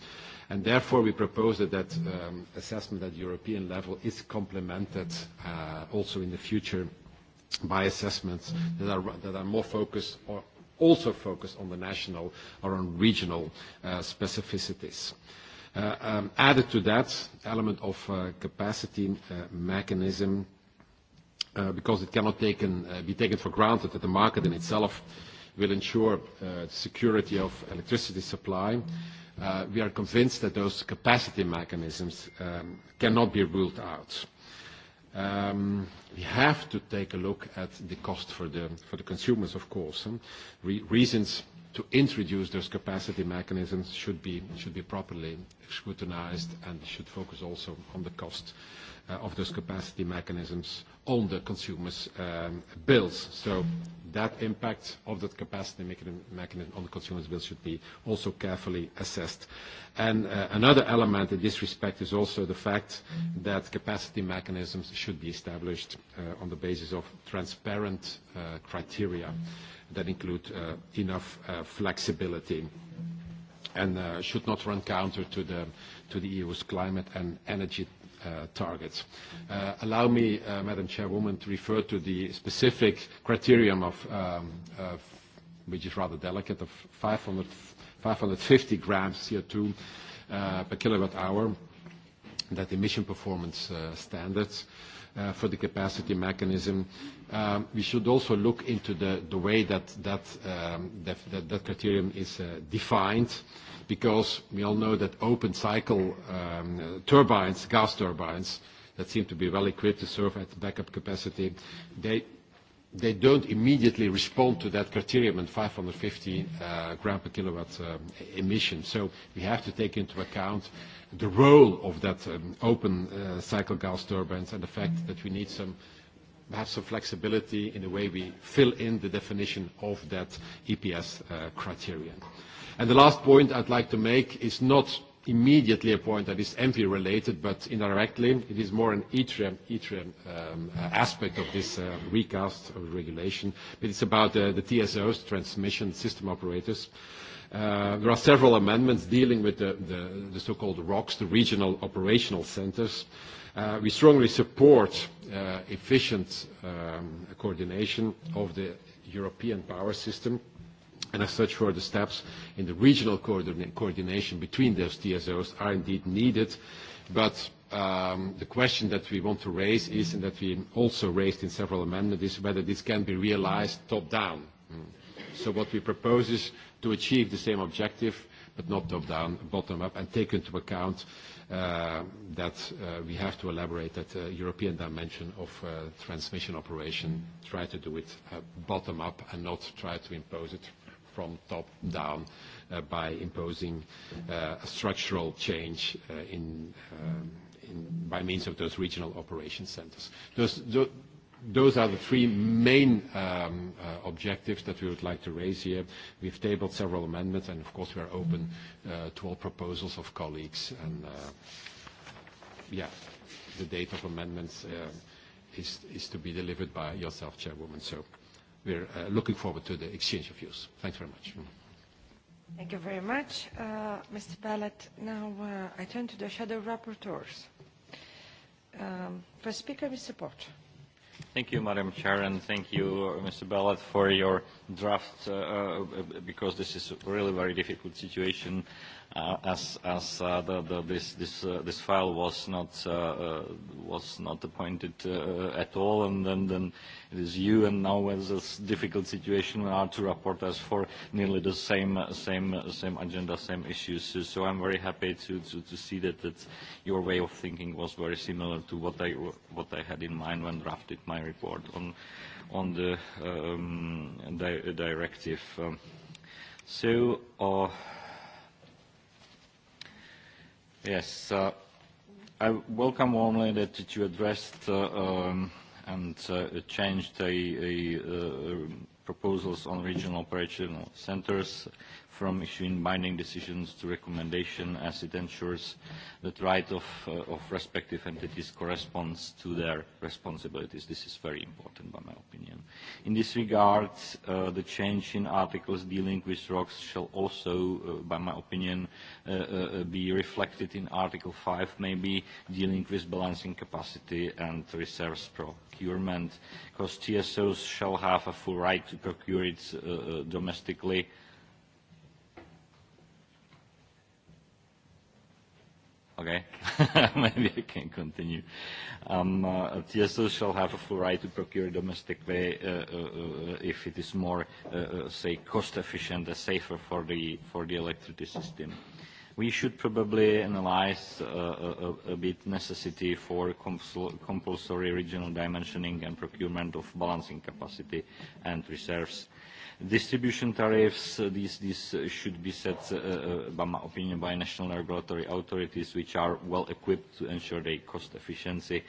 S22: therefore, we propose that that um, assessment at European level is complemented uh, also in the future by assessments that are, more focused or also focused on the national or on regional uh, specificities. Uh, um, added to that element of uh, capacity uh, mechanism, because it cannot be taken for granted that the market in itself will ensure security of electricity supply, we are convinced that those capacity mechanisms um, cannot be ruled out. Um, we have to take a look at the cost for the, consumers, of course. reasons to introduce those capacity mechanisms should be, should be properly scrutinized and should focus also on the cost. Uh, of those capacity mechanisms on the consumers' um, bills. So that impact of that capacity mechanism on the consumers' bills should be also carefully assessed. And uh, another element in this respect is also the fact that capacity mechanisms should be established uh, on the basis of transparent criteria that include enough flexibility and should not run counter to the, to the EU's climate and energy Uh, targets. Uh, allow me, uh, Madam Chairwoman, to refer to the specific criterion um, of, which is rather delicate, of 500, 550 grams CO2 per kilowatt hour, that emission performance standards for the capacity mechanism. Um, we should also look into the, the way that, that, um, that criterion is defined because we all know that open cycle um, turbines, gas turbines, that seem to be well equipped to serve at backup capacity, they don't immediately respond to that criterion 550 uh, gram per kilowatt uh, emission. So we have to take into account the role of that um, open uh, cycle gas turbines and the fact that we need some have some flexibility in the way we fill in the definition of that EPS uh, criterion. And the last point I'd like to make is not immediately a point that is ENVI related, but indirectly, it is more an ITRE e e e um, uh, aspect of this uh, recast of regulation. But It's about the TSOs, transmission system operators. there are several amendments dealing with the, the, the so-called ROCs, the regional operational centers. We strongly support uh, efficient um, coordination of the European power system and as such further steps in the regional coordina coordination between those TSOs are indeed needed but um, the question that we want to raise is and that we also raised in several amendments is whether this can be realized top down. Hmm. So what we propose is to achieve the same objective but not top down, bottom up and take into account uh, that uh, we have to elaborate that uh, European dimension of uh, transmission operation, try to do it uh, bottom up and not try to impose it from top down by imposing a structural change in, um, in by means of those regional operation centers. those Those are the three main um, uh, objectives that we would like to raise here. We've tabled several amendments, and of course, we are open uh, to all proposals of colleagues. And uh, yeah, the date of amendments is, is to be delivered by yourself, Chairwoman. So we're looking forward to the exchange of views. Thanks very much.
S1: Thank you very much, Mr. Bellet. Now, I turn to the shadow rapporteurs. Um, first speaker, Mr. Porter.
S23: Thank you, Madam Chair, and thank you, uh, Mr. Bellat, for your draft, uh, uh, because this is a really very difficult situation uh, as as uh, the, the, this this uh, file was not uh, was not appointed at all, and then then it is you, and now is this difficult situation, when are two reporters for nearly the same same same agenda, same issues. So, I'm very happy to, to to see that that your way of thinking was very similar to what I what I had in mind when drafted my report on on the um, directive. Um, so. Uh, Yes, uh, I welcome warmly that you addressed uh, um, and uh, changed the uh, proposals on regional operational centers from issuing binding decisions to recommendation as it ensures that right of, uh, of respective entities corresponds to their responsibilities. This is very important by my opinion. In this regard, uh, the change in articles dealing with rocks shall also, uh, by my opinion, be reflected in Article 5, maybe dealing with balancing capacity and reserves procurement, because TSOs shall have a full right to procure it domestically Okay, maybe I can continue. Um, uh, TSO shall have a full right to procure domestic uh, uh, uh, if it is more, uh, say, cost-efficient and safer for the, for the electricity system. We should probably analyze uh, a, a bit necessity for compulsory regional dimensioning and procurement of balancing capacity and reserves Distribution tariffs, these, these should be set, uh, uh, by my opinion, by national regulatory authorities, which are well equipped to ensure their cost efficiency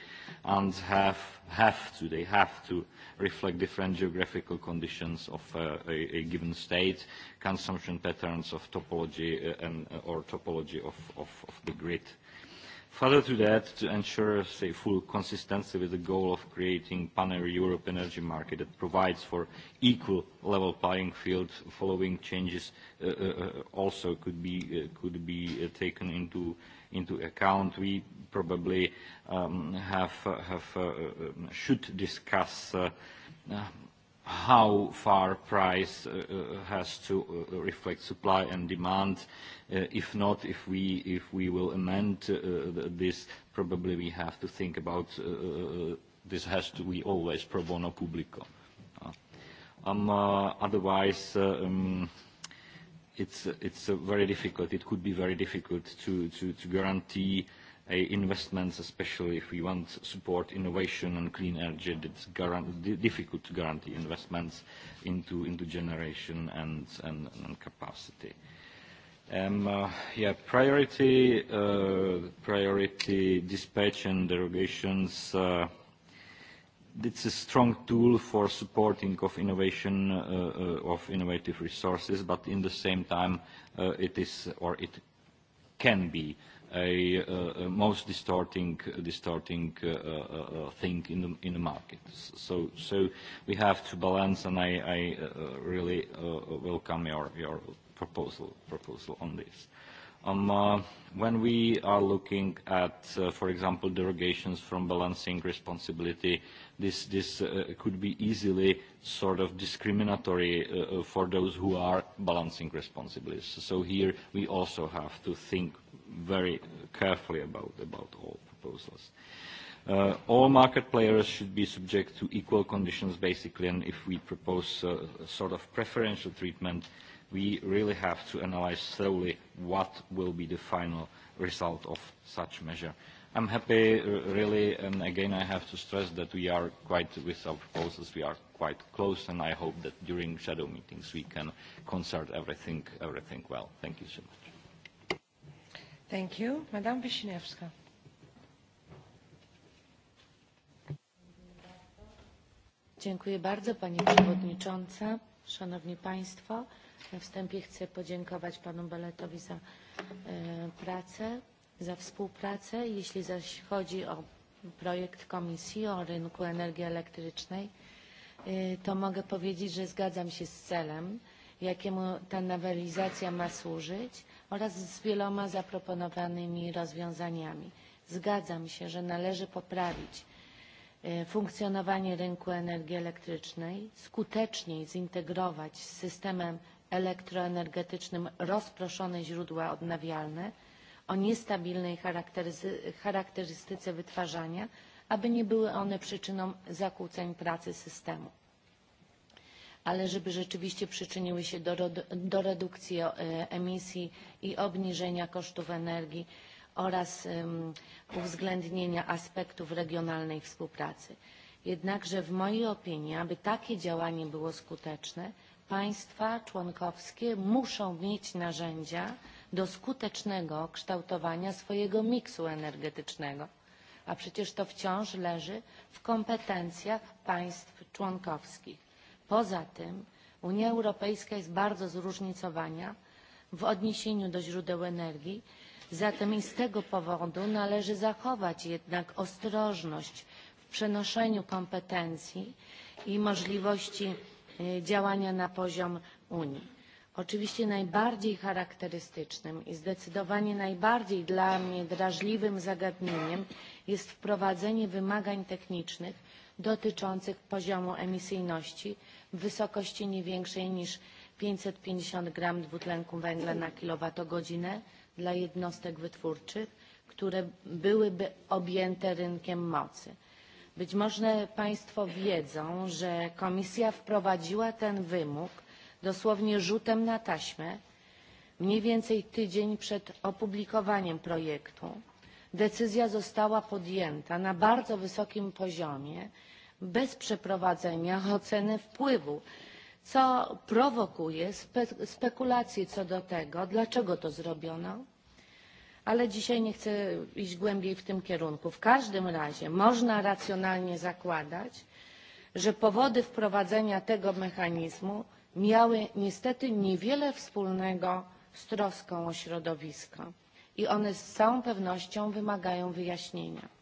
S23: and have, have to, they have to reflect different geographical conditions of uh, a, given state, consumption patterns of topology and, or topology of, of, of the grid. Further to that, to ensure say, full consistency with the goal of creating pan-Europe energy market that provides for equal level playing field, following changes uh, uh, uh, also could be, could be taken into, into account. We probably um, have, have, um, should discuss how far price has to reflect supply and demand Uh, if not, if we, if we will amend uh, this, probably we have to think about uh, this has to be always pro bono publico. Um, otherwise, um, it's, it's very difficult. It could be very difficult to, to, to guarantee investments, especially if we want to support innovation and clean energy, it's difficult to guarantee investments into, into generation and, and capacity. Um, uh, yeah, priority, uh, priority dispatch and derogations, uh, it's a strong tool for supporting of innovation uh, uh of innovative resources, but in the same time uh, it is or it can be a, uh, most distorting, distorting uh, uh, thing in the, in the market. So, so we have to balance, and I, I uh, really uh, welcome your, your proposal, proposal on this. Um, uh, when we are looking at, uh, for example, derogations from balancing responsibility, this, this uh, could be easily sort of discriminatory uh, uh, for those who are balancing responsibilities. So here we also have to think very carefully about, about all proposals. Uh, all market players should be subject to equal conditions, basically, and if we propose a uh, sort of preferential treatment, we really have to analyze slowly what will be the final result of such measure. I'm happy, uh, really, and again, I have to stress that we are quite, with our proposals, we are quite close, and I hope that during shadow meetings we can concert everything, everything well. Thank you so much.
S1: Thank you.
S24: Madame Wisniewska. Dziękuję bardzo, Pani Przewodnicząca, Szanowni Państwo. Na wstępie chcę podziękować panu Beletowi za e, pracę, za współpracę. Jeśli zaś chodzi o projekt komisji o rynku energii elektrycznej, e, to mogę powiedzieć, że zgadzam się z celem, jakiemu ta nowelizacja ma służyć oraz z wieloma zaproponowanymi rozwiązaniami. Zgadzam się, że należy poprawić e, funkcjonowanie rynku energii elektrycznej, skuteczniej zintegrować z systemem elektroenergetycznym rozproszone źródła odnawialne o niestabilnej charakterystyce wytwarzania, aby nie były one przyczyną zakłóceń pracy systemu. Ale żeby rzeczywiście przyczyniły się do, do redukcji e, emisji i obniżenia kosztów energii oraz um, uwzględnienia aspektów regionalnej współpracy. Jednakże w mojej opinii, aby takie działanie było skuteczne, Państwa członkowskie muszą mieć narzędzia do skutecznego kształtowania swojego miksu energetycznego, a przecież to wciąż leży w kompetencjach państw członkowskich. Poza tym Unia Europejska jest bardzo zróżnicowana w odniesieniu do źródeł energii, zatem i z tego powodu należy zachować jednak ostrożność w przenoszeniu kompetencji i możliwości E, działania na poziom Unii. Oczywiście najbardziej charakterystycznym i zdecydowanie najbardziej dla mnie drażliwym zagadnieniem jest wprowadzenie wymagań technicznych dotyczących poziomu emisyjności w wysokości nie większej niż 550 gram dwutlenku węgla na kilowatogodzinę dla jednostek wytwórczych, które byłyby objęte rynkiem mocy. Być może Państwo wiedzą, że Komisja wprowadziła ten wymóg dosłownie rzutem na taśmę mniej więcej tydzień przed opublikowaniem projektu. Decyzja została podjęta na bardzo wysokim poziomie bez przeprowadzenia oceny wpływu, co prowokuje spekulacje co do tego, dlaczego to zrobiono ale dzisiaj nie chcę iść głębiej w tym kierunku. W każdym razie można racjonalnie zakładać, że powody wprowadzenia tego mechanizmu miały niestety niewiele wspólnego z troską o środowisko i one z całą pewnością wymagają wyjaśnienia.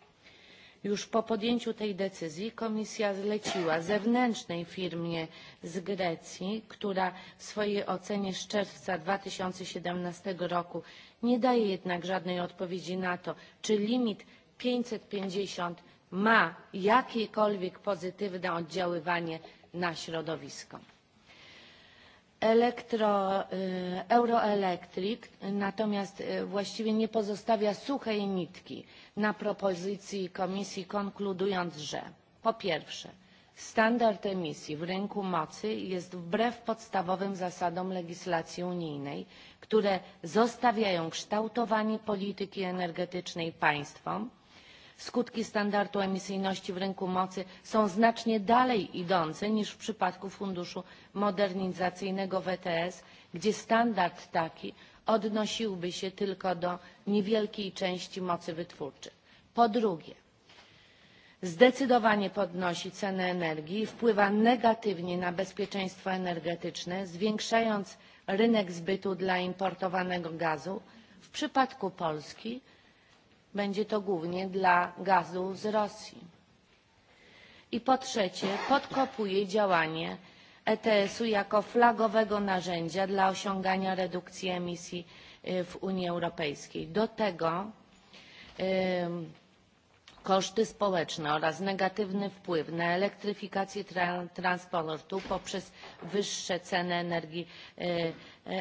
S24: Już po podjęciu tej decyzji komisja zleciła zewnętrznej firmie z Grecji, która w swojej ocenie z czerwca 2017 roku nie daje jednak żadnej odpowiedzi na to czy limit 550 pięćdziesiąt ma jakiekolwiek pozytywne oddziaływanie na środowisko. Elektro, e, Euroelectric natomiast e, właściwie nie pozostawia suchej nitki na propozycji Komisji, konkludując, że po pierwsze Standard emisji w rynku mocy jest wbrew podstawowym zasadom legislacji unijnej, które zostawiają kształtowanie polityki energetycznej państwom. Skutki standardu emisyjności w rynku mocy są znacznie dalej idące niż w przypadku Funduszu Modernizacyjnego WTS, gdzie standard taki odnosiłby się tylko do niewielkiej części mocy wytwórczych. Po drugie, zdecydowanie podnosi ceny energii i wpływa negatywnie na bezpieczeństwo energetyczne zwiększając rynek zbytu dla importowanego gazu w przypadku polski będzie to głównie dla gazu z rosji. i po trzecie podkopuje działanie ets u jako flagowego narzędzia dla osiągania redukcji emisji w unii europejskiej. do tego koszty społeczne oraz negatywny wpływ na elektryfikację transportu poprzez wyższe ceny energii e, e,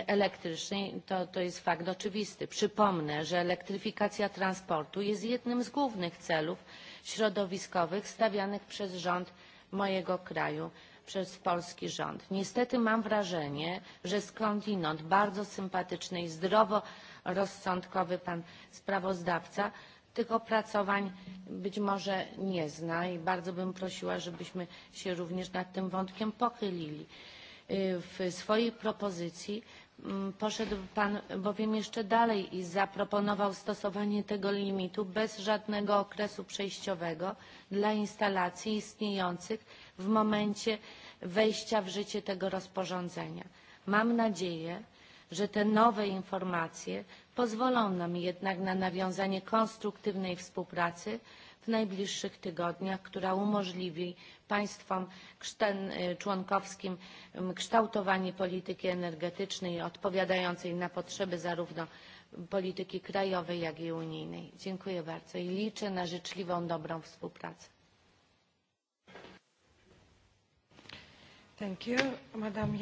S24: elektrycznej to, to jest fakt oczywisty. Przypomnę, że elektryfikacja transportu jest jednym z głównych celów środowiskowych stawianych przez rząd mojego kraju przez polski rząd. Niestety mam wrażenie, że skądinąd bardzo sympatyczny i zdroworozsądkowy pan sprawozdawca tych opracowań być może nie zna i bardzo bym prosiła, żebyśmy się również nad tym wątkiem pochylili. W swojej propozycji mm, poszedł Pan bowiem jeszcze dalej i zaproponował stosowanie tego limitu bez żadnego okresu przejściowego dla instalacji istniejących w momencie wejścia w życie tego rozporządzenia. Mam nadzieję, że te nowe informacje pozwolą nam jednak na nawiązanie konstruktywnej współpracy w najbliższych tygodniach, która umożliwi państwom członkowskim mm, kształtowanie polityki energetycznej odpowiadającej na potrzeby zarówno polityki krajowej, jak i unijnej. Dziękuję bardzo i liczę na życzliwą, dobrą współpracę.
S1: Thank Madame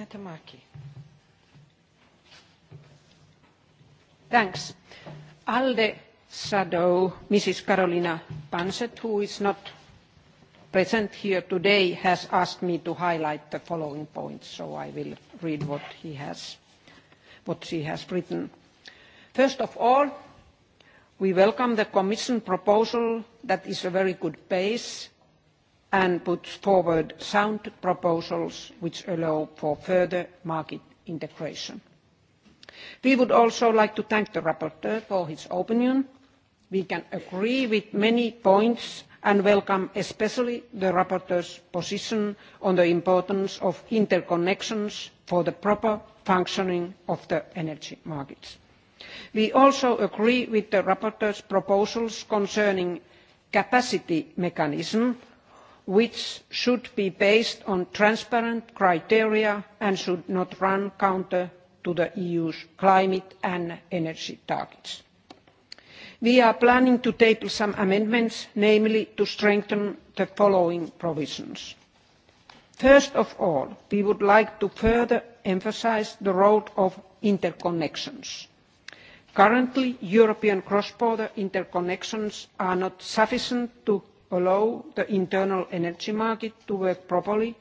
S25: Thanks. Alde shadow, Mrs. Carolina Panzet, who is not present here today, has asked me to highlight the following points, so I will read what, he what she has written. First of all, we welcome the Commission proposal that is a very good base and puts forward sound proposals which allow for further market integration we would also like to thank the rapporteur for his opinion. we can agree with many points and welcome especially the rapporteur's position on the importance of interconnections for the proper functioning of the energy markets. we also agree with the rapporteur's proposals concerning capacity mechanism which should be based on transparent criteria and should not run counter to the eu's climate and energy targets. we are planning to table some amendments namely to strengthen the following provisions. first of all we would like to further emphasise the role of interconnections. currently european cross border interconnections are not sufficient to allow the internal energy market to work properly,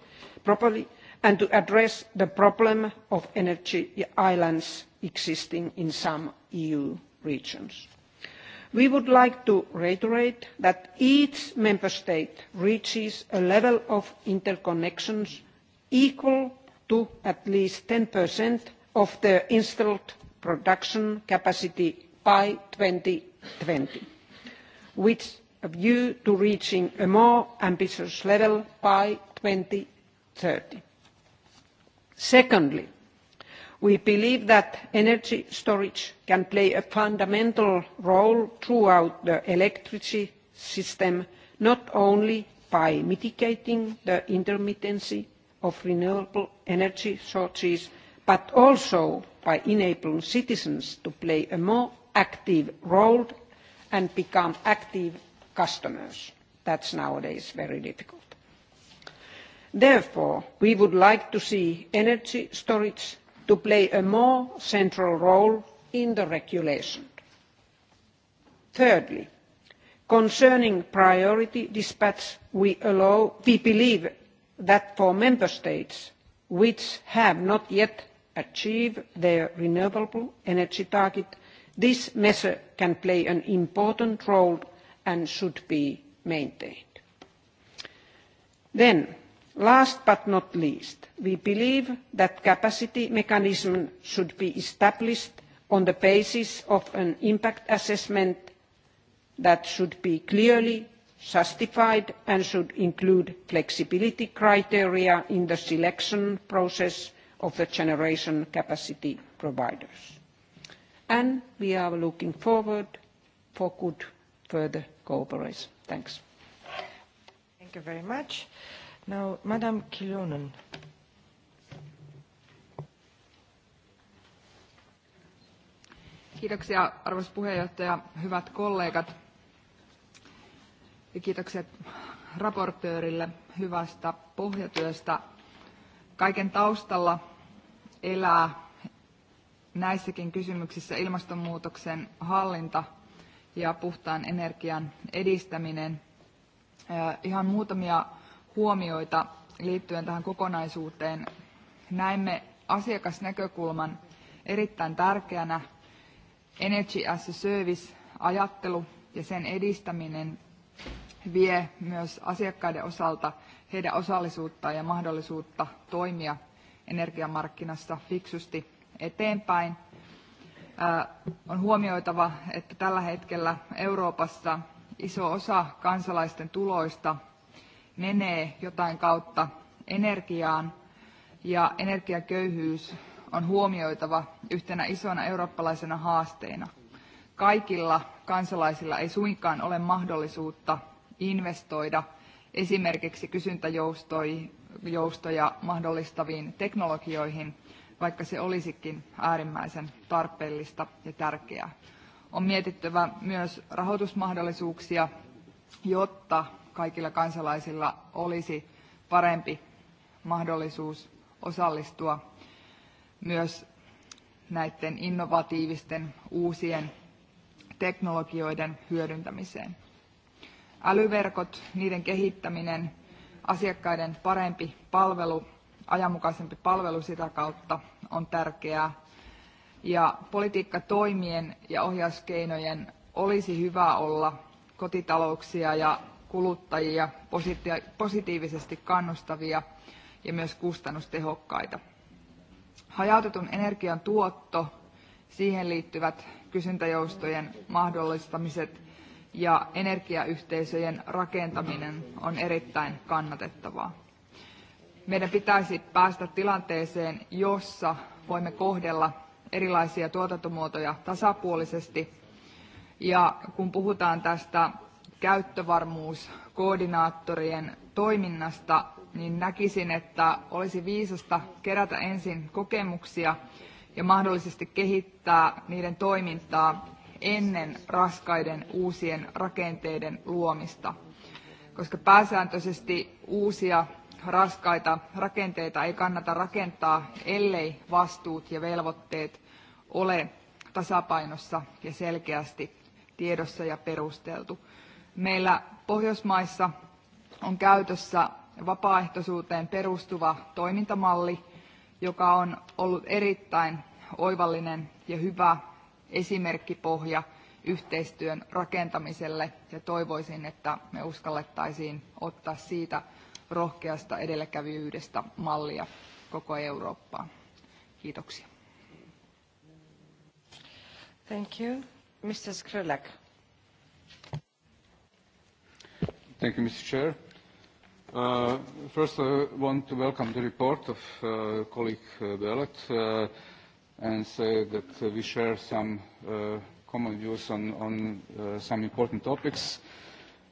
S25: properly and to address the problem of energy islands existing in some eu regions. we would like to reiterate that each member state reaches a level of interconnections equal to at least ten of their installed production capacity by two thousand and twenty with a view to reaching a more ambitious level by two thousand and thirty secondly we believe that energy storage can play a fundamental role throughout the electricity system not only by mitigating the intermittency of renewable energy sources but also by enabling citizens to play a more active role and become active customers. that is nowadays very difficult therefore we would like to see energy storage to play a more central role in the regulation. thirdly concerning priority dispatch we, allow, we believe that for member states which have not yet achieved their renewable energy target this measure can play an important role and should be maintained. then last but not least we believe that capacity mechanisms should be established on the basis of an impact assessment that should be clearly justified and should include flexibility criteria in the selection process of the generation capacity providers. And we are looking forward for good further cooperation. Thanks. Thank you very much.
S1: Now, Madam Kilonen.
S26: Kiitoksia, arvoisa puheenjohtaja, hyvät kollegat. Ja kiitokset raportöörille hyvästä pohjatyöstä. Kaiken taustalla elää näissäkin kysymyksissä ilmastonmuutoksen hallinta ja puhtaan energian edistäminen. Äh, ihan muutamia huomioita liittyen tähän kokonaisuuteen. Näemme asiakasnäkökulman erittäin tärkeänä. Energy as a Service-ajattelu ja sen edistäminen vie myös asiakkaiden osalta heidän osallisuuttaan ja mahdollisuutta toimia energiamarkkinassa fiksusti eteenpäin. On huomioitava, että tällä hetkellä Euroopassa iso osa kansalaisten tuloista menee jotain kautta energiaan ja energiaköyhyys on huomioitava yhtenä isona eurooppalaisena haasteena. Kaikilla kansalaisilla ei suinkaan ole mahdollisuutta investoida esimerkiksi kysyntäjoustoja mahdollistaviin teknologioihin, vaikka se olisikin äärimmäisen tarpeellista ja tärkeää. On mietittävä myös rahoitusmahdollisuuksia, jotta kaikilla kansalaisilla olisi parempi mahdollisuus osallistua myös näiden innovatiivisten uusien teknologioiden hyödyntämiseen. Älyverkot, niiden kehittäminen, asiakkaiden parempi palvelu, ajanmukaisempi palvelu sitä kautta on tärkeää. Ja politiikkatoimien ja ohjauskeinojen olisi hyvä olla kotitalouksia ja kuluttajia positiivisesti kannustavia ja myös kustannustehokkaita. Hajautetun energian tuotto, siihen liittyvät kysyntäjoustojen mahdollistamiset ja energiayhteisöjen rakentaminen on erittäin kannatettavaa. Meidän pitäisi päästä tilanteeseen, jossa voimme kohdella erilaisia tuotantomuotoja tasapuolisesti. Ja kun puhutaan tästä käyttövarmuuskoordinaattorien toiminnasta, niin näkisin, että olisi viisasta kerätä ensin kokemuksia ja mahdollisesti kehittää niiden toimintaa ennen raskaiden uusien rakenteiden luomista, koska pääsääntöisesti uusia raskaita rakenteita ei kannata rakentaa, ellei vastuut ja velvoitteet ole tasapainossa ja selkeästi tiedossa ja perusteltu. Meillä Pohjoismaissa on käytössä vapaaehtoisuuteen perustuva toimintamalli, joka on ollut erittäin oivallinen ja hyvä esimerkkipohja yhteistyön rakentamiselle ja toivoisin, että me uskallettaisiin ottaa siitä rohkeasta edelläkävijyydestä mallia koko Eurooppaan. Kiitoksia.
S1: Thank you. Mr.
S27: Thank you, Mr. Chair. Uh, first, I want to welcome the report of uh, colleague uh, Bellet uh, and say that uh, we share some common views on, on some important topics.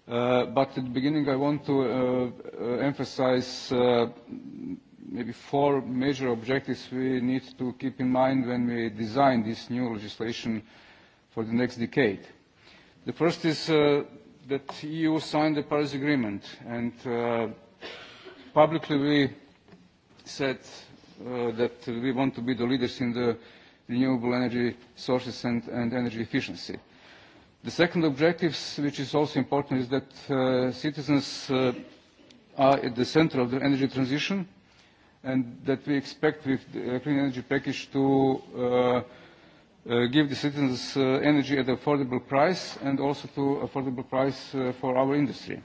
S27: But at the beginning, I want to emphasize maybe four major objectives we need to keep in mind when we design this new legislation for the next decade. The first is that the EU signed the Paris Agreement and uh, publicly we said uh, that we want to be the leaders in the renewable energy sources and, and energy efficiency. The second objective, which is also important, is that uh, citizens uh, are at the center of the energy transition and that we expect with the clean energy package to uh, Uh, give the citizens uh, energy at an affordable price and also to affordable price uh, for our industry.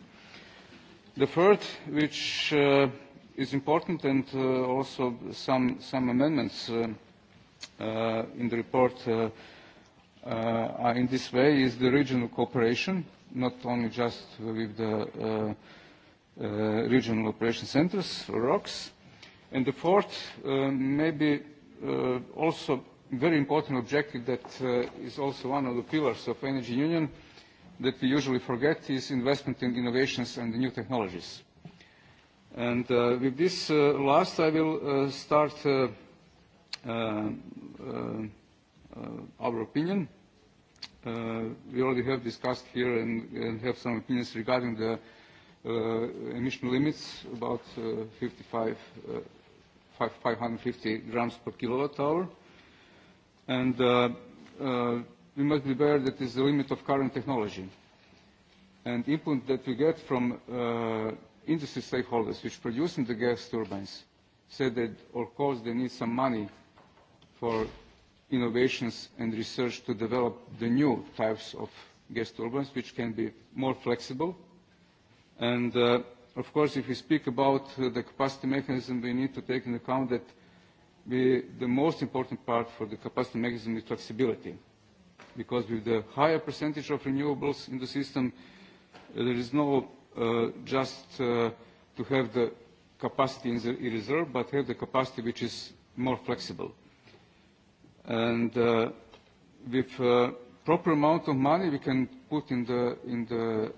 S27: The third, which uh, is important and uh, also some, some amendments in the report are in this way, is the regional cooperation, not only just with the regional operation centers, ROCs. And the fourth, maybe also very important objective that uh, is also one of the pillars of energy union that we usually forget is investment in innovations and new technologies. And uh, with this uh, last, I will uh, start uh, uh, uh our opinion. Uh, we already have discussed here and, and have some opinions regarding the uh, emission limits, about uh, 55, uh, 5, 550 grams per kilowatt hour and uh, uh, we must be aware that is the limit of current technology. And input that we get from uh, industry stakeholders which producing the gas turbines said that, of course, they need some money for innovations and research to develop the new types of gas turbines which can be more flexible. And, uh, of course, if we speak about uh, the capacity mechanism, we need to take into account that the most important part for the capacity mechanism is flexibility, because with the higher percentage of renewables in the system, uh, there is no uh, just uh, to have the capacity in, the, reserve, but have the capacity which is more flexible. And with uh, proper amount of money we can put in the, in the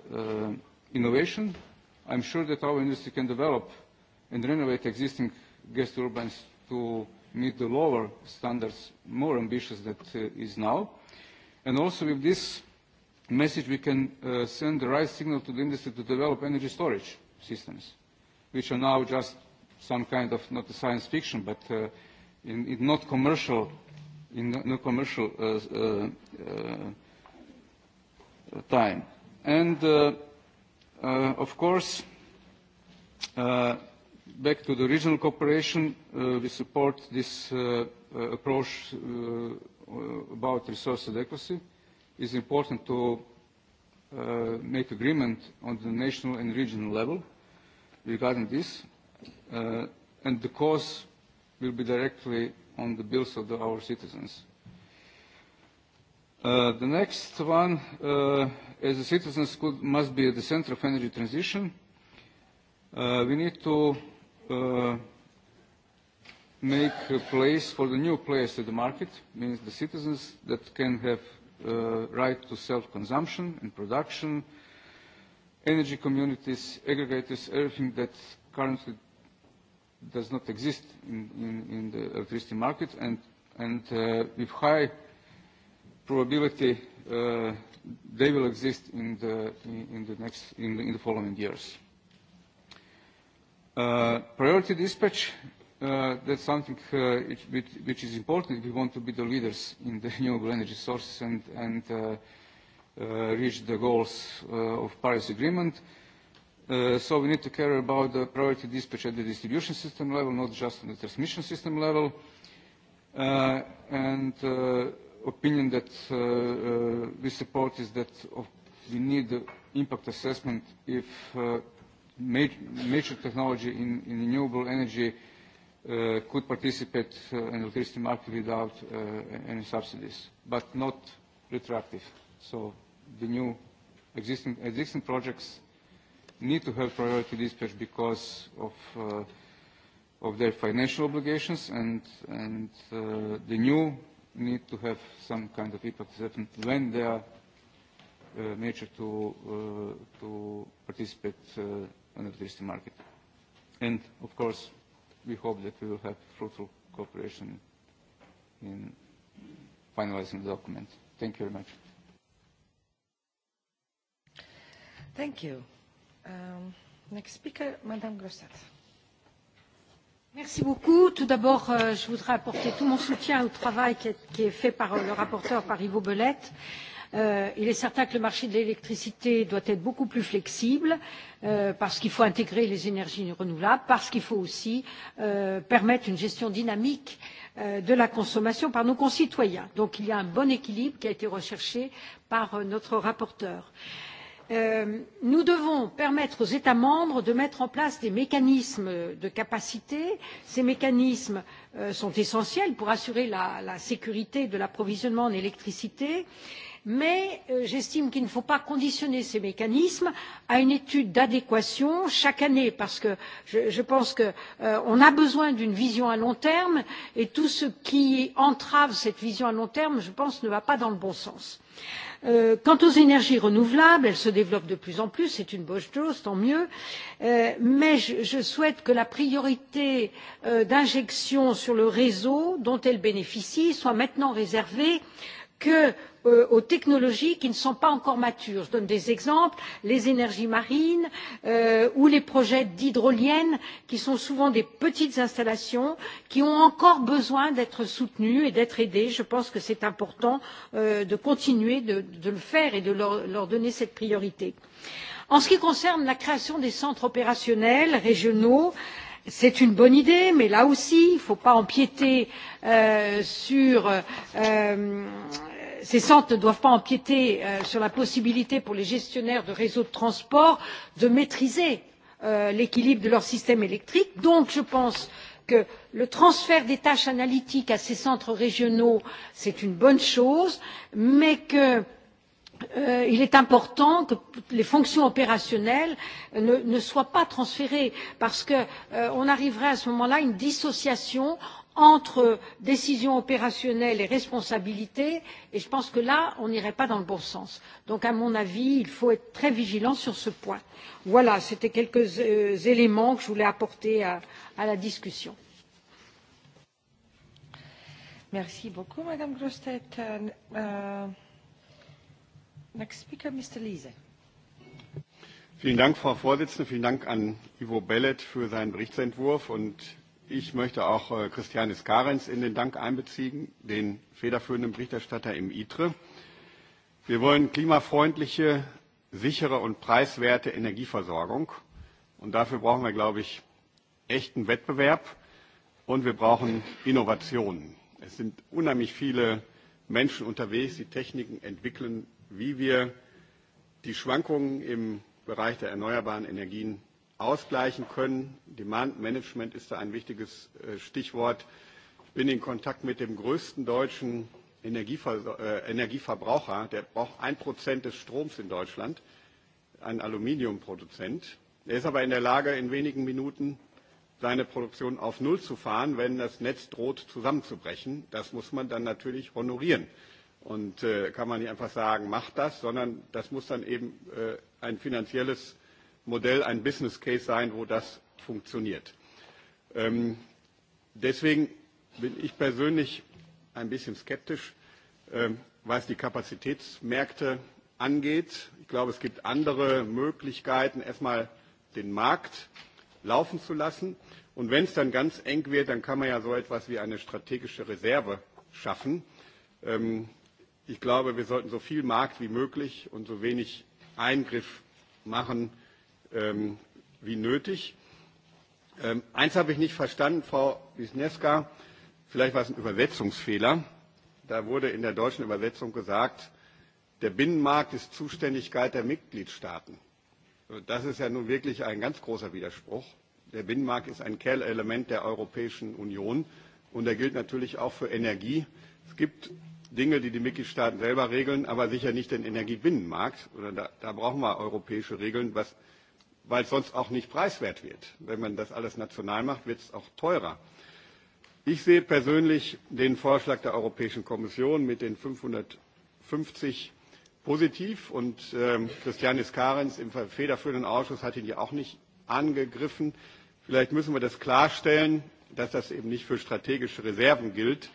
S27: innovation, I'm sure that our industry can develop and renovate existing gas turbines to meet the lower standards more ambitious than uh, is now. And also with this message we can uh, send the right signal to the industry to develop energy storage systems, which are now just some kind of not a science fiction but uh, in, in not commercial in no, commercial time and of course back to the regional cooperation, uh, we support this uh, uh, approach about resource adequacy. is important to make agreement on the national and regional level regarding this, and the cause will be directly on the bills of our citizens. the next one, as the citizens must be at the center of energy transition. we need to Uh, make a place for the new players in the market, means the citizens that can have uh, right to self-consumption and production, energy communities, aggregators, everything that currently does not exist in, in, in the electricity market and, and uh, with high probability uh, they will exist in the, in, in the, next, in the, in the following years. Uh, priority dispatch, uh, that's something uh, which, is important. We want to be the leaders in the renewable energy sources and, and uh, reach the goals of Paris Agreement. So we need to care about the priority dispatch at the distribution system level, not just at the transmission system level. And opinion that we support is that we need impact assessment if major, technology in, in renewable energy uh, could participate uh, in the electricity market without uh, any subsidies, but not retroactive. So the new existing, existing projects need to have priority dispatch because of, uh, of their financial obligations and, and uh, the new need to have some kind of impact when they are uh, major to, uh, to participate uh, on the electricity market. And of course, we hope that we will have fruitful cooperation in finalizing the document. Thank you very much.
S1: Thank you. Um, next speaker, Madame Grosset.
S4: Merci beaucoup. Tout d'abord, euh, je voudrais apporter tout mon soutien au travail qui est, qui est fait par euh, le rapporteur, par Ivo Belette Euh, il est certain que le marché de l'électricité doit être beaucoup plus flexible euh, parce qu'il faut intégrer les énergies renouvelables parce qu'il faut aussi euh, permettre une gestion dynamique de la consommation par nos concitoyens. donc il y a un bon équilibre qui a été recherché par notre rapporteur. Nous devons permettre aux États membres de mettre en place des mécanismes de capacité. Ces mécanismes sont essentiels pour assurer la, la sécurité de l'approvisionnement en électricité mais euh, j'estime qu'il ne faut pas conditionner ces mécanismes à une étude d'adéquation chaque année parce que je, pense qu'on euh, a besoin d'une vision à long terme et tout ce qui entrave cette vision à long terme je pense ne va pas dans le bon sens. Euh, quant aux énergies renouvelables elles se développent de plus en plus c'est une bonne chose tant mieux mais je, souhaite que la priorité d'injection sur le réseau dont elles bénéficient soit maintenant réservée que Euh, aux technologies qui ne sont pas encore matures. je donne des exemples les énergies marines euh, ou les projets d'hydroliennes qui sont souvent des petites installations qui ont encore besoin d'être soutenues et d'être aidées. je pense que c'est important euh, de continuer de, le faire et de leur, donner cette priorité. en ce qui concerne la création des centres opérationnels régionaux c'est une bonne idée mais là aussi il ne faut pas empiéter sur ces centres ne doivent pas empiéter euh, sur la possibilité pour les gestionnaires de réseaux de transport de maîtriser euh, l'équilibre de leur système électrique donc je pense que le transfert des tâches analytiques à ces centres régionaux est une bonne chose mais qu'il euh, il est important que les fonctions opérationnelles ne, soient pas transférées parce qu'on arriverait à ce moment là à une dissociation entre décisions opérationnelles et responsabilités et je pense que là on n'irait pas dans le bon sens. donc à mon avis il faut être très vigilant sur ce point. voilà c'était quelques euh, éléments que je voulais apporter à, la discussion. Merci
S1: beaucoup, Madame euh, euh, next speaker, Mr.
S11: Vielen Dank, Frau Vorsitzende. Vielen Dank an Ivo Bellet für seinen Berichtsentwurf und Ich möchte auch äh, Christianis Karens in den Dank einbeziehen, den federführenden Berichterstatter im ITRE. Wir wollen klimafreundliche, sichere und preiswerte Energieversorgung. Und dafür brauchen wir, glaube ich, echten Wettbewerb. Und wir brauchen Innovationen. Es sind unheimlich viele Menschen unterwegs, die Techniken entwickeln, wie wir die Schwankungen im Bereich der erneuerbaren Energien ausgleichen können. Demand Management ist da ein wichtiges äh, Stichwort. Ich bin in Kontakt mit dem größten deutschen äh, Energieverbraucher. Der braucht ein Prozent des Stroms in Deutschland, ein Aluminiumproduzent. Er ist aber in der Lage, in wenigen Minuten seine Produktion auf Null zu fahren, wenn das Netz droht zusammenzubrechen. Das muss man dann natürlich honorieren. Und äh, kann man nicht einfach sagen, macht das, sondern das muss dann eben äh, ein finanzielles Modell ein Business Case sein, wo das funktioniert. Ähm, deswegen bin ich persönlich ein bisschen skeptisch, ähm, was die Kapazitätsmärkte angeht. Ich glaube, es gibt andere Möglichkeiten, erstmal den Markt laufen zu lassen. Und wenn es dann ganz eng wird, dann kann man ja so etwas wie eine strategische Reserve schaffen. Ähm, ich glaube, wir sollten so viel Markt wie möglich und so wenig Eingriff machen ähm, wie nötig. Ähm, eins habe ich nicht verstanden, Frau Wisniewska, vielleicht war es ein Übersetzungsfehler. Da wurde in der deutschen Übersetzung gesagt, der Binnenmarkt ist Zuständigkeit der Mitgliedstaaten. Das ist ja nun wirklich ein ganz großer Widerspruch. Der Binnenmarkt ist ein Kernelement der Europäischen Union und er gilt natürlich auch für Energie. Es gibt Dinge, die die Mitgliedstaaten selber regeln, aber sicher nicht den Energiebinnenmarkt. Oder da, da brauchen wir europäische Regeln, was weil es sonst auch nicht preiswert wird. Wenn man das alles national macht, wird es auch teurer. Ich sehe persönlich den Vorschlag der Europäischen Kommission mit den 550 positiv und ähm, Christianis Karens im federführenden Ausschuss hat ihn ja auch nicht angegriffen. Vielleicht müssen wir das klarstellen, dass das eben nicht für strategische Reserven gilt,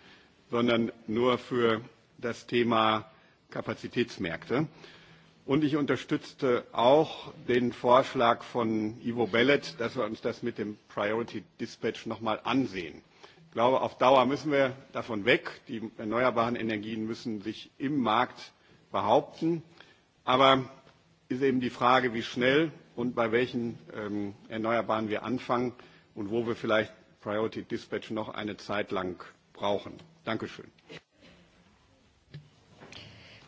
S11: sondern nur für das Thema Kapazitätsmärkte. Und ich unterstützte auch den Vorschlag von Ivo Bellet, dass wir uns das mit dem Priority Dispatch nochmal ansehen. Ich glaube, auf Dauer müssen wir davon weg. Die erneuerbaren Energien müssen sich im Markt behaupten. Aber ist eben die Frage, wie schnell und bei welchen ähm, Erneuerbaren wir anfangen und wo wir vielleicht Priority Dispatch noch eine Zeit lang brauchen. Dankeschön.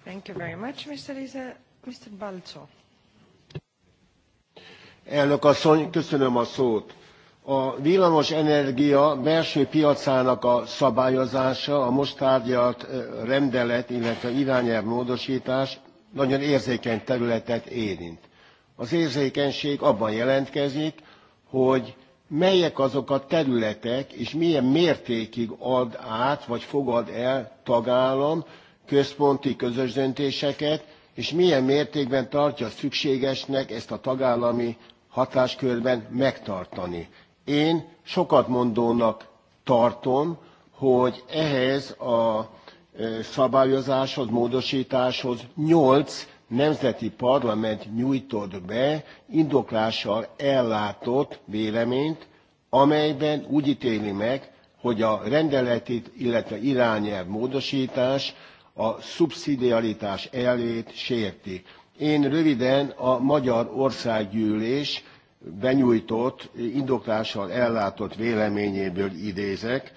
S1: Thank you very much, Mr. Lisa. Mr. Balco.
S28: Elnök asszony, köszönöm a szót. A villamos energia belső piacának a szabályozása, a most tárgyalt rendelet, illetve irányelv módosítás nagyon érzékeny területet érint. Az érzékenység abban jelentkezik, hogy melyek azok a területek és milyen mértékig ad át vagy fogad el tagállam központi közös döntéseket, és milyen mértékben tartja szükségesnek ezt a tagállami hatáskörben megtartani. Én sokat mondónak tartom, hogy ehhez a e, szabályozáshoz, módosításhoz nyolc nemzeti parlament nyújtott be indoklással ellátott véleményt, amelyben úgy ítéli meg, hogy a rendeleti, illetve irányelv módosítás a szubszidiaritás elvét sérti. Én röviden a Magyar Országgyűlés benyújtott, indoklással ellátott véleményéből idézek.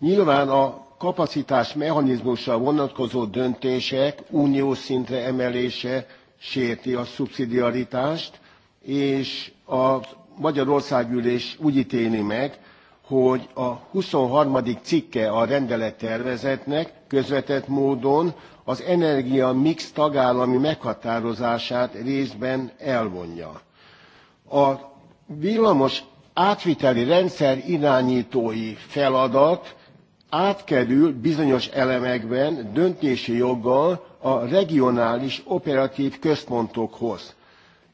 S28: Nyilván a kapacitás mechanizmussal vonatkozó döntések unió szintre emelése sérti a szubszidiaritást, és a országgyűlés úgy ítéli meg, hogy a 23. cikke a rendelettervezetnek közvetett módon az energia mix tagállami meghatározását részben elvonja. A villamos átviteli rendszer irányítói feladat átkerül bizonyos elemekben döntési joggal a regionális operatív központokhoz.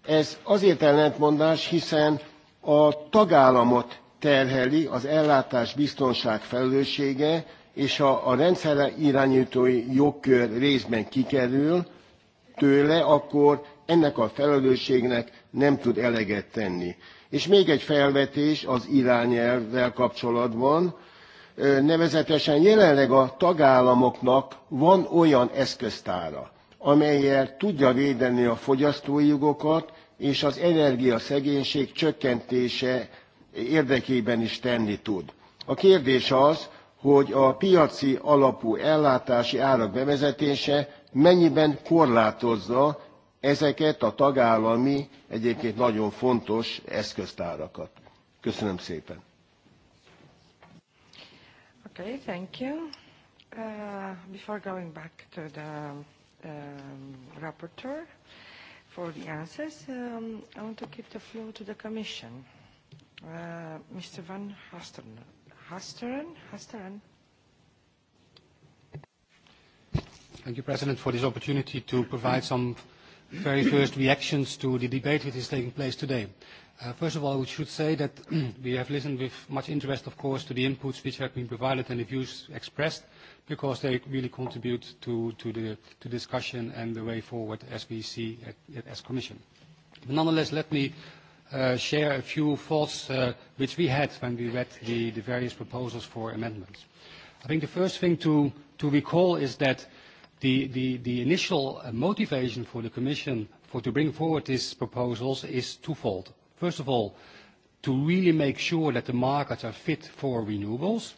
S28: Ez azért ellentmondás, hiszen a tagállamot terheli az ellátás biztonság felelőssége, és ha a rendszerre irányítói jogkör részben kikerül tőle, akkor ennek a felelősségnek nem tud eleget tenni. És még egy felvetés az irányelvvel kapcsolatban, nevezetesen jelenleg a tagállamoknak van olyan eszköztára, amelyel tudja védeni a fogyasztói jogokat, és az energiaszegénység csökkentése érdekében is tenni tud. A kérdés az, hogy a piaci alapú ellátási árak bevezetése mennyiben korlátozza ezeket a tagállami, egyébként nagyon fontos eszköztárakat. Köszönöm szépen.
S1: Okay, thank you. Uh, before going back to the um, rapporteur for the answers, um, I want to give the floor to the Commission. Uh, Mr. Van Hasteren. Hasteren? Hasteren.
S29: Thank you, President, for this opportunity to provide some very first reactions to the debate which is taking place today. Uh, first of all, we should say that we have listened with much interest, of course, to the inputs which have been provided and the views expressed, because they really contribute to, to the to discussion and the way forward as we see at, at, as Commission. But nonetheless, let me Uh, share a few thoughts uh, which we had when we read the, various proposals for amendments. I think the first thing to, recall is that the, the, the initial uh, motivation for the Commission for to bring forward these proposals is twofold. First of all, to really make sure that the markets are fit for renewables,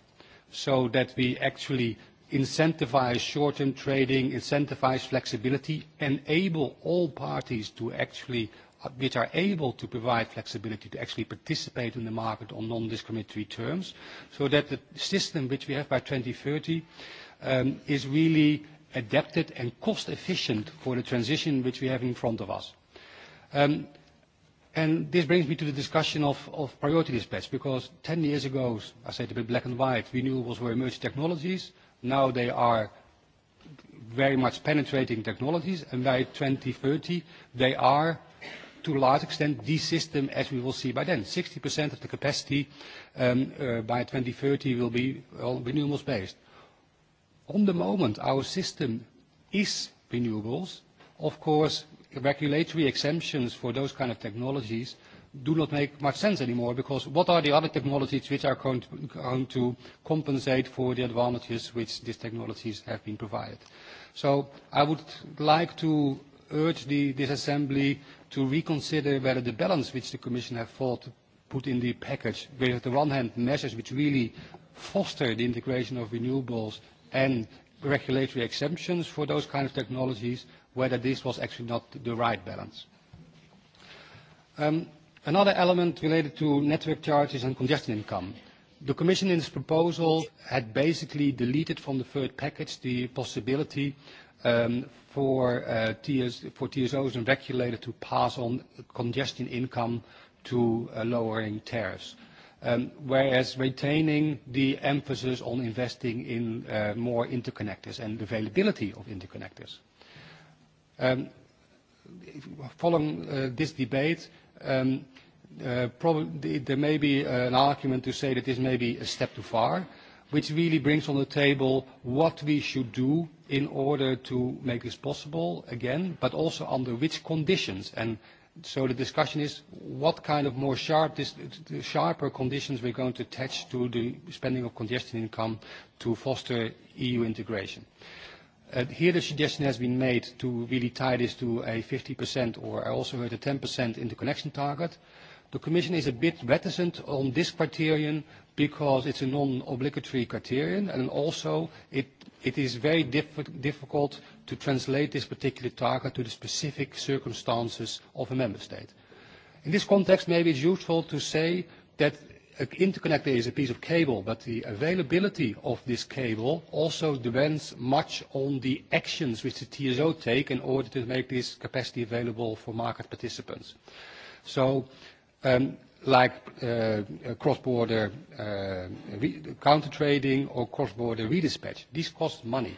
S29: so that we actually incentivize short-term trading, incentivize flexibility, enable all parties to actually Uh, which are able to provide flexibility to actually participate in the market on non-discriminatory terms, so that the system which we have by 2030 um, is really adapted and cost efficient for the transition which we have in front of us. Um, and this brings me to the discussion of, priority dispatch, because 10 years ago, I said a bit black and white, renewables were emerging technologies. Now they are very much penetrating technologies, and by 2030, they are to a large extent this system, as we will see by then. 60% of the capacity um, uh, by 2030 will be renewables based. On the moment, our system is renewables. Of course, regulatory exemptions for those kind of technologies do not make much sense anymore because what are the other technologies which are going to, compensate for the advantages which these technologies have been provided. So I would like to urge this assembly to reconsider whether the balance which the Commission has thought to put in the package, with on the one hand measures which really foster the integration of renewables and regulatory exemptions for those kind of technologies, whether this was actually not the right balance. Um, another element related to network charges and congestion income. The Commission in its proposal had basically deleted from the third package the possibility Um, for, uh, TSOs and regulators to pass on congestion income to uh, lowering tariffs. Um, whereas retaining the emphasis on investing in uh, more interconnectors and availability of interconnectors. Um, following this debate, there may be an argument to say that this may be a step too far, which really brings on the table what we should do in order to make this possible again, but also under which conditions. And so the discussion is what kind of more sharp, this, sharper conditions we're going to attach to the spending of congestion income to foster EU integration. Uh, here the suggestion has been made to really tie this to a 50% or I also heard a 10% interconnection target. The Commission is a bit reticent on this criterion because it's a non-obligatory criterion, and also it, it is very diff difficult to translate this particular target to the specific circumstances of a member state. In this context, maybe it's useful to say that an interconnector is a piece of cable, but the availability of this cable also depends much on the actions which the TSO take in order to make this capacity available for market participants. So um, like uh, uh, cross-border uh, counter-trading or cross-border redispatch. These cost money.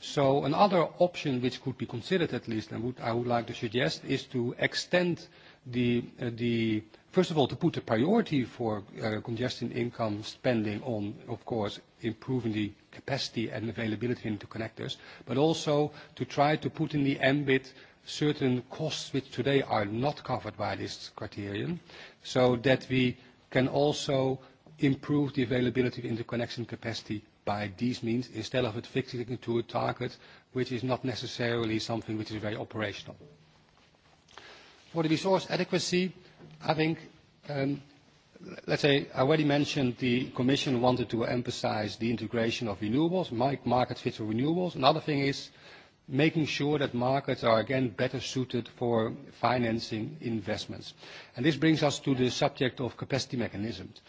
S29: So another option which could be considered at least, and would, I would like to suggest, is to extend the, uh, the first of all, to put a priority for uh, congestion income spending on, of course, improving the capacity and availability into connectors, but also to try to put in the ambit certain costs which today are not covered by this criterion, so that we can also improve the availability of interconnection capacity by these means instead of it fixing to a target which is not necessarily something which is very operational. For the resource adequacy, I think, um, let's say, I already mentioned the Commission wanted to emphasize the integration of renewables, market fit for renewables. Another thing is making sure that markets are again better suited for financing investments. this brings us to the subject of capacity mechanisms.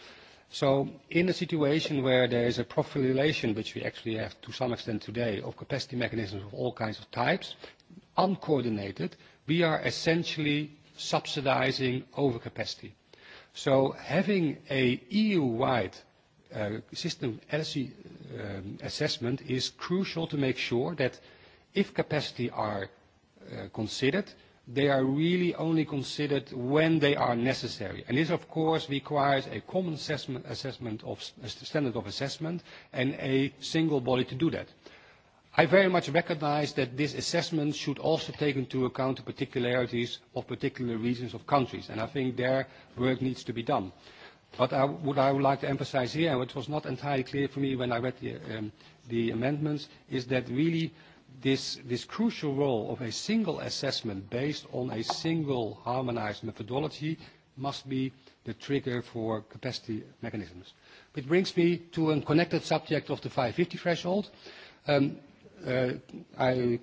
S29: So in a situation where there is a profilation, which we actually have to some extent today, of capacity mechanisms of all kinds of types, uncoordinated, we are essentially subsidizing overcapacity. So having an EU-wide uh, system um, assessment is crucial to make sure that if capacity are uh, considered, they are really only considered when they are necessary. And this, of course, requires a common assessment, assessment of standard of assessment and a single body to do that. I very much recognize that this assessment should also take into account the particularities of particular regions of countries, and I think their work needs to be done. what I would like to emphasize here, and which was not entirely clear for me when I read the um, amendments, is that really this, this crucial role of a single assessment based on a single harmonized methodology must be the trigger for capacity mechanisms. It brings me to a connected subject of the 550 threshold. Um, uh, I,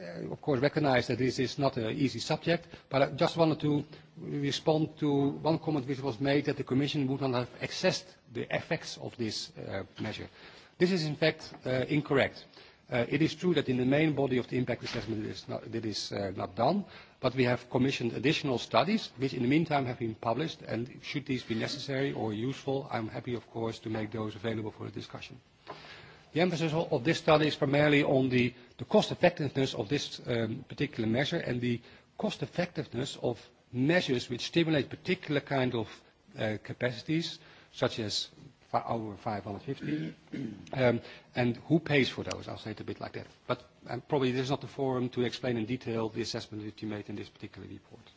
S29: uh, of course, recognize that this is not an easy subject, but I just wanted to respond to one comment which was made that the Commission would not have assessed the effects of this uh, measure. This is, in fact, uh, incorrect. Uh, it is true that in the main body of the impact assessment it is uh, not, done, but we have commissioned additional studies, which in the meantime have been published, and should these be necessary or useful, I am happy, of course, to make those available for the discussion. The emphasis of this study is primarily on the, cost-effectiveness of this um, particular measure and the cost-effectiveness of measures which stimulate particular kind of uh, capacities, such as over 550. Um, and who pays for those? I'll say it a bit like that. But um, probably this is not the forum to explain in detail the assessment that you made in this particular report.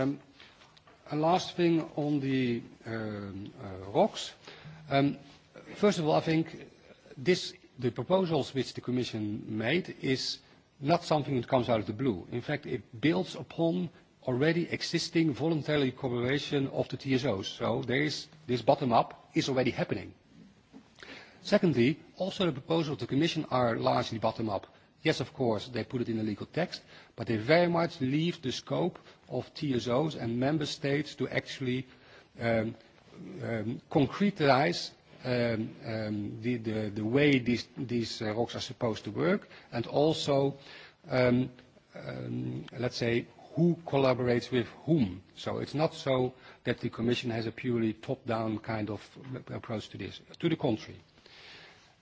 S29: Um, a last thing on the uh, um, first of all, I think this, the proposals which the Commission made is not something that comes out of the blue. In fact, it builds upon already existing voluntary cooperation of the TSOs. So there is, this bottom-up is already happening. Secondly, also the proposals of the Commission are largely bottom-up. Yes, of course, they put it in the legal text, but they very much leave the scope of TSOs and member states to actually um, um concretize um, um, the, way these, these uh, rocks are supposed to work and also, let's say, who collaborates with whom. So it's not so that the Commission has a purely top-down kind of approach to this. To the contrary.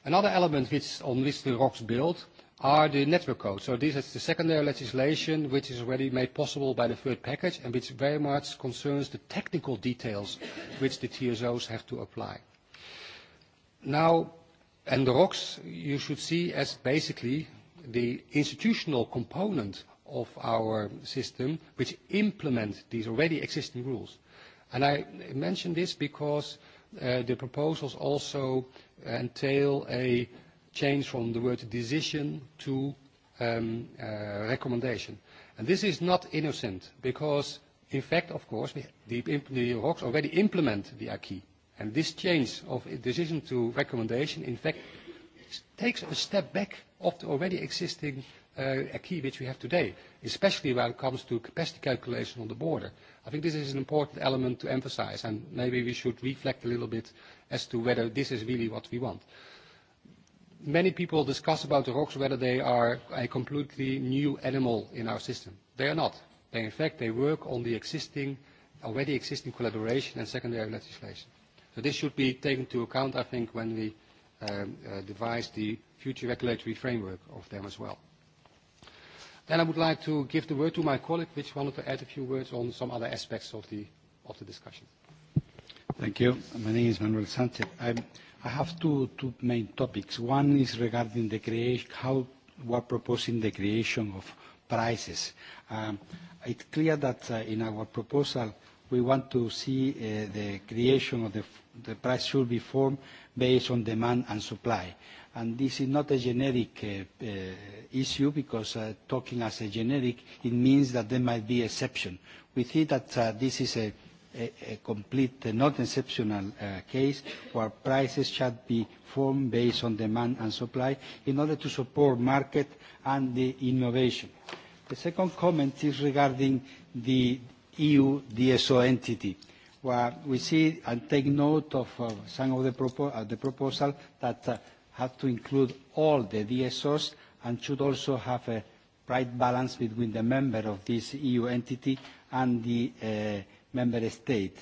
S29: Another element which, on which the ROCs build are the network codes. So this is the secondary legislation which is already made possible by the third package and which very much concerns the technical details which the TSOs have to apply. Now, and the ROCs you should see as basically the institutional component of our system which implement these already existing rules. And I mention this because uh, the proposals also entail a change from the word decision to um, uh, recommendation. And this is not innocent because, in fact, of course, the, the ROCs already implement the acquis. And this change of decision to recommendation, in fact, takes a step back of the already existing Uh, a key which we have today, especially when it comes to capacity calculation on the border. I think this is an important element to emphasize, and maybe we should reflect a little bit as to whether this is really what we want. Many people discuss about the rocks whether they are a completely new animal in our system. They are not. They, in fact, they work on the existing, already existing collaboration and secondary legislation. So this should be taken into account, I think, when we um, uh, devise the future regulatory framework of them as well. Then I would like to give the word to my colleague, which wanted to add a few words on some other aspects of the, of the discussion.
S30: Thank you. My name is Manuel Sanchez. I, I have two, two main topics. One is regarding the creation, how we're proposing the creation of prices. Um, it's clear that uh, in our proposal, we want to see uh, the creation of the, the price should be formed based on demand and supply this is not a generic uh, uh, issue because uh, talking as a generic, it means that there might be exception. We see that this is a, complete, not exceptional case where prices should be formed based on demand and supply in order to support market and the innovation. The second comment is regarding the EU DSO entity we see and take note of some of the, the proposal that have to include all the DSOs and should also have a right balance between the member of this EU entity and the uh, member state.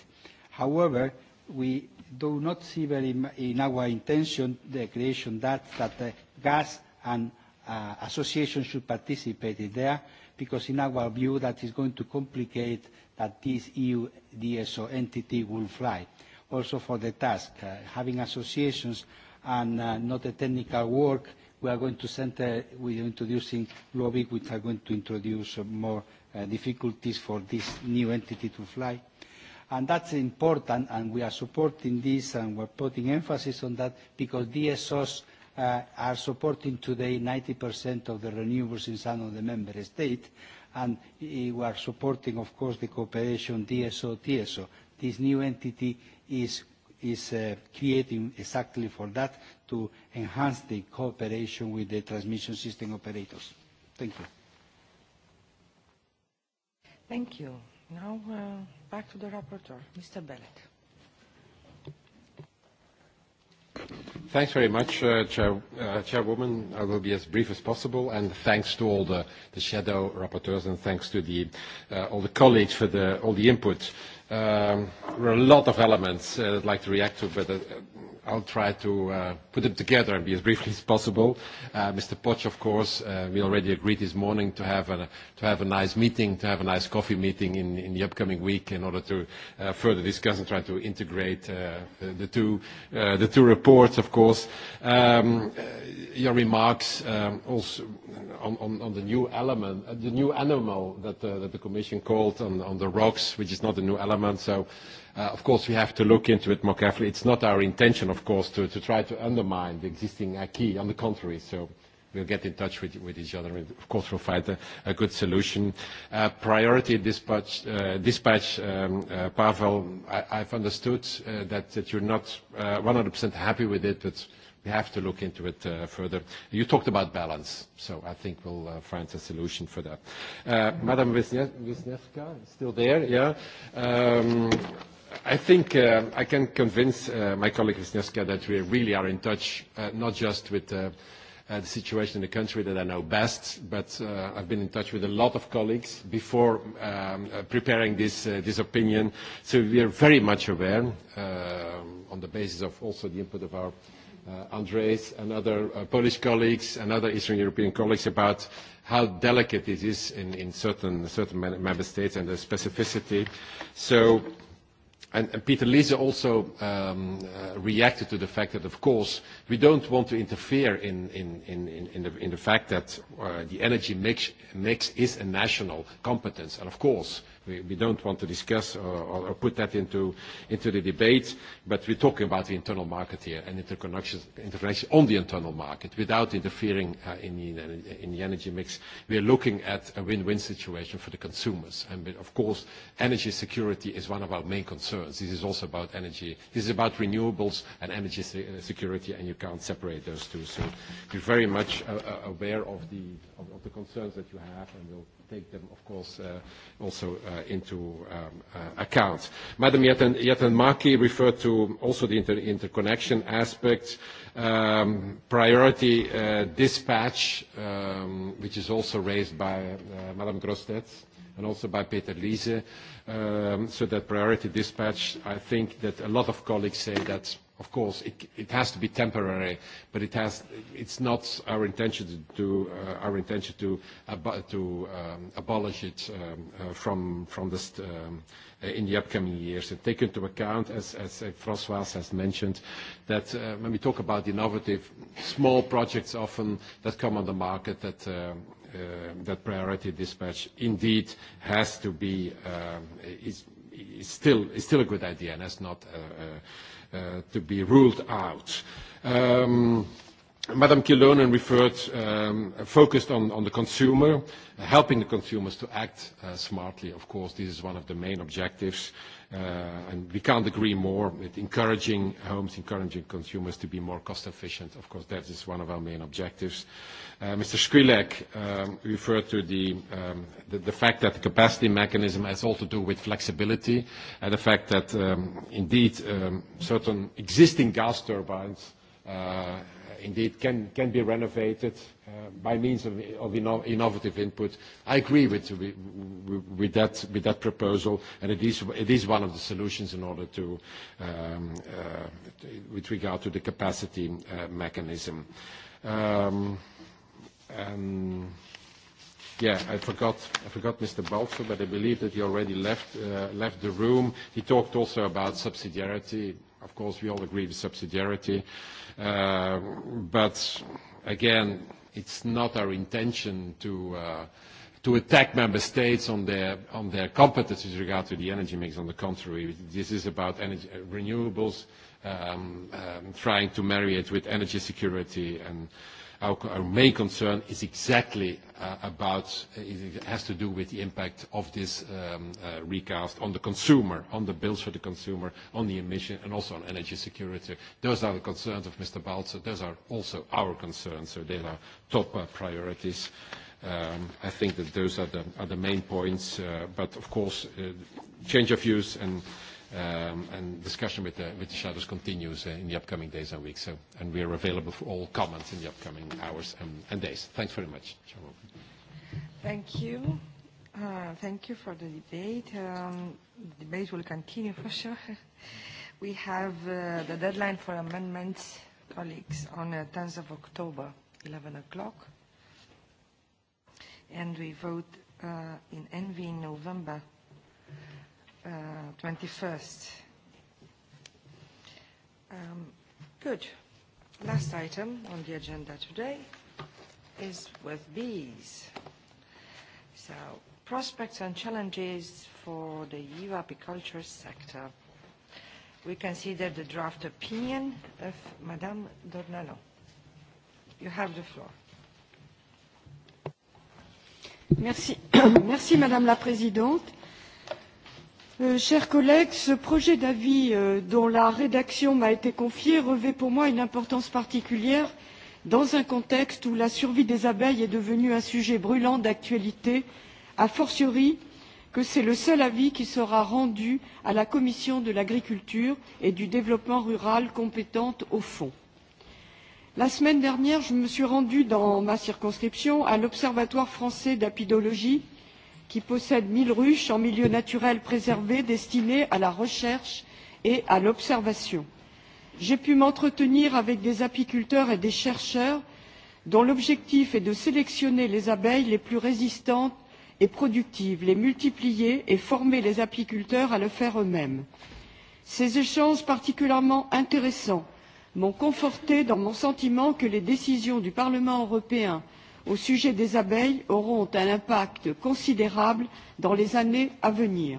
S30: However, we do not see very in our intention the creation that that the gas and uh, associations should participate in there, because in our view, that is going to complicate that this EU DSO entity will fly. Also for the task, uh, having associations and uh, not a technical work. We are going to center, we are introducing lobby, which are going to introduce more uh, difficulties for this new entity to fly. And that's important, and we are supporting this, and we're putting emphasis on that, because DSOs uh, are supporting today 90% of the renewables in some of the member states, and we are supporting, of course, the cooperation DSO-TSO. This new entity is is uh, creating exactly for that to enhance the cooperation with the transmission system operators. Thank you.
S1: Thank you. Now uh, back to the rapporteur, Mr. Bellet.
S22: Thanks very much, uh, Chair, Chairwoman. I will be as brief as possible, and thanks to all the, the shadow rapporteurs, and thanks to the, all the colleagues for the, all the input. Um, there are a lot of elements uh, I'd like to react to, but uh, I'll try to uh, put them together and be as briefly as possible. Uh, Mr. Poch, of course, uh, we already agreed this morning to have, a, to have a nice meeting, to have a nice coffee meeting in, in the upcoming week in order to uh, further discuss and try to integrate uh, the, two, uh, the two reports, of course. Um, uh, your remarks um, also on, on, on the new element, uh, the new animal that, uh, that the Commission called on, on the rocks, which is not a new element. So Uh, of course, we have to look into it more carefully. It's not our intention, of course, to, to try to undermine the existing acquis. Uh, On the contrary, so we'll get in touch with, each other, and of course, we'll find a, good solution. Uh, priority dispatch, um, Pavel, I, I've understood that, you're not 100% happy with it, but we have to look into it further. You talked about balance, so I think we'll find a solution for that. Uh, Madam Wisniewska, still there, yeah? Um, i think uh, I can convince uh, my colleague Wisniewska that we really are in touch, uh, not just with uh, uh, the situation in the country that I know best, but uh, I've been in touch with a lot of colleagues before um, preparing this, this opinion. So we are very much aware, um, on the basis of also the input of our Andres and other Polish colleagues and other Eastern European colleagues, about how delicate it is in, in certain, certain member states and the specificity. So And, Peter Liese also um, uh, reacted to the fact that, of course, we don't want to interfere in, the, fact that uh, the energy mix, mix is a national competence. And, of course, we, don't want to discuss or, put that into, the debate, but we're talking about the internal market here and interconnections, on the internal market without interfering uh, in, the, energy mix. We are looking at a win-win situation for the consumers. And of course, energy security is one of our main concerns. This is also about energy. This is about renewables and energy uh, security, and you can't separate those two. So we're very much uh, aware of the, of the concerns that you have, and we'll take them, of course, uh, also uh, into um, uh, account. Madam Yatanmaki referred to also the inter interconnection aspects, um, priority dispatch, um, which is also raised by Madam Grostet and also by Peter Liese. Um, so that priority dispatch, I think that a lot of colleagues say that of course, it, it has to be temporary, but it has, it's not our intention to uh, our intention to, to um, abolish it um, uh, from, from this, um, uh, in the upcoming years. And take into account, as, as Françoise has mentioned, that when we talk about innovative, small projects often that come on the market, that that priority dispatch indeed has to be, is, still, is still a good idea and has not Uh, to be ruled out. Um, Madam Kilonen referred, um, focused on, on the consumer, uh, helping the consumers to act uh, smartly. Of course, this is one of the main objectives, uh, and we can't agree more with encouraging homes, encouraging consumers to be more cost efficient. Of course, that is one of our main objectives. Uh, Mr. Skrilek um, referred to um, the, the, fact that the capacity mechanism has all to do with flexibility and the fact that um, indeed certain existing gas turbines uh, indeed can, can be renovated uh, by means of, innovative input. I agree with, with, that, with that proposal, and it is, it is one of the solutions in order to, um, with regard to the capacity mechanism. Um, Um, yeah, I forgot, I forgot Mr. Balfour, but I believe that he already left, uh, left the room. He talked also about subsidiarity. Of course, we all agree with subsidiarity. Uh, but again, it's not our intention to, uh, to attack member states on their, on their with regard to the energy mix. On the contrary, this is about energy, renewables, um, um, trying to marry it with energy security and Our, main concern is exactly uh, about, it has to do with the impact of this um, uh, recast on the consumer, on the bills for the consumer, on the emission, and also on energy security. Those are the concerns of Mr. Balzer. Those are also our concerns, so they are top uh, priorities. Um, I think that those are the, are the main points, but of course, change of views and Um, and discussion with the, with the shadows continues uh, in the upcoming days and weeks. So, and we are available for all comments in the upcoming hours and, and days. Thanks very much.
S1: Thank you. Uh, thank you for the debate. Um, the debate will continue for sure. We have uh, the deadline for amendments, colleagues, on the 10th of October, 11 o'clock. And we vote in Envy in November 21st. Uh, um, good. Last item on the agenda today is with bees. So, prospects and challenges for the EU apiculture sector. We consider the draft opinion of Madame Dornano. You have the floor.
S31: Merci, Madame la Présidente Euh, chers collègues, ce projet d'avis euh, dont la rédaction m'a été confiée revêt pour moi une importance particulière dans un contexte où la survie des abeilles est devenue un sujet brûlant d'actualité, a fortiori que c'est le seul avis qui sera rendu à la Commission de l'agriculture et du développement rural compétente au fond. La semaine dernière, je me suis rendue dans ma circonscription à l'Observatoire français d'apidologie qui possède mille ruches en milieu naturel préservé destinées à la recherche et à l'observation. j'ai pu m'entretenir avec des apiculteurs et des chercheurs dont l'objectif est de sélectionner les abeilles les plus résistantes et productives les multiplier et former les apiculteurs à le faire eux mêmes. ces échanges particulièrement intéressants m'ont conforté dans mon sentiment que les décisions du parlement européen au sujet des abeilles auront un impact considérable dans les années à venir.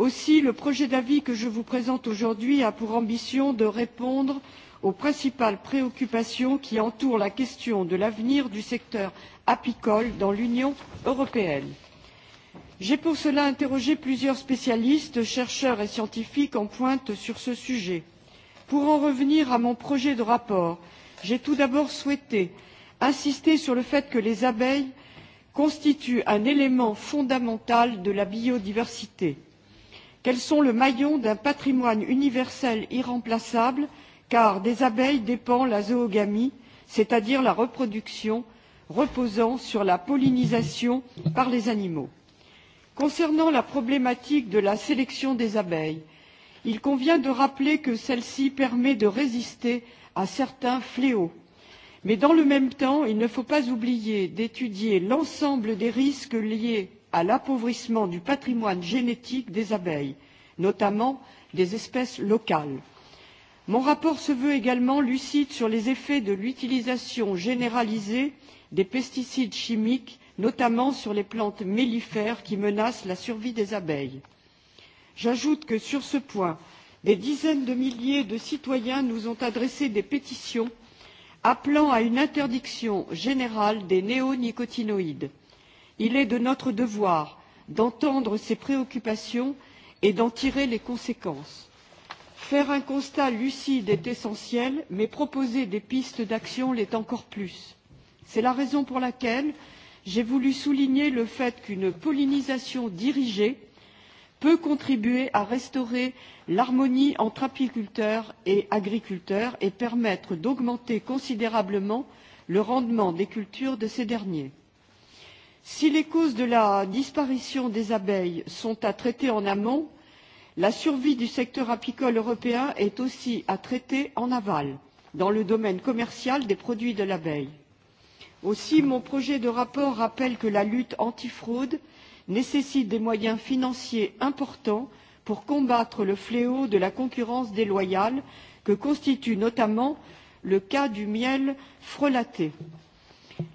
S31: aussi le projet d'avis que je vous présente aujourd'hui a pour ambition de répondre aux principales préoccupations qui entourent la question de l'avenir du secteur apicole dans l'union européenne. j'ai pour cela interrogé plusieurs spécialistes chercheurs et scientifiques en pointe sur ce sujet. pour en revenir à mon projet de rapport j'ai tout d'abord souhaité insister sur le fait que les abeilles constituent un élément fondamental de la biodiversité qu'elles sont le maillon d'un patrimoine universel irremplaçable car des abeilles dépend la zoogamie c'est à dire la reproduction reposant sur la pollinisation par les animaux. concernant la problématique de la sélection des abeilles il convient de rappeler que celle ci permet de résister à certains fléaux mais dans le même temps il ne faut pas oublier d'étudier l'ensemble des risques liés à l'appauvrissement du patrimoine génétique des abeilles notamment des espèces locales. mon rapport se veut également lucide sur les effets de l'utilisation généralisée des pesticides chimiques notamment sur les plantes mellifères qui menacent la survie des abeilles. j'ajoute que sur ce point des dizaines de milliers de citoyens nous ont adressé des pétitions appelant à une interdiction générale des néonicotinoïdes. il est de notre devoir d'entendre ces préoccupations et d'en tirer les conséquences. faire un constat lucide est essentiel mais proposer des pistes d'action l'est encore plus. c'est la raison pour laquelle j'ai voulu souligner le fait qu'une pollinisation dirigée peut contribuer à restaurer l'harmonie entre apiculteurs et agriculteurs et permettre d'augmenter considérablement le rendement des cultures de ces derniers. si les causes de la disparition des abeilles sont à traiter en amont la survie du secteur apicole européen est aussi à traiter en aval dans le domaine commercial des produits de l'abeille. aussi mon projet de rapport rappelle que la lutte antifraude nécessite des moyens financiers importants pour combattre le fléau de la concurrence déloyale que constitue notamment le cas du miel frelaté.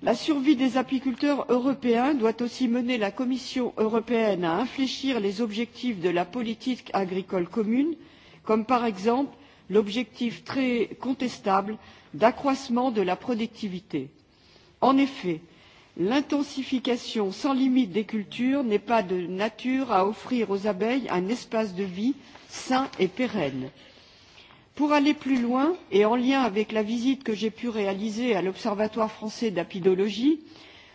S31: La survie des apiculteurs européens doit aussi mener la Commission européenne à infléchir les objectifs de la politique agricole commune, comme par exemple l'objectif très contestable d'accroissement de la productivité. En effet, l'intensification sans limite des cultures n'est pas de nature à offrir aux abeilles un espace de vie sain et pérenne. pour aller plus loin et en lien avec la visite que j'ai pu réaliser à l'observatoire français d'apidologie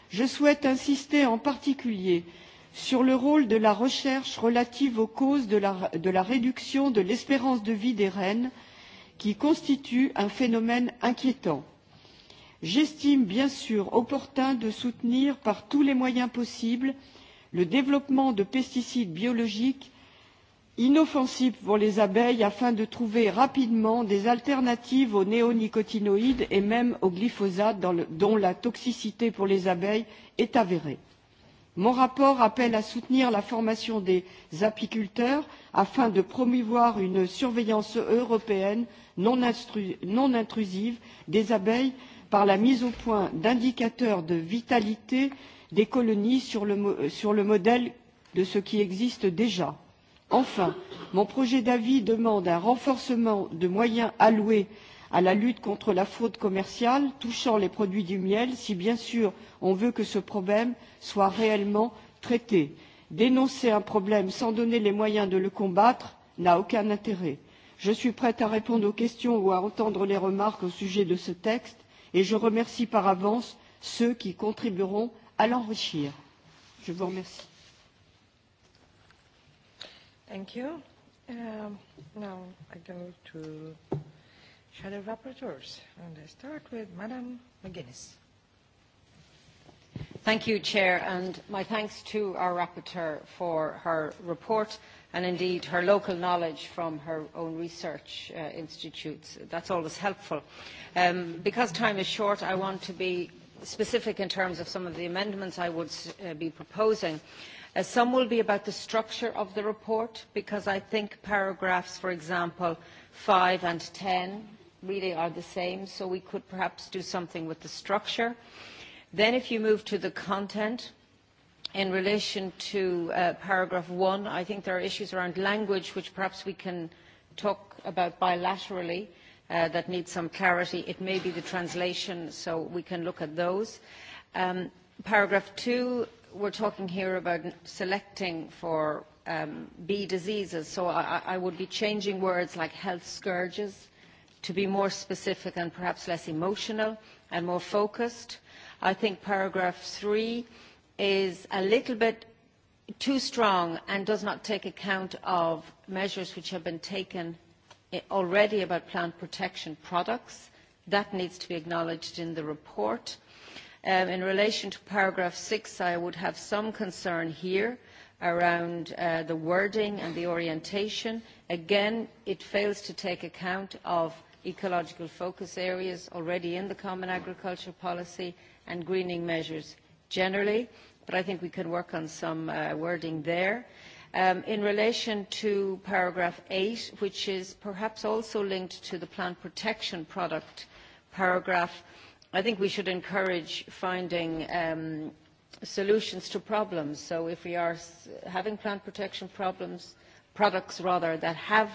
S31: je souhaite insister en particulier sur le rôle de la recherche relative aux causes de la, réduction de l'espérance de vie des reines qui constitue un phénomène inquiétant j'estime bien sûr opportun de soutenir par tous les moyens possibles le développement de pesticides biologiques inoffensifs pour les abeilles afin de trouver rapidement des alternatives aux néonicotinoïdes et même au glyphosate dont la toxicité pour les abeilles est avérée. mon rapport appelle à soutenir la formation des apiculteurs afin de promouvoir une surveillance européenne non, non intrusive des abeilles par la mise au point d'indicateurs de vitalité des colonies sur le, sur le modèle de ce qui existe déjà. enfin mon projet d'avis demande un renforcement de moyens alloués à la lutte contre la fraude commerciale touchant les produits du miel si bien sûr on veut que ce problème soit réellement traité. dénoncer un problème sans donner les moyens de le combattre n'a aucun intérêt. je suis prête à répondre aux questions ou à entendre les remarques au sujet de ce texte et je remercie par avance ceux qui contribueront à l'enrichir. je vous remercie.
S1: Thank you. Um, now I go to shadow rapporteurs, and I start with Madame McGuinness.
S32: Thank you, Chair, and my thanks to our rapporteur for her report and indeed her local knowledge from her own research uh, institutes. That's always helpful. Um, because time is short, I want to be specific in terms of some of the amendments I would uh, be proposing. Uh, some will be about the structure of the report, because I think paragraphs, for example, 5 and 10 really are the same, so we could perhaps do something with the structure. Then if you move to the content, in relation to uh, paragraph one, I think there are issues around language which perhaps we can talk about bilaterally uh, that need some clarity. It may be the translation, so we can look at those. Um, paragraph two, we're talking here about selecting for um, bee diseases, so I, I would be changing words like health scourges to be more specific and perhaps less emotional and more focused. I think paragraph three is a little bit too strong and does not take account of measures which have been taken already about plant protection products. That needs to be acknowledged in the report. Um, in relation to paragraph six, I would have some concern here around uh, the wording and the orientation. Again, it fails to take account of ecological focus areas already in the common agriculture policy and greening measures generally, but I think we can work on some uh, wording there. Um, in relation to paragraph 8, which is perhaps also linked to the plant protection product paragraph, I think we should encourage finding um, solutions to problems. So if we are having plant protection problems, products rather that have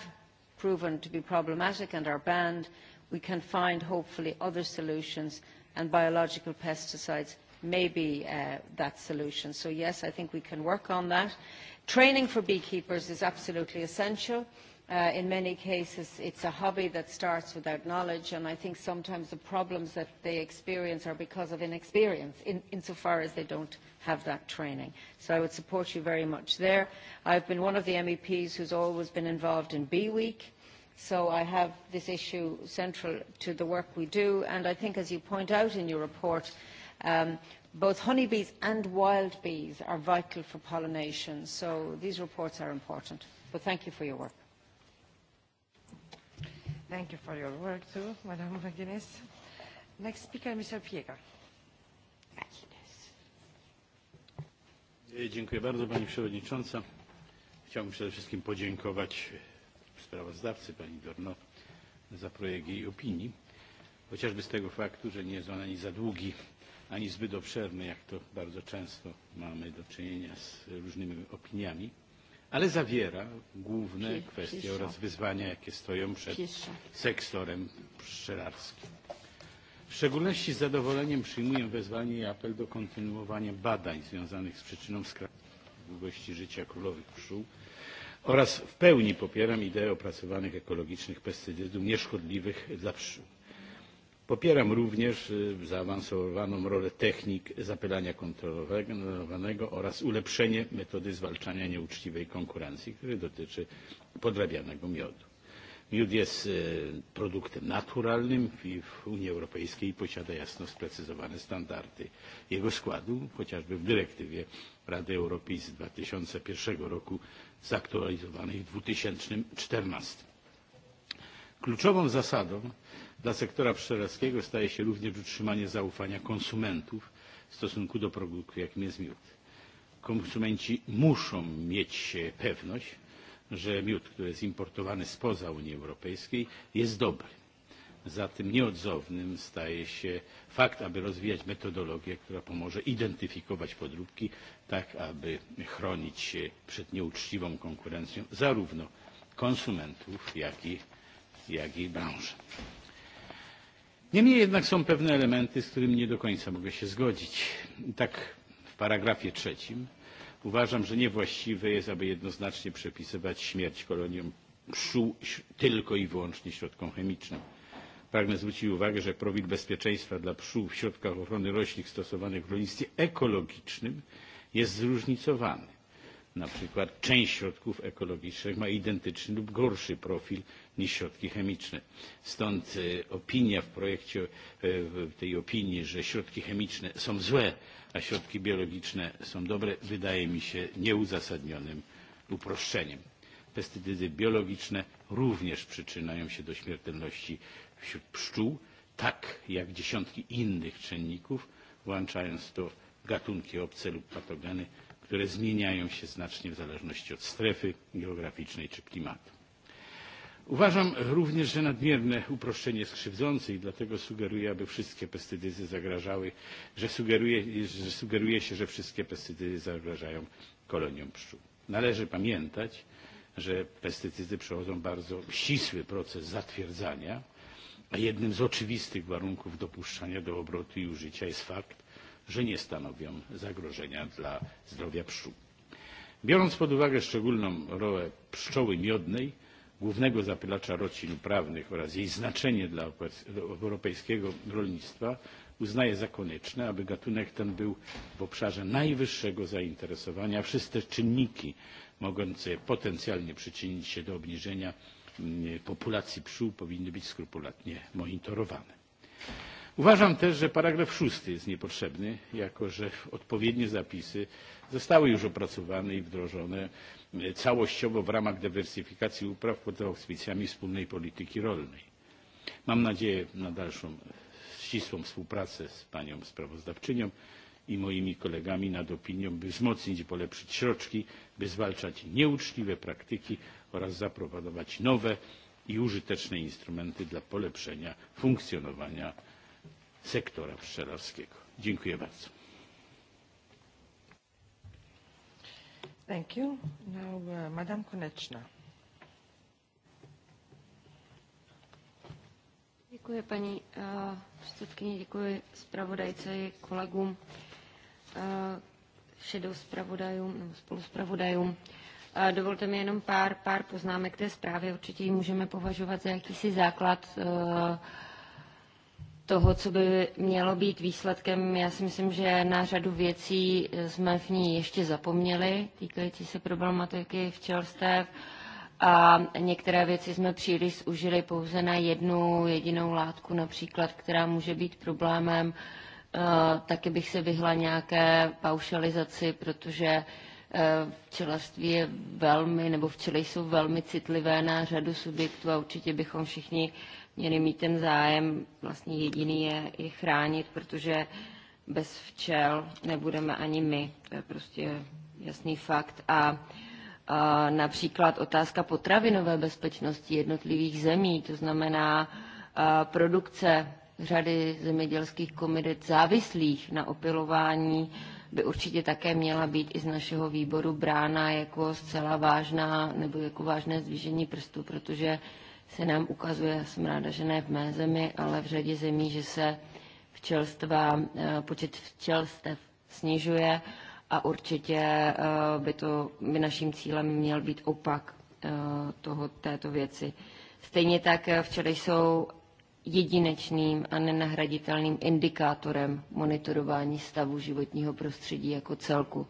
S32: proven to be problematic and are banned, we can find hopefully other solutions and biological pesticides may be uh, that solution. So yes, I think we can work on that. Training for beekeepers is absolutely essential. Uh, in many cases, it's a hobby that starts without knowledge, and I think sometimes the problems that they experience are because of inexperience, in, insofar as they do not have that training. So I would support you very much there. I have been one of the MEPs who has always been involved in Bee Week So I have this issue central to the work we do, and I think, as you point out in your report, um, both honeybees and wild bees are vital for pollination, so these reports
S1: are important. But thank you for your work. Thank you for your work too, Madam. McGuinness. Next speaker, Mr. Piega.
S33: Dziękuję bardzo Pani Przewodnicząca. Chciałbym przede wszystkim podziękować sprawozdawcy pani Dorno za projekt jej opinii, chociażby z tego faktu, że nie jest on ani za długi, ani zbyt obszerny, jak to bardzo często mamy do czynienia z różnymi opiniami, ale zawiera główne kwestie oraz wyzwania, jakie stoją przed sektorem pszczelarskim. W szczególności z zadowoleniem przyjmuję wezwanie i apel do kontynuowania badań związanych z przyczyną długości życia królowych pszczół oraz w pełni popieram ideę opracowanych ekologicznych pestycydów nieszkodliwych dla pszczół. popieram również zaawansowaną rolę technik zapylania kontrolowanego oraz ulepszenie metody zwalczania nieuczciwej konkurencji która dotyczy podrabianego miodu. miód jest produktem naturalnym i w unii europejskiej posiada jasno sprecyzowane standardy jego składu chociażby w dyrektywie rady europejskiej z dwa roku zaktualizowanej w 2014. Kluczową zasadą dla sektora pszczelarskiego staje się również utrzymanie zaufania konsumentów w stosunku do produktu jakim jest miód. Konsumenci muszą mieć pewność, że miód, który jest importowany spoza Unii Europejskiej, jest dobry za tym nieodzownym staje się fakt, aby rozwijać metodologię, która pomoże identyfikować podróbki, tak aby chronić się przed nieuczciwą konkurencją zarówno konsumentów, jak i, jak i branży. Niemniej jednak są pewne elementy, z którymi nie do końca mogę się zgodzić. tak w paragrafie trzecim uważam, że niewłaściwe jest, aby jednoznacznie przepisywać śmierć koloniom pszczół tylko i wyłącznie środkom chemicznym Pragnę zwrócić uwagę, że profil bezpieczeństwa dla pszczół w środkach ochrony roślin stosowanych w rolnictwie ekologicznym jest zróżnicowany. Na przykład część środków ekologicznych ma identyczny lub gorszy profil niż środki chemiczne. Stąd e, opinia w projekcie, e, w tej opinii, że środki chemiczne są złe, a środki biologiczne są dobre, wydaje mi się nieuzasadnionym uproszczeniem. Pestycydy biologiczne również przyczyniają się do śmiertelności wśród pszczół, tak jak dziesiątki innych czynników, włączając to gatunki obce lub patogeny, które zmieniają się znacznie w zależności od strefy geograficznej czy klimatu. Uważam również, że nadmierne uproszczenie skrzywdzące i dlatego sugeruję, aby wszystkie pestydyzy zagrażały, że sugeruje, że sugeruje się, że wszystkie pestydyzy zagrażają koloniom pszczół. Należy pamiętać, że pestycydy przechodzą bardzo ścisły proces zatwierdzania, jednym z oczywistych warunków dopuszczania do obrotu i użycia jest fakt że nie stanowią zagrożenia dla zdrowia pszczół. biorąc pod uwagę szczególną rolę pszczoły miodnej głównego zapylacza roślin uprawnych oraz jej znaczenie dla europejskiego rolnictwa uznaje za konieczne aby gatunek ten był w obszarze najwyższego zainteresowania. wszystkie czynniki mogące potencjalnie przyczynić się do obniżenia populacji pszczół powinny być skrupulatnie monitorowane. Uważam też, że paragraf szósty jest niepotrzebny, jako że odpowiednie zapisy zostały już opracowane i wdrożone e, całościowo w ramach dywersyfikacji upraw pod auspicjami wspólnej polityki rolnej. Mam nadzieję na dalszą e, ścisłą współpracę z panią sprawozdawczynią i moimi kolegami nad opinią by wzmocnić i polepszyć środki by zwalczać nieuczciwe praktyki oraz zaproponować nowe i użyteczne instrumenty dla polepszenia funkcjonowania sektora pszczelarskiego. dziękuję bardzo.
S1: Thank you. Now, uh, Madame Koneczna.
S13: Dziękuję Pani uh, e, i Eh, šedou zpravodajům nebo spoluzpravodajům. Eh, dovolte mi jenom pár, pár poznámek té zprávy. Určitě ji můžeme považovat za jakýsi základ eh, toho, co by mělo být výsledkem. Já si myslím, že na řadu věcí jsme v ní ještě zapomněli, týkající se problematiky včelstev. A některé věci jsme příliš užili pouze na jednu jedinou látku, například, která může být problémem Eh, taky bych se vyhla nějaké paušalizaci, protože eh, včelařství je velmi, nebo včely jsou velmi citlivé na řadu subjektů a určitě bychom všichni měli mít ten zájem, vlastně jediný je, je chránit, protože bez včel nebudeme ani my. To je prostě jasný fakt. A, například otázka potravinové bezpečnosti jednotlivých zemí, to znamená eh, produkce řady zemědělských komunit závislých na opilování by určitě také měla být i z našeho výboru brána jako zcela vážná nebo jako vážné zvýšení prstu, protože se nám ukazuje, jsem ráda, že ne v mé zemi, ale v řadě zemí, že se včelstva, eh, počet včelstev snižuje a určitě eh, by, to, by naším cílem měl být opak eh, toho, této věci. Stejně tak včely jsou jedinečným a nenahraditelným indikátorem monitorování stavu životního prostředí jako celku.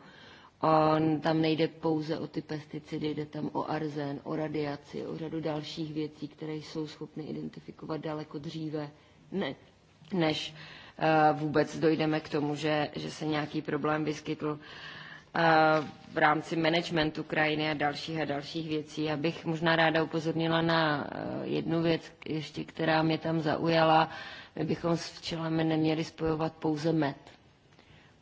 S13: tam nejde pouze o ty pesticidy, jde tam o arzen, o radiaci, o řadu dalších věcí, které jsou schopny identifikovat daleko dříve, ne, než eh, vůbec dojdeme k tomu, že, že se nějaký problém vyskytl. Eh, v rámci managementu krajiny a dalších a dalších věcí. Já bych možná ráda upozornila na eh, jednu věc, ještě, která mě tam zaujala. My bychom s včelami neměli spojovat pouze med,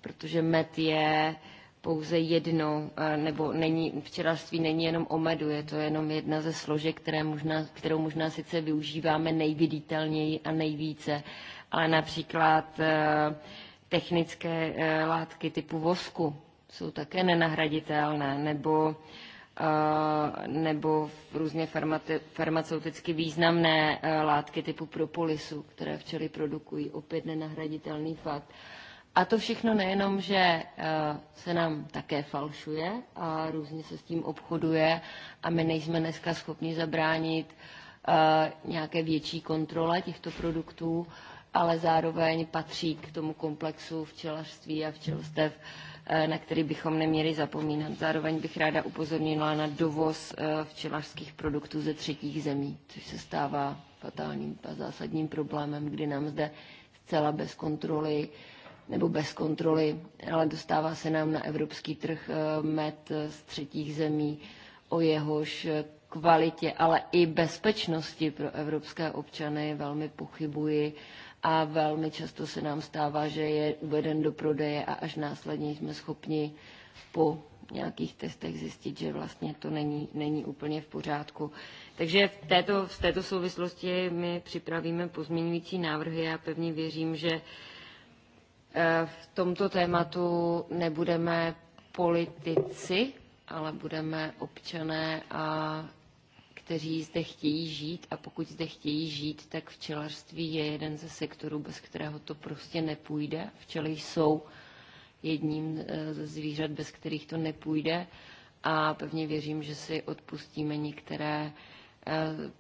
S13: protože med je pouze jednou, eh, nebo není, včelařství není jenom o medu, je to jenom jedna ze složek, které možná, kterou možná sice využíváme nejviditelněji a nejvíce, ale například technické látky typu vosku, jsou také nenahraditelné, nebo, eh, nebo různě farmaceuticky významné eh, látky typu propolisu, které včely produkují, opět nenahraditelný fakt. A to všechno nejenom, že eh, se nám také falšuje a různě se s tím obchoduje a my nejsme dneska schopni zabránit nějaké větší kontrole těchto produktů, ale zároveň patří k tomu komplexu včelařství a včelstev Eh, na který bychom neměli zapomínat. Zároveň bych ráda upozornila na dovoz eh, včelařských produktů ze třetích zemí, což se stává fatálním a zásadním problémem, kdy nám zde zcela bez kontroly nebo bez kontroly, ale dostává se nám na evropský trh eh, med z třetích zemí, o jehož kvalitě, ale i bezpečnosti pro evropské občany velmi pochybuji a velmi často se nám stává, že je uveden do prodeje a až následně jsme schopni po nějakých testech zjistit, že vlastně to není, není úplně v pořádku. Takže v této, v této souvislosti my připravíme pozměňující návrhy. a pevně věřím, že eh, v tomto tématu nebudeme politici, ale budeme občané a kteří zde chtějí žít a pokud zde chtějí žít, tak včelařství je jeden ze sektorů, bez kterého to prostě nepůjde. Včely jsou jedním eh, ze zvířat, bez kterých to nepůjde a pevně věřím, že si odpustíme některé eh,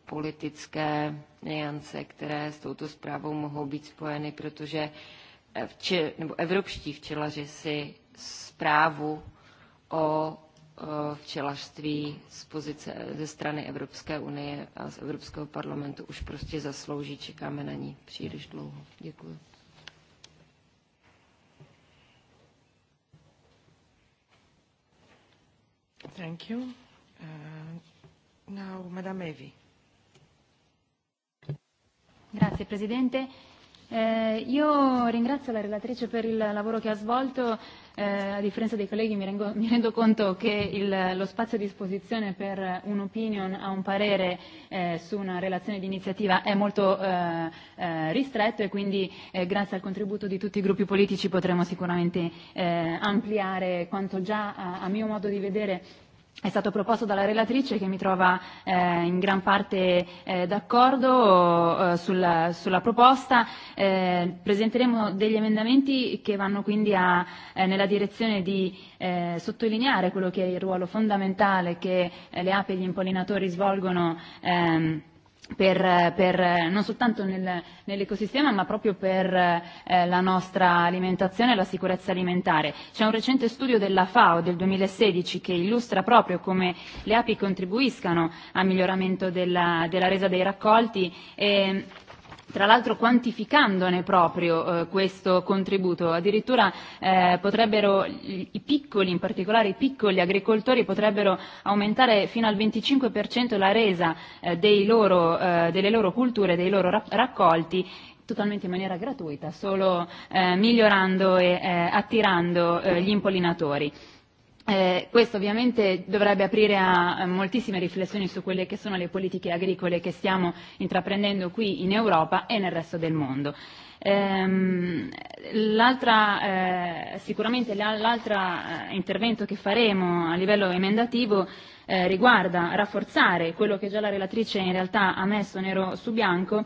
S13: politické nejance, které s touto zprávou mohou být spojeny, protože eh, vče, nebo evropští včelaři si zprávu o Eh, včelařství z pozice, ze strany Evropské unie a z Evropského parlamentu už prostě zaslouží. Čekáme na ní příliš dlouho. Děkuji. Thank you. Uh,
S1: now, Madame Evi.
S34: Grazie, Presidente. Eh, io ringrazio la relatrice per il lavoro che ha svolto eh, a differenza dei colleghi mi, mi rendo conto che il, lo spazio a disposizione per un opinion a un parere eh, su una relazione di iniziativa è molto eh, eh, ristretto e quindi grazie al contributo di tutti i gruppi politici potremo sicuramente ampliare quanto già a mio modo di vedere è stato proposto dalla relatrice che mi trova eh, in gran parte eh, d'accordo eh, sulla, sulla proposta. Eh, presenteremo degli emendamenti che vanno quindi a, nella direzione di sottolineare quello che è il ruolo fondamentale che le api e gli impollinatori svolgono ehm, per, per, non soltanto nel, nell'ecosistema ma proprio per eh, la nostra alimentazione e la sicurezza alimentare. C'è un recente studio della FAO del 2016 che illustra proprio come le api contribuiscano al miglioramento della, della resa dei raccolti e tra l'altro quantificandone proprio eh, questo contributo. Addirittura eh, potrebbero i piccoli, in particolare i piccoli agricoltori, potrebbero aumentare fino al 25% la resa eh, dei loro, delle loro culture, dei loro raccolti totalmente in maniera gratuita, solo migliorando e attirando gli impollinatori. Eh, questo ovviamente dovrebbe aprire a moltissime riflessioni su quelle che sono le politiche agricole che stiamo intraprendendo qui in Europa e nel resto del mondo. Ehm, l'altra, eh, sicuramente l'altro eh, intervento che faremo a livello emendativo eh, riguarda rafforzare quello che già la relatrice in realtà ha messo nero su bianco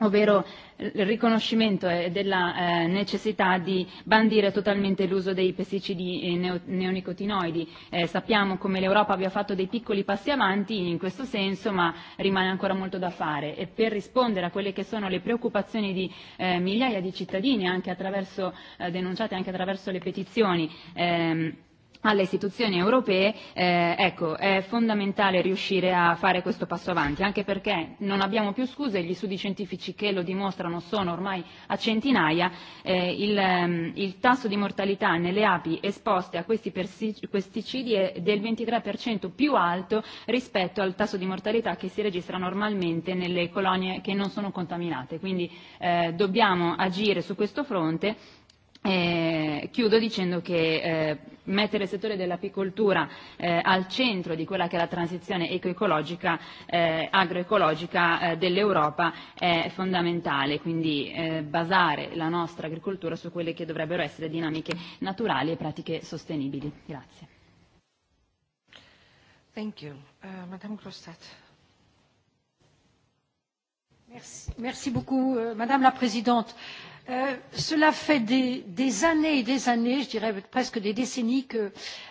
S34: ovvero il riconoscimento eh, della eh, necessità di bandire totalmente l'uso dei pesticidi eh, neonicotinoidi. Sappiamo come l'Europa abbia fatto dei piccoli passi avanti in questo senso, ma rimane ancora molto da fare e per rispondere a quelle che sono le preoccupazioni di migliaia di cittadini, anche attraverso, denunciate anche attraverso le petizioni, ehm, alle istituzioni europee eh, ecco è fondamentale riuscire a fare questo passo avanti anche perché non abbiamo più scuse gli studi scientifici che lo dimostrano sono ormai a centinaia eh, il, ehm, il tasso di mortalità nelle api esposte a questi pesticidi è del 23% più alto rispetto al tasso di mortalità che si registra normalmente nelle colonie che non sono contaminate quindi eh, dobbiamo agire su questo fronte Eh, chiudo dicendo che eh, mettere il settore dell'apicoltura eh, al centro di quella che è la transizione ecoecologica, eh, agroecologica eh, dell'Europa è fondamentale, quindi basare la nostra agricoltura su quelle che dovrebbero essere dinamiche naturali e pratiche sostenibili. Grazie.
S1: Thank you. Uh, Madame
S4: Merci, merci beaucoup, euh, Madame la Présidente. Euh, cela fait des, années et des années je dirais presque des décennies que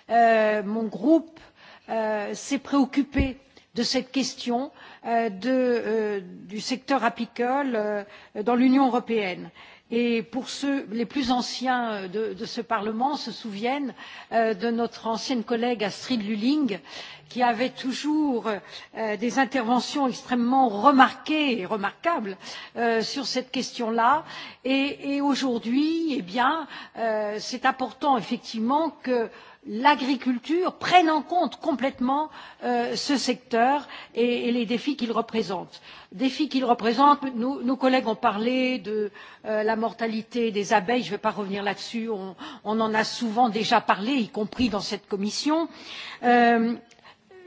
S4: euh, mon groupe euh, s'est préoccupé de cette question du secteur apicole dans l'union européenne et pour ceux les plus anciens euh, de, ce parlement se souviennent euh, de notre ancienne collègue astrid lulling qui avait toujours euh, des interventions extrêmement remarquées et remarquables sur cette question là et, aujourd'hui eh c'est important effectivement que l'agriculture prenne en compte complètement euh, ce secteur et, les défis qu'il représente. Défis qu'il représente, nous, nos collègues ont parlé de euh, la mortalité des abeilles, je ne vais pas revenir là-dessus, on, en a souvent déjà parlé, y compris dans cette commission. Euh,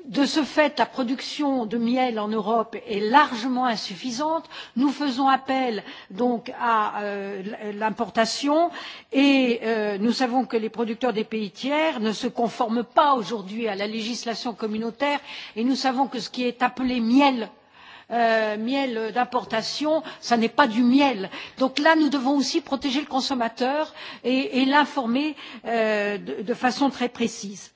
S4: de ce fait la production de miel en europe est largement insuffisante nous faisons appel donc à euh, l'importation et euh, nous savons que les producteurs des pays tiers ne se conforment pas aujourd'hui à la législation communautaire et nous savons que ce qui est appelé miel euh, miel d'importation ce n'est pas du miel. donc là nous devons aussi protéger le consommateur et, l'informer de façon très précise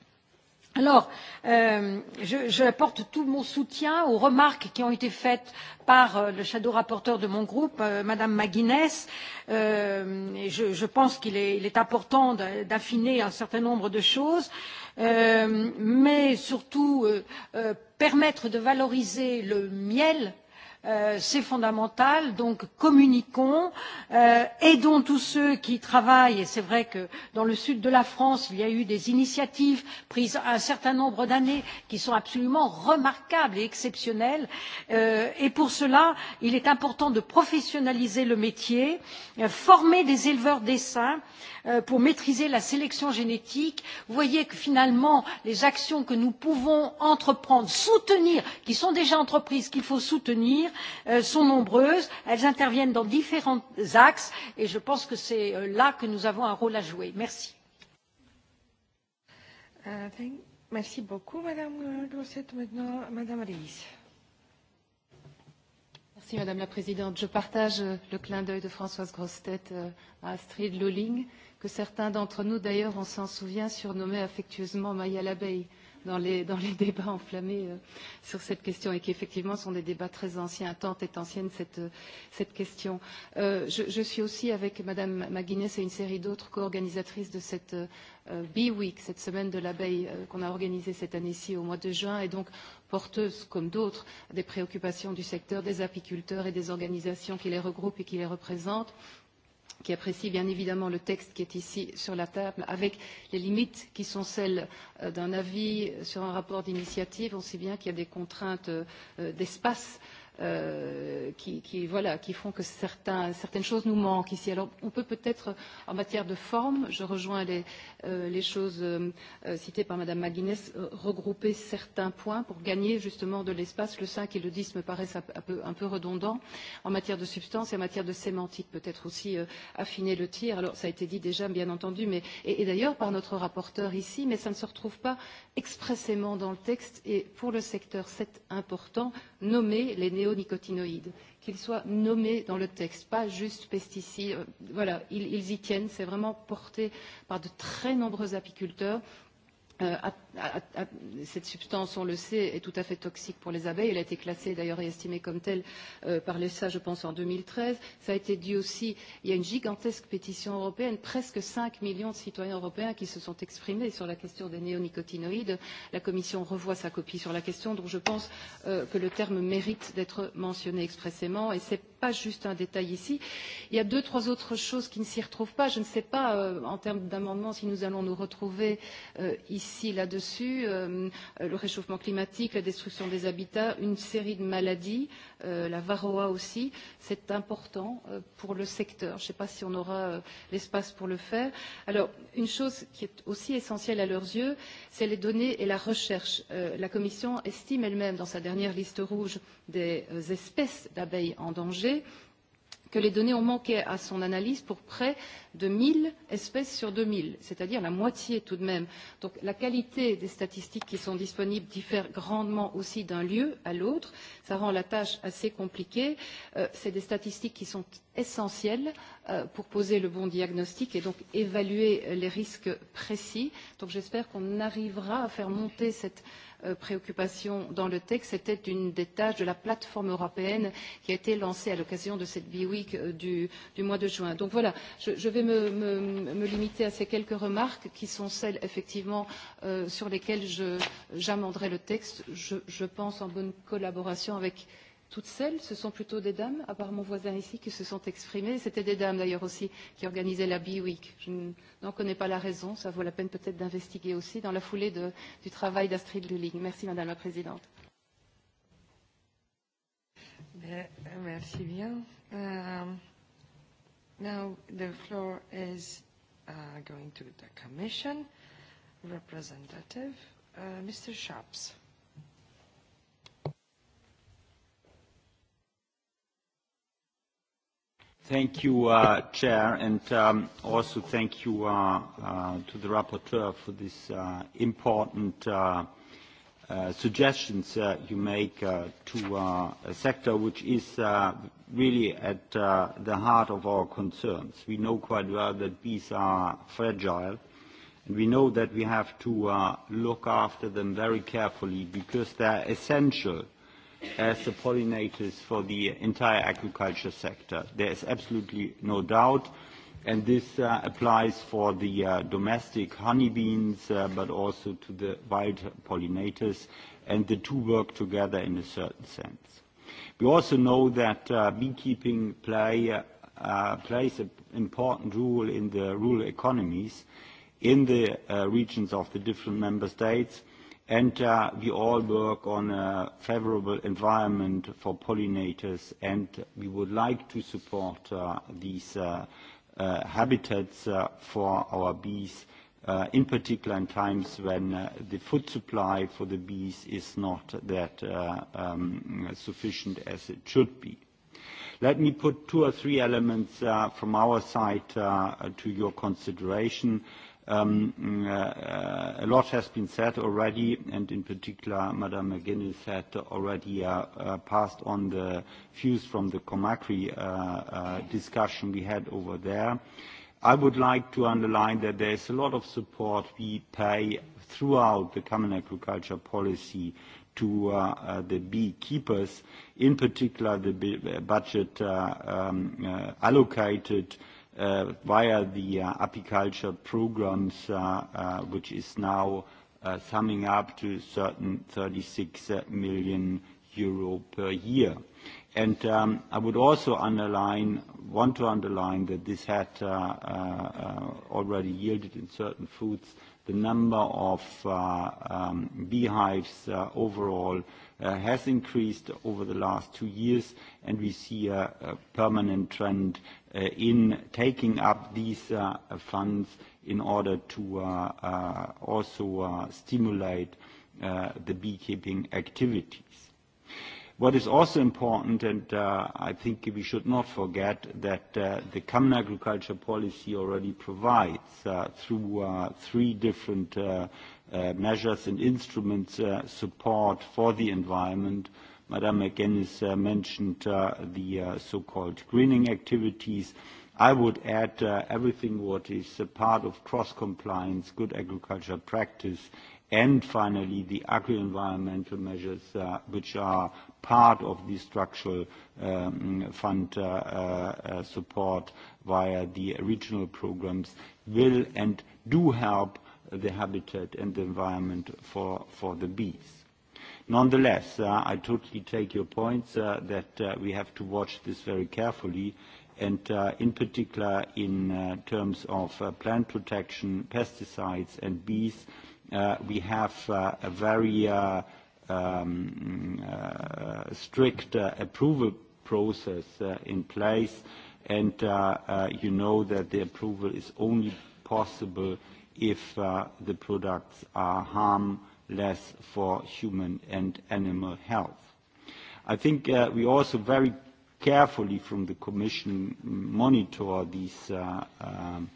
S4: alors euh, j'apporte tout mon soutien aux remarques qui ont été faites par euh, le shadow rapporteur de mon groupe euh, mme mcguinness euh, et je, je pense qu'il est, est important d'affiner un certain nombre de choses mais surtout permettre de valoriser le miel Euh, c'est fondamental donc communiquons euh, aidons tous ceux qui travaillent et c'est vrai que dans le sud de la france il y a eu des initiatives prises un certain nombre d'années qui sont absolument remarquables et exceptionnelles euh, et pour cela il est important de professionnaliser le métier former des éleveurs d'essaims pour maîtriser la sélection génétique vous voyez que finalement les actions que nous pouvons entreprendre soutenir qui sont déjà entreprises qu'il faut soutenir Euh, sont nombreuses elles interviennent dans différents axes et je pense que c'est euh, là que nous avons un rôle à jouer. merci.
S1: Euh, merci beaucoup madame Grosset. maintenant madame Reis. Merci madame la présidente je partage
S19: le clin d'œil de Françoise Grosset à Astrid Lulling que certains d'entre nous d'ailleurs on s'en souvient surnommé affectueusement Maya l'abeille dans les, dans les débats enflammés euh, sur cette question et qui effectivement sont des débats très anciens. Tant est ancienne cette, euh, cette question. Euh, je, je suis aussi avec Madame McGuinness et une série d'autres co-organisatrices de cette euh, euh Bee-Week, cette semaine de l'abeille euh, qu'on a organisée cette année-ci au mois de juin. Et donc, porteuses, comme d'autres, des préoccupations du secteur, des apiculteurs et des organisations qui les regroupent et qui les représentent qui apprécie bien évidemment le texte qui est ici sur la table, avec les limites qui sont celles euh, d'un avis sur un rapport d'initiative. On sait bien qu'il y a des contraintes euh, d'espace Euh, qui, qui, voilà, qui font que certains, certaines choses nous manquent ici. Alors on peut peut-être, en matière de forme, je rejoins les, euh, les choses euh, citées par Mme McGuinness, regrouper certains points pour gagner justement de l'espace. Le 5 et le 10 me paraissent un peu, un peu redondants. En matière de substance et en matière de sémantique, peut-être aussi affiner le tir. Alors ça a été dit déjà, bien entendu, mais, et, d'ailleurs par notre rapporteur ici, mais ça ne se retrouve pas expressément dans le texte. Et pour le secteur, c'est important, nommer les néonicotinoïdes, qu'ils soient nommés dans le texte, pas juste pesticides. Euh, voilà, ils, ils y tiennent, c'est vraiment porté par de très nombreux apiculteurs Euh, cette substance, on le sait, est tout à fait toxique pour les abeilles. Elle a été classée d'ailleurs et estimée comme telle euh, par l'ESA, je pense, en 2013. Ça a été dit aussi, il y a une gigantesque pétition européenne, presque 5 millions de citoyens européens qui se sont exprimés sur la question des néonicotinoïdes. La Commission revoit sa copie sur la question, donc je pense euh, que le terme mérite d'être mentionné expressément et c'est pas juste un détail ici. Il y a deux, trois autres choses qui ne s'y retrouvent pas. Je ne sais pas, euh, en termes d'amendement, si nous allons nous retrouver euh, ici ici là-dessus, euh, le réchauffement climatique, la destruction des habitats, une série de maladies, euh, la varroa aussi. C'est important euh, pour le secteur. Je ne sais pas si on aura l'espace pour le faire. Alors, une chose qui est aussi essentielle à leurs yeux, c'est les données et la recherche. La Commission estime elle-même dans sa dernière liste rouge des espèces d'abeilles en danger que les données ont manqué à son analyse pour près de 1000 espèces sur 2000 c'est-à-dire la moitié tout de même donc la qualité des statistiques qui sont disponibles diffère grandement aussi d'un lieu à l'autre ça rend la tâche assez compliquée euh, c'est des statistiques qui sont essentielles euh, pour poser le bon diagnostic et donc évaluer les risques précis donc j'espère qu'on arrivera à faire monter cette Euh, préoccupation dans le texte. était une des tâches de la plateforme européenne qui a été lancée à l'occasion de cette biweek week euh, du, du mois de juin. Donc voilà, je, je vais me, me, me limiter à ces quelques remarques qui sont celles effectivement euh, sur lesquelles j'amenderai le texte, je, je pense en bonne collaboration avec toutes celles, Ce sont plutôt des dames, à part mon voisin ici, qui se sont exprimées. C'était des dames d'ailleurs aussi qui organisaient la B-Week. Je n'en connais pas la raison. Ça vaut la peine peut-être d'investiguer aussi dans la foulée de, du travail d'Astrid Lulling. Merci Madame la Présidente.
S1: Merci bien. Um, now the floor is uh, going to the Commission representative, uh, Mr. Schaps.
S35: Thank you, uh, Chair, and um, also thank you uh, uh, to the rapporteur for these uh, important uh, uh, suggestions uh, you make uh, to uh, a sector which is uh, really at uh, the heart of our concerns. We know quite well that bees are fragile, and we know that we have to uh, look after them very carefully because they are essential as the pollinators for the entire agriculture sector. There is absolutely no doubt, and this uh, applies for the uh, domestic honeybees, uh, but also to the wild pollinators, and the two work together in a certain sense. We also know that uh, beekeeping play, uh, uh plays an important role in the rural economies in the uh, regions of the different member states, and uh, we all work on a favorable environment for pollinators and we would like to support uh, these uh, uh, habitats uh, for our bees uh, in particular in times when uh, the food supply for the bees is not that uh, um, sufficient as it should be. Let me put two or three elements uh, from our side uh, to your consideration. Um, uh, a lot has been said already, and in particular, Madam McGuinness had already uh, uh, passed on the views from the Comacri discussion we had over there. I would like to underline that there is a lot of support we pay throughout the common agriculture policy to the beekeepers, in particular the budget um, allocated uh, via the uh, apiculture programs, uh, uh, which is now uh, summing up to certain 36 million euro per year. And um, I would also underline, want to underline that this had already yielded in certain foods the number of um, beehives overall has increased over the last two years, and we see a permanent trend Uh, in taking up these uh, funds in order to uh, also stimulate the beekeeping activities. What is also important, and I think we should not forget, that the common agriculture policy already provides through three different measures and instruments support for the environment Madame McGuinness uh, mentioned uh, the uh, so-called greening activities. I would add everything what is a part of cross-compliance, good agriculture practice, and finally the agri-environmental measures which are part of the structural um, fund support via the regional programs will and do help the habitat and the environment for, for the bees. Nonetheless, uh, I totally take your points uh, that uh, we have to watch this very carefully, and in particular in terms of plant protection, pesticides, and bees, we have a very um, strict approval process in place. And you know that the approval is only possible if the products are harm less for human and animal health. I think uh, we also very carefully from the Commission monitor these uh, um,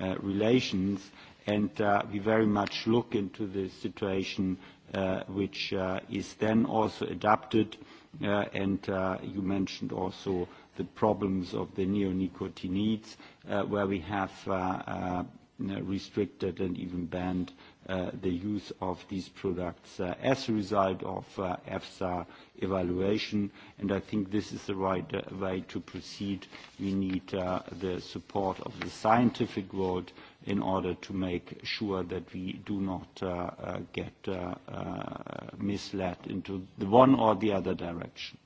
S35: uh, relations and uh, we very much look into the situation uh, which uh, is then also adapted uh, and uh, you mentioned also the problems of the neonicotinoids uh, where we have uh, uh, Uh, restricted and even banned uh, the use of these products uh, as a result of EFSA evaluation. And I think this is the right way to proceed. We need the support of the scientific world in order to make sure that we do not get misled into the one or the other direction.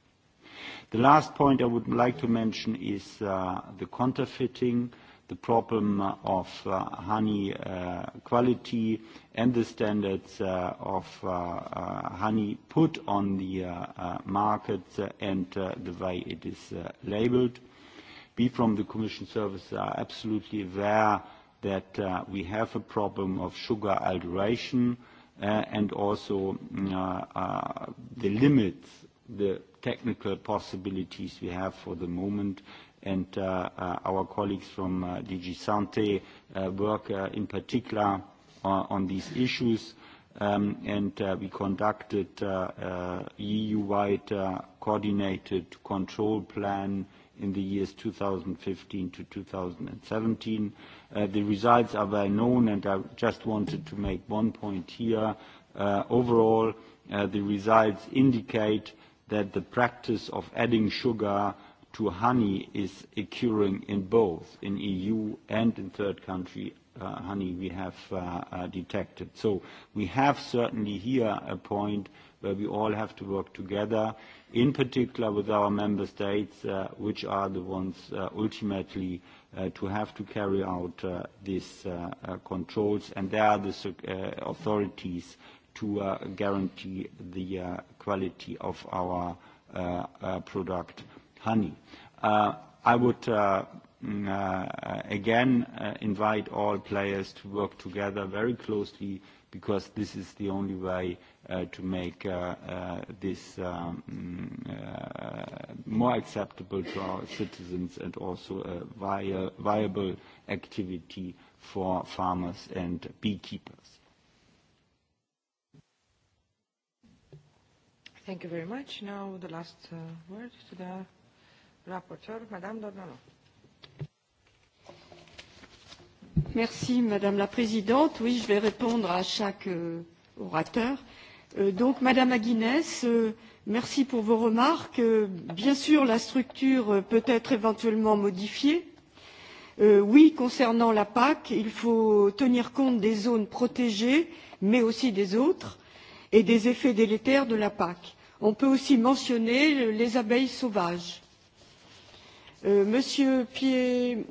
S35: The last point I would like to mention is the counterfeiting the problem of uh, honey uh, quality and the standards uh, of honey put on the market and the way it is labeled. We from the Commission Service are absolutely aware that we have a problem of sugar alteration and also mm, the limits, the technical possibilities we have for the moment and uh, uh, our colleagues from uh, DG Sante work in particular on these issues. Um, and uh, we conducted uh, uh, EU-wide coordinated control plan in the years 2015 to 2017. The results are well known, and I just wanted to make one point here. Overall, the results indicate that the practice of adding sugar to honey is occurring in both in EU and in third country uh, honey we have uh, uh, detected. So we have certainly here a point where we all have to work together, in particular with our member states, uh, which are the ones uh, ultimately uh, to have to carry out uh, these uh, uh, controls, and they are the uh, authorities to uh, guarantee the uh, quality of our uh, uh, product honey. Uh, I would uh, mm, uh, again uh, invite all players to work together very closely because this is the only way uh, to make uh, uh, this um, mm, uh, more acceptable to our citizens and also a vi viable activity for farmers and beekeepers.
S1: Thank you very much. Now the last uh, word to the rapporteur, Madame Dornano.
S31: Merci, Madame la Présidente. Oui, je vais répondre à chaque euh, orateur. Euh, donc, Madame Aguinès, euh, merci pour vos remarques. Bien sûr, la structure peut être éventuellement modifiée. Oui, concernant la PAC, il faut tenir compte des zones protégées, mais aussi des autres, et des effets délétères de la PAC. On peut aussi mentionner les abeilles sauvages Euh, Monsieur Piecha,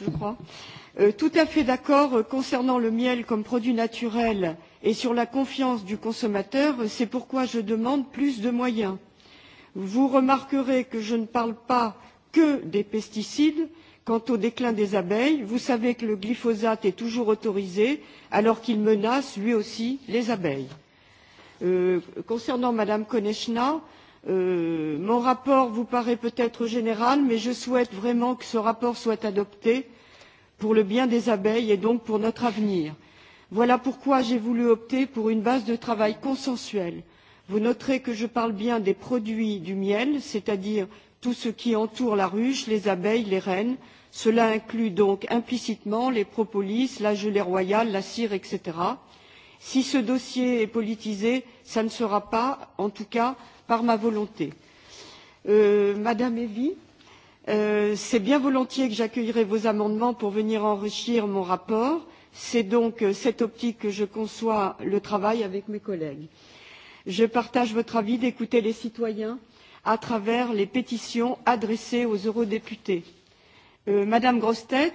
S31: je crois, euh, tout à fait d'accord concernant le miel comme produit naturel et sur la confiance du consommateur, c'est pourquoi je demande plus de moyens. Vous remarquerez que je ne parle pas que des pesticides quant au déclin des abeilles, vous savez que le glyphosate est toujours autorisé alors qu'il menace lui aussi les abeilles. Euh, concernant Madame Konechna, Euh, mon rapport vous paraît peut être général mais je souhaite vraiment que ce rapport soit adopté pour le bien des abeilles et donc pour notre avenir. voilà pourquoi j'ai voulu opter pour une base de travail consensuelle. vous noterez que je parle bien des produits du miel c'est à dire tout ce qui entoure la ruche les abeilles les reines cela inclut donc implicitement les propolis la gelée royale la cire etc. si ce dossier est politisé ça ne sera pas en tout cas par ma volonté. Euh, madame evi euh, c'est bien volontiers que j'accueillerai vos amendements pour venir enrichir mon rapport. c'est donc euh, cette optique que je conçois le travail avec mes collègues. je partage votre avis d'écouter les citoyens à travers les pétitions adressées aux eurodéputés. madame grossetête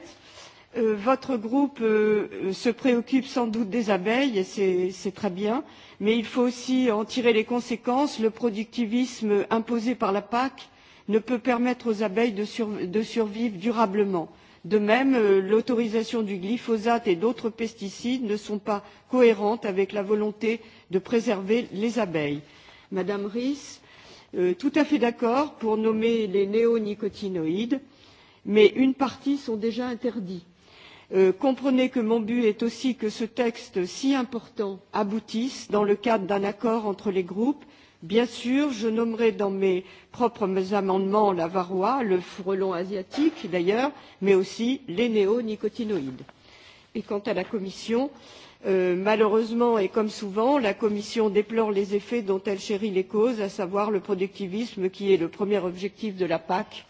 S31: votre groupe se préoccupe sans doute des abeilles et c'est très bien mais il faut aussi en tirer les conséquences le productivisme imposé par la pac ne peut permettre aux abeilles de, survivre durablement. de même euh, l'autorisation du glyphosate et d'autres pesticides ne sont pas cohérentes avec la volonté de préserver les abeilles. madame ries euh, tout à fait d'accord pour nommer les néonicotinoïdes mais une partie sont déjà interdits Euh, comprenez que mon but est aussi que ce texte si important aboutisse dans le cadre d'un accord entre les groupes. bien sûr je nommerai dans mes propres amendements la varroa le frelon asiatique d'ailleurs mais aussi les néonicotinoïdes. et quant à la commission euh, malheureusement et comme souvent la commission déplore les effets dont elle chérit les causes à savoir le productivisme qui est le premier objectif de la pac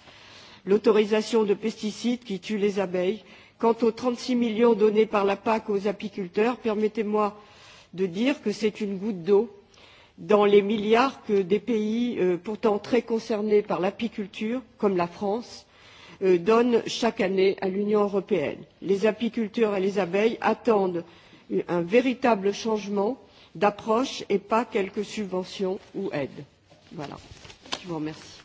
S31: l'autorisation de pesticides qui tuent les abeilles quant aux trente six millions donnés par la pac aux apiculteurs permettez moi de dire que c'est une goutte d'eau dans les milliards que des pays euh, pourtant très concernés par l'apiculture comme la france euh, donnent chaque année à l'union européenne. les apiculteurs et les abeilles attendent un véritable changement d'approche et pas quelques subventions ou aides. voilà je vous remercie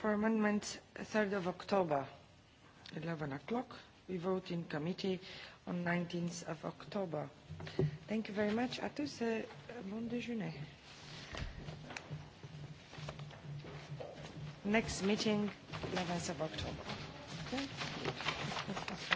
S1: for amendment 3rd of October, 11 o'clock. We vote in committee on 19th of October. Thank you very much A tous et bon déjeuner. Next meeting, 11th of October.
S18: Okay.